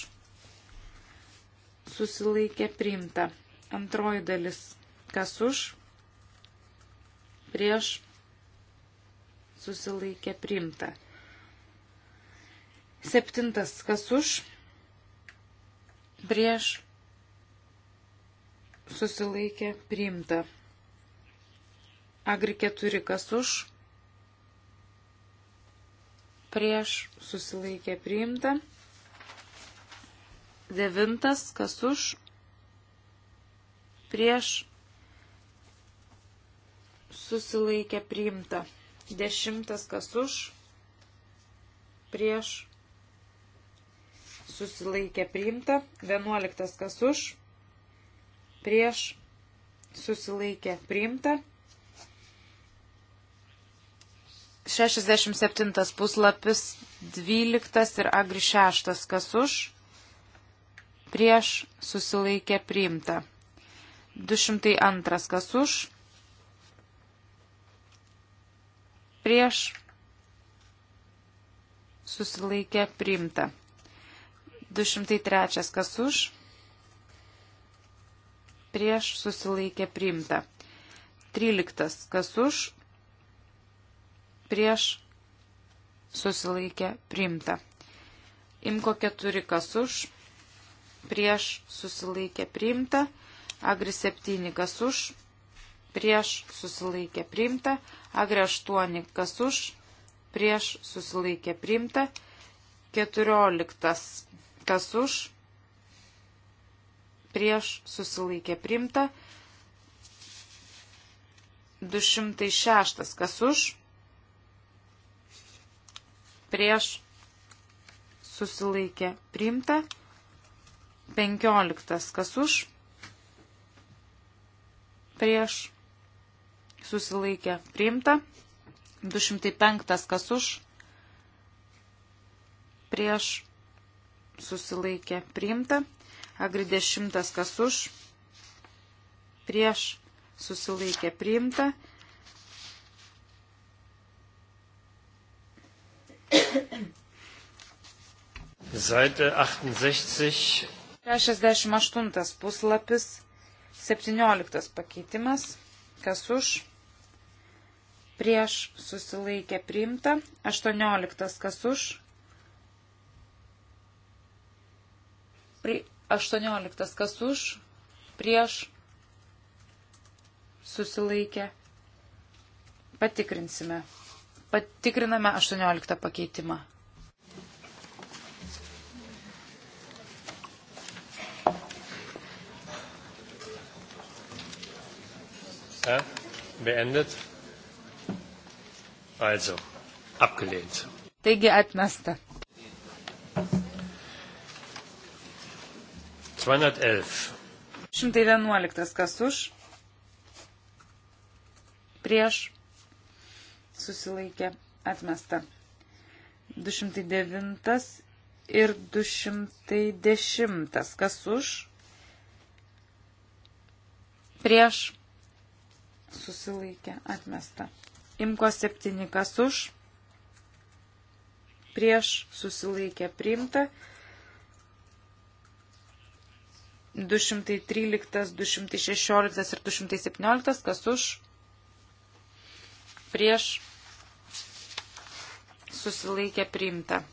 susilaikė priimta. Antroji dalis, kas už, prieš susilaikė priimta. Septintas, kas už, prieš susilaikė priimta. Agri keturi, kas už, prieš susilaikė priimta devintas, kas už, prieš, susilaikė priimta. Dešimtas, kas už, prieš, susilaikė priimta. Vienuoliktas, kas už, prieš, susilaikė priimta. 67 puslapis 12 ir agri 6 kas už prieš susilaikė priimta. 202 kas už, prieš susilaikė priimta. 203 kas už, prieš susilaikė priimta. 13 kas už, prieš susilaikė priimta. Imko 4 kas už, prieš susilaikė priimta, agri 7 kas už, prieš susilaikė priimta, agri 8 kas už, prieš susilaikė priimta, 14 kas už, prieš susilaikė priimta, 206 kas už, prieš susilaikė priimta, 206 15. Kas už? Prieš. Susilaikė. Priimta. 205. Kas už? Prieš. Susilaikė. Priimta. Agri 10. Kas už? Prieš. Susilaikė. Priimta. Seite 68 68 puslapis, 17 pakeitimas, kas už, prieš susilaikė priimta, 18 kas už, pri, 18 kas už, prieš susilaikė. Patikrinsime. Patikriname 18 pakeitimą. äh, beendet. Also, abgelehnt. Taigi atmesta. 211. 111. Kas už? Prieš. Susilaikė. Atmesta. 209 ir 210. Kas už? Prieš susilaikė atmesta. Imko 7 kas už, prieš susilaikė priimta. 213, 216 ir 217 kas už, prieš susilaikė priimta.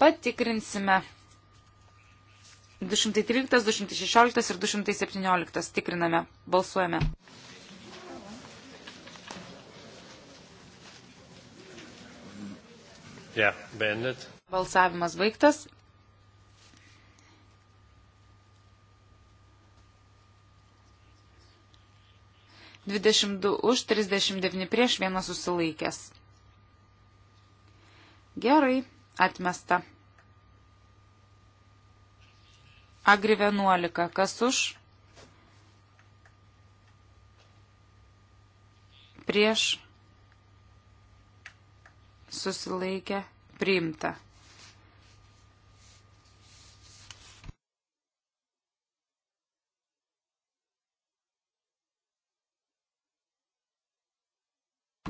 Patikrinsime 213, 216 ir 217. Tikriname, balsuojame. Ja, beendet. Balsavimas baigtas. Dvidešimt du už, trisdešimt devini prieš, vienas susilaikęs. Gerai, atmesta. Agri 11. Kas už? Prieš susilaikę priimta.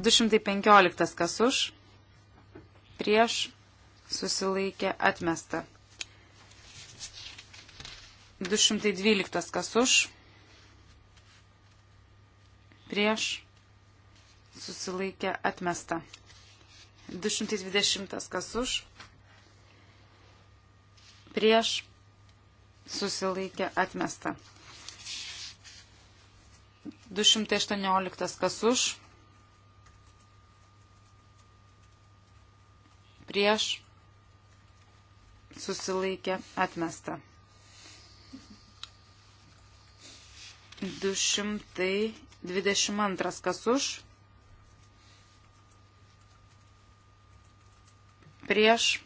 Du šimtai penkioliktas kas už, prieš susilaikė atmesta. 212 kas už, prieš, susilaikė atmesta. 220 kas už, prieš, susilaikė atmesta. 218 kas už, prieš, susilaikė atmesta. 222 kas už, prieš,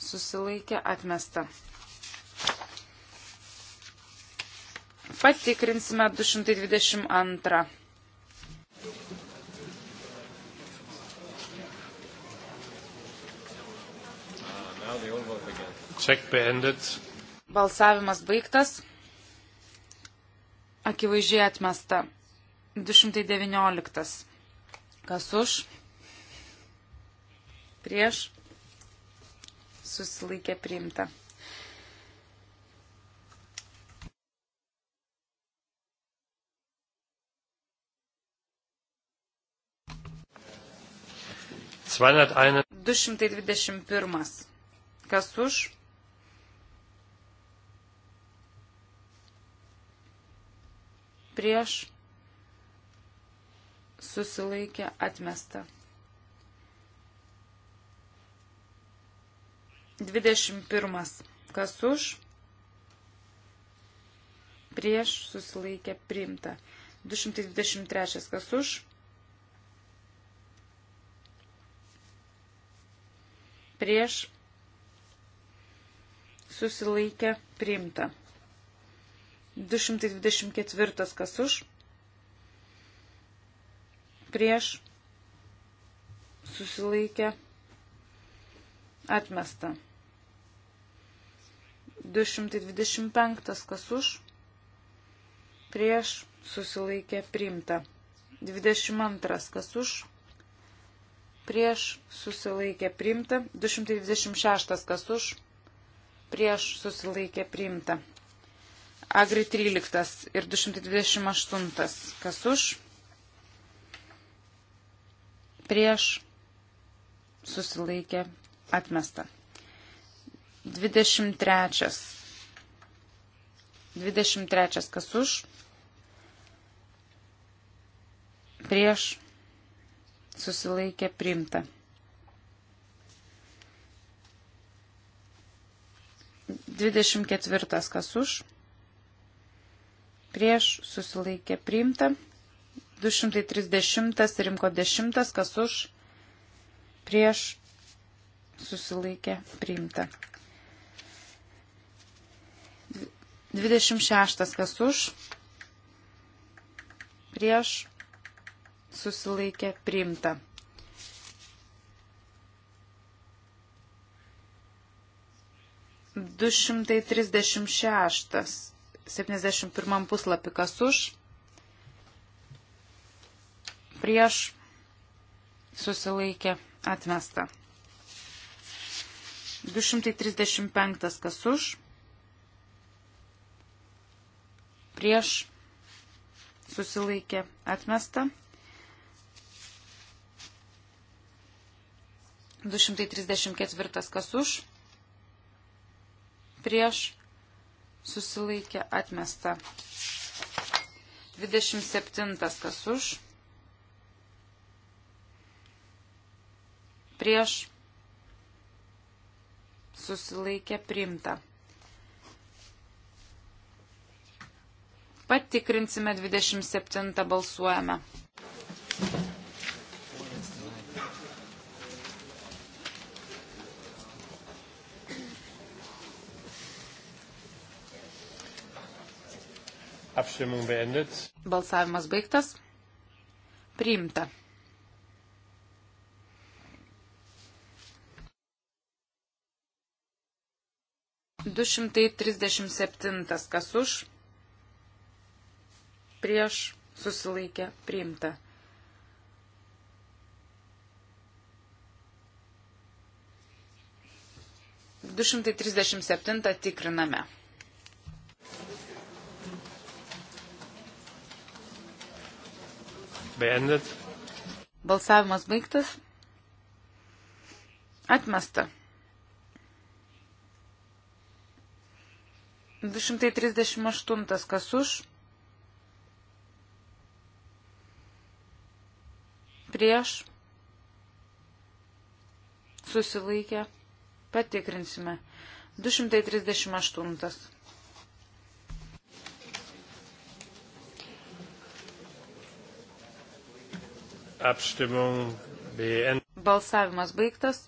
susilaikė atmesta. Patikrinsime 222. Check beendet. Balsavimas baigtas. Akivaizdžiai atmesta. 219. Kas už? Prieš. Susilaikė priimta. Du šimtai dvidešimt pirmas. Kas už? prieš susilaikė atmesta. 21. Kas už prieš susilaikė priimta. 223. Kas už prieš susilaikė priimta. 224 kas už, prieš, susilaikė, atmesta. 225 kas už, prieš, susilaikė, priimta. 22 kas už, prieš, susilaikė, priimta. 226 kas už, prieš, susilaikė, priimta. Agri 13 ir 228. Kas už? Prieš susilaikė atmesta. 23. 23. Kas už? Prieš susilaikė priimta. 24. Kas už? prieš susilaikė priimta. 230 rimko 10, kas už prieš susilaikė priimta. 26 kas už prieš susilaikė priimta. Du šimtai trisdešimt šeštas. 71 puslapį, kas už, prieš, susilaikė, atmesta. 235 kas už, prieš, susilaikė, atmesta. 234 kas už, prieš, susilaikė atmesta. 27 kas už, prieš susilaikė priimta. Patikrinsime 27 balsuojame. Abstimmung beendet. Balsavimas baigtas. Priimta. Du šimtai trisdešimt septintas kas už, prieš susilaikė priimta. Du šimtai trisdešimt septintą tikriname. beendet. Balsavimas baigtas. Atmesta. 238 kas už. Prieš. Susilaikė. Patikrinsime. 238. Abstimmung beendet. Balsavimas baigtas.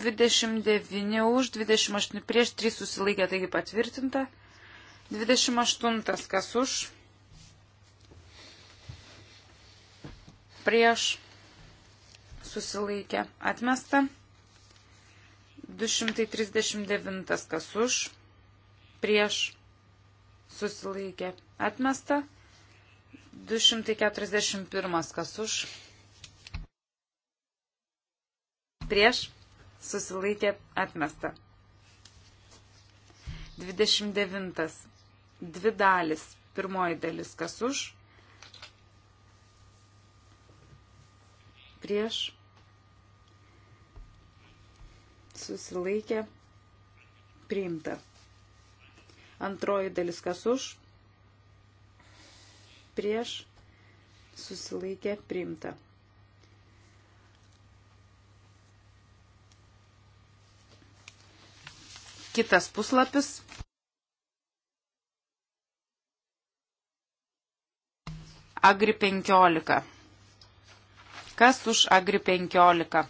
Dvidešimt devyni už, dvidešimt aštuoni prieš, trys susilaikė, taigi patvirtinta. Dvidešimt aštuntas kas už. Prieš susilaikė, atmesta. 239 kas už, prieš susilaikė atmesta. 241 kas už. Prieš susilaikė atmesta. 29. Dvi dalis. Pirmoji dalis kas už. Prieš susilaikė priimta. Antroji dalis kas už, prieš, susilaikė, priimta. Kitas puslapis. Agri 15. Kas už Agri 15?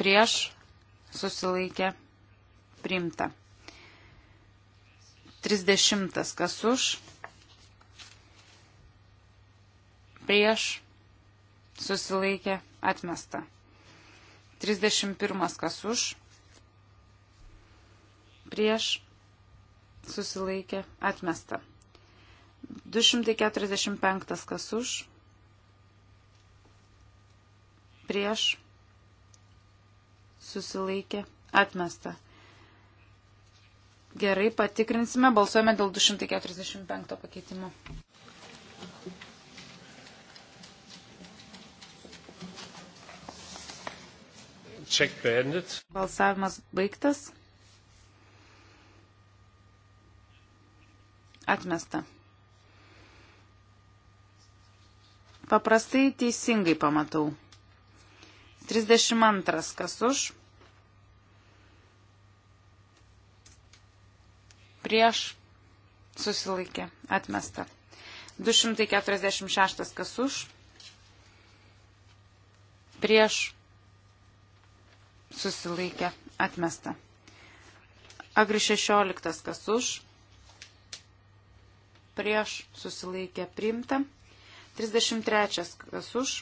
Prieš susilaikė Primta. 30. Kas už? Prieš. Susilaikė. Atmesta. 31. Kas už? Prieš. Susilaikė. Atmesta. 245. Kas už? Prieš susilaikė, atmesta. Gerai, patikrinsime, balsuojame dėl 245 pakeitimo. Check bandit. Balsavimas baigtas. Atmesta. Paprastai teisingai pamatau. 32. Kas už? prieš susilaikė atmesta. 246 kas už, prieš susilaikė atmesta. Agri 16 kas už, prieš susilaikė priimta. 33 kas už,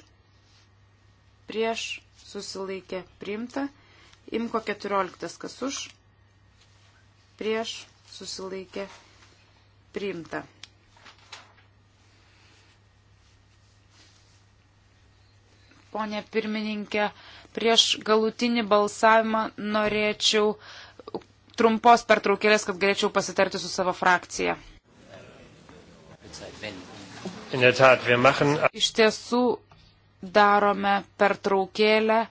prieš susilaikė priimta. Imko 14 kas už, prieš susilaikė priimta. Pone pirmininkė, prieš galutinį balsavimą norėčiau trumpos pertraukėlės, kad galėčiau pasitarti su savo frakcija. Iš tiesų darome pertraukėlę.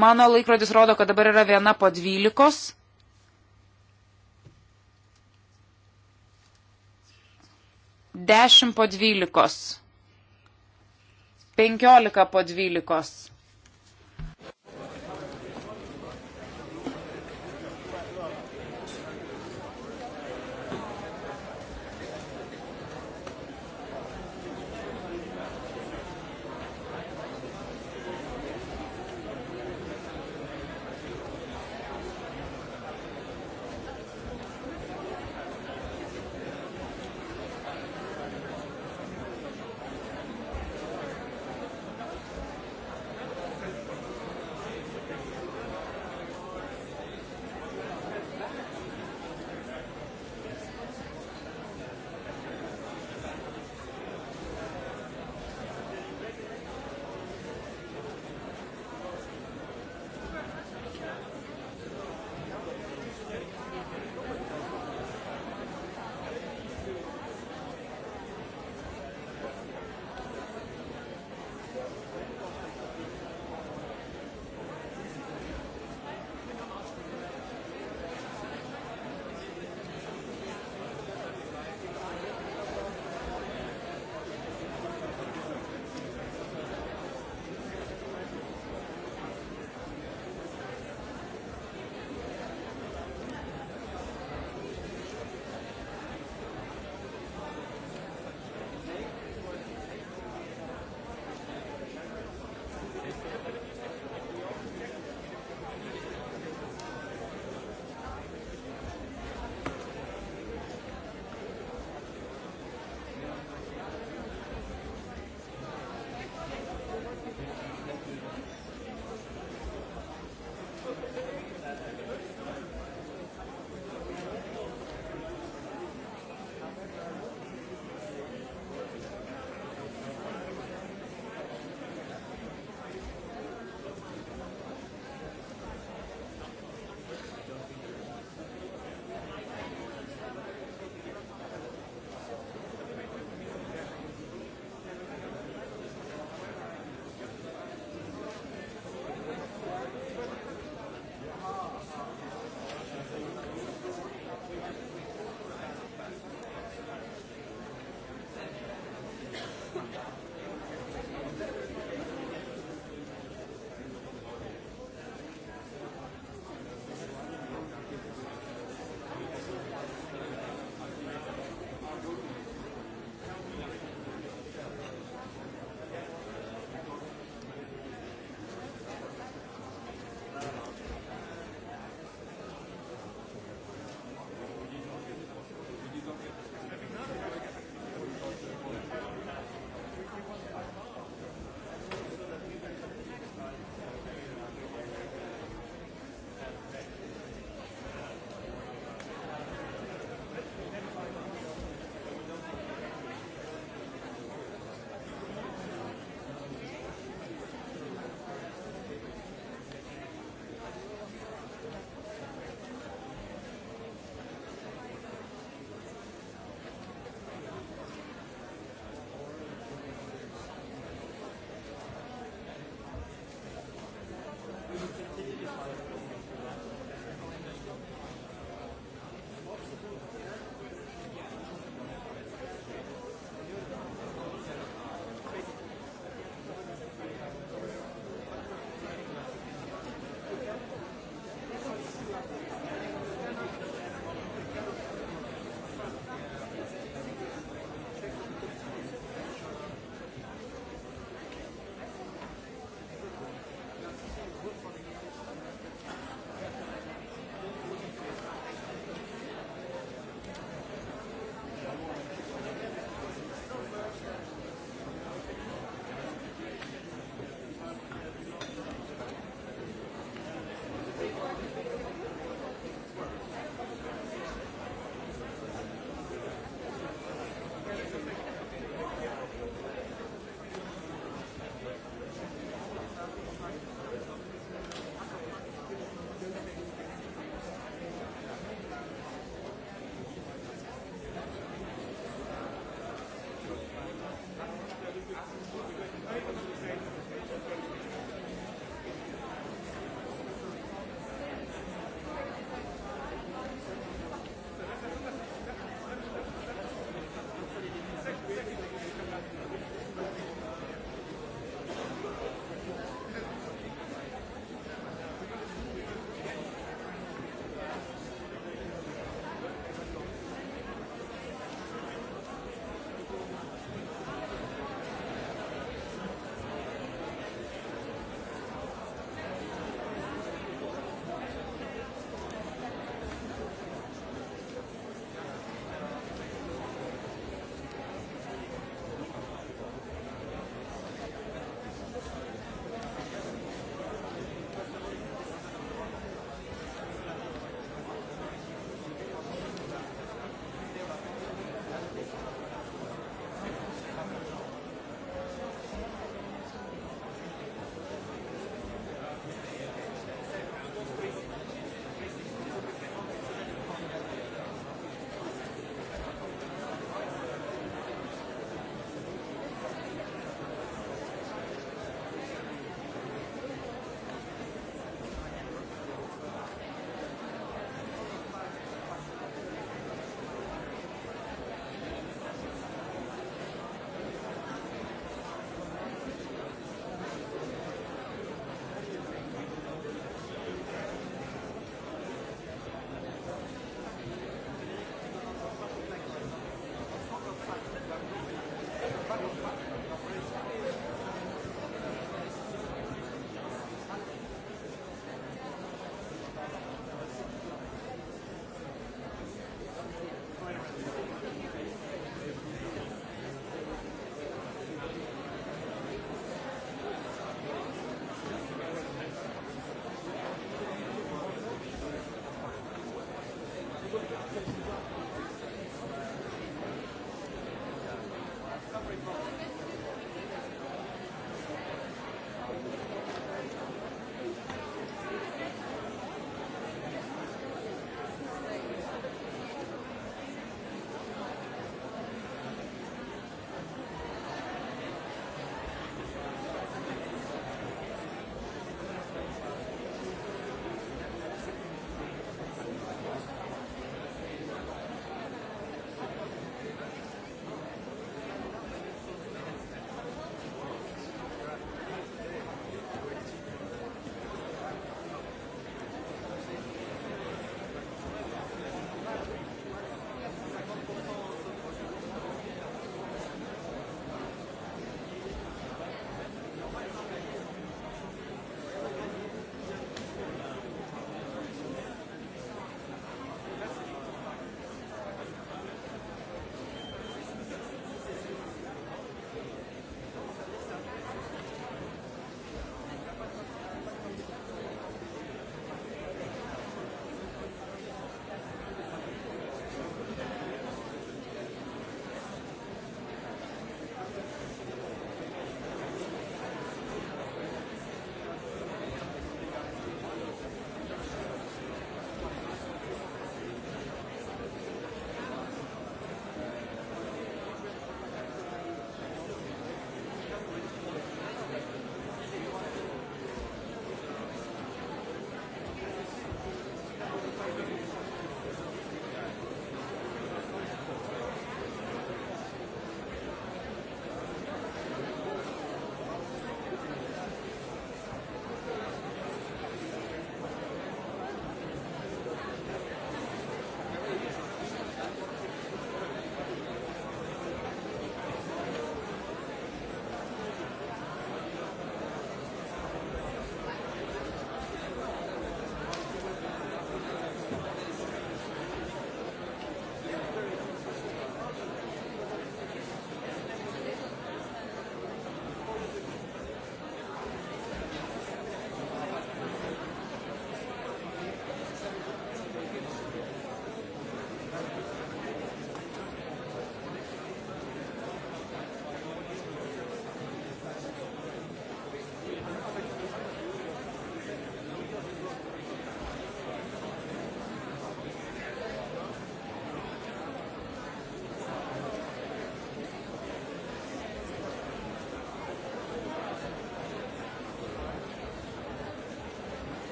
Mano laikrodis rodo, kad dabar yra viena po dvylikos. Dešimt po dvylikos. Penkiolika po dvylikos.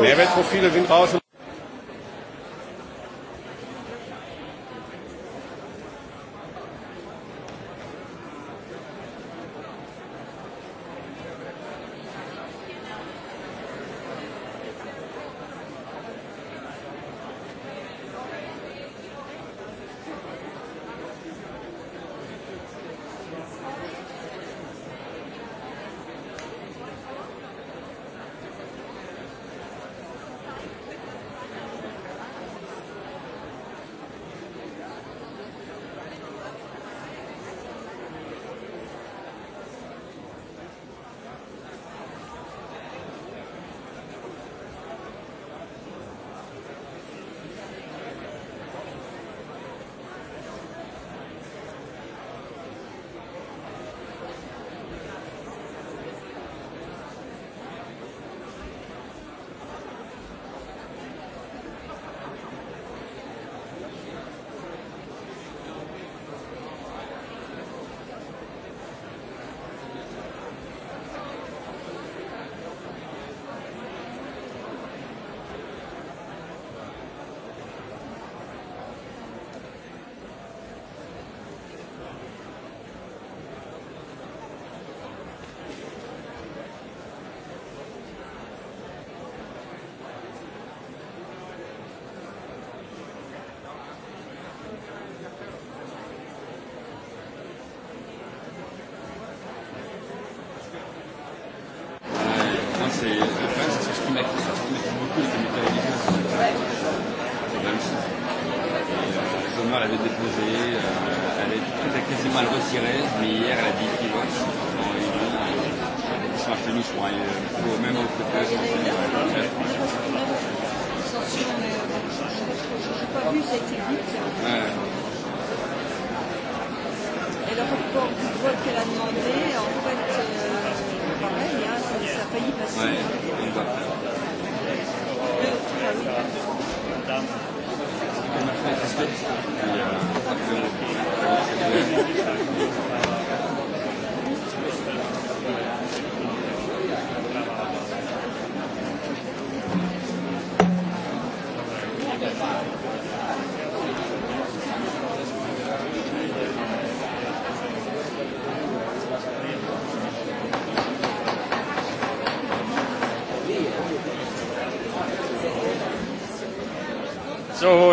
Mehrwertprofile sind raus. qui l'a demandé.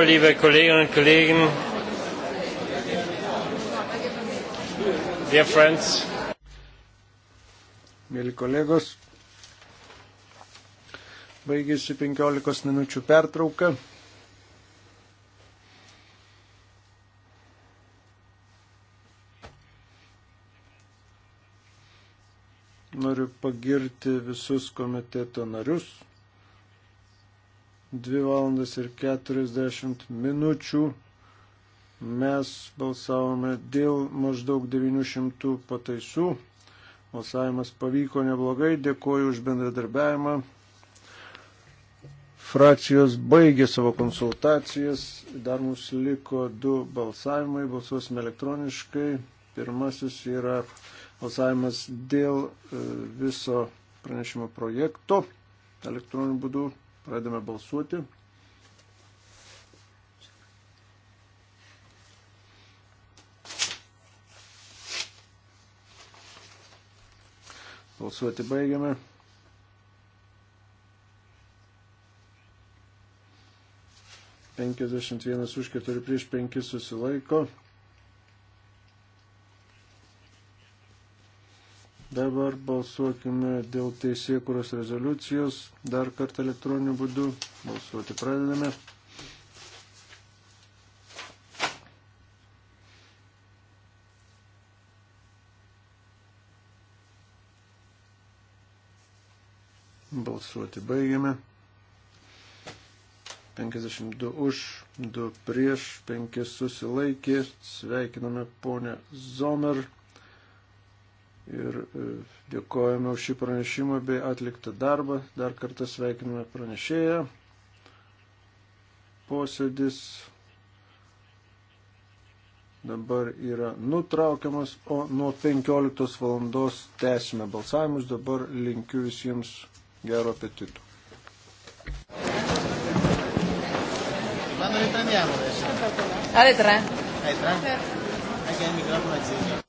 liebe Kolleginnen und Kollegen, dear friends. Mėly kolegos, baigėsi 15 minučių pertrauka. Noriu pagirti visus komiteto narius, 2 valandas ir 40 minučių mes balsavome dėl maždaug 900 pataisų. Balsavimas pavyko neblogai, dėkoju už bendradarbiavimą. Frakcijos baigė savo konsultacijas, dar mums liko du balsavimai, balsuosime elektroniškai. Pirmasis yra balsavimas dėl e, viso pranešimo projekto elektroniniu būdu Pradame balsuoti. Balsuoti baigiame. Penkiasdešimt vienas už keturi prieš penkis susilaiko. Dabar balsuokime dėl teisėkuros rezoliucijos. Dar kartą elektroniniu būdu. Balsuoti pradedame. Balsuoti baigiame. 52 už, 2 prieš, 5 susilaikė. Sveikiname ponę Zomer ir e, dėkojame už šį pranešimą bei atliktą darbą. Dar kartą sveikiname pranešėją. Posėdis dabar yra nutraukiamas, o nuo 15 valandos tęsime balsavimus. Dabar linkiu visiems gero apetito. Alle tre. Alle tre? Anche il microfono accesa.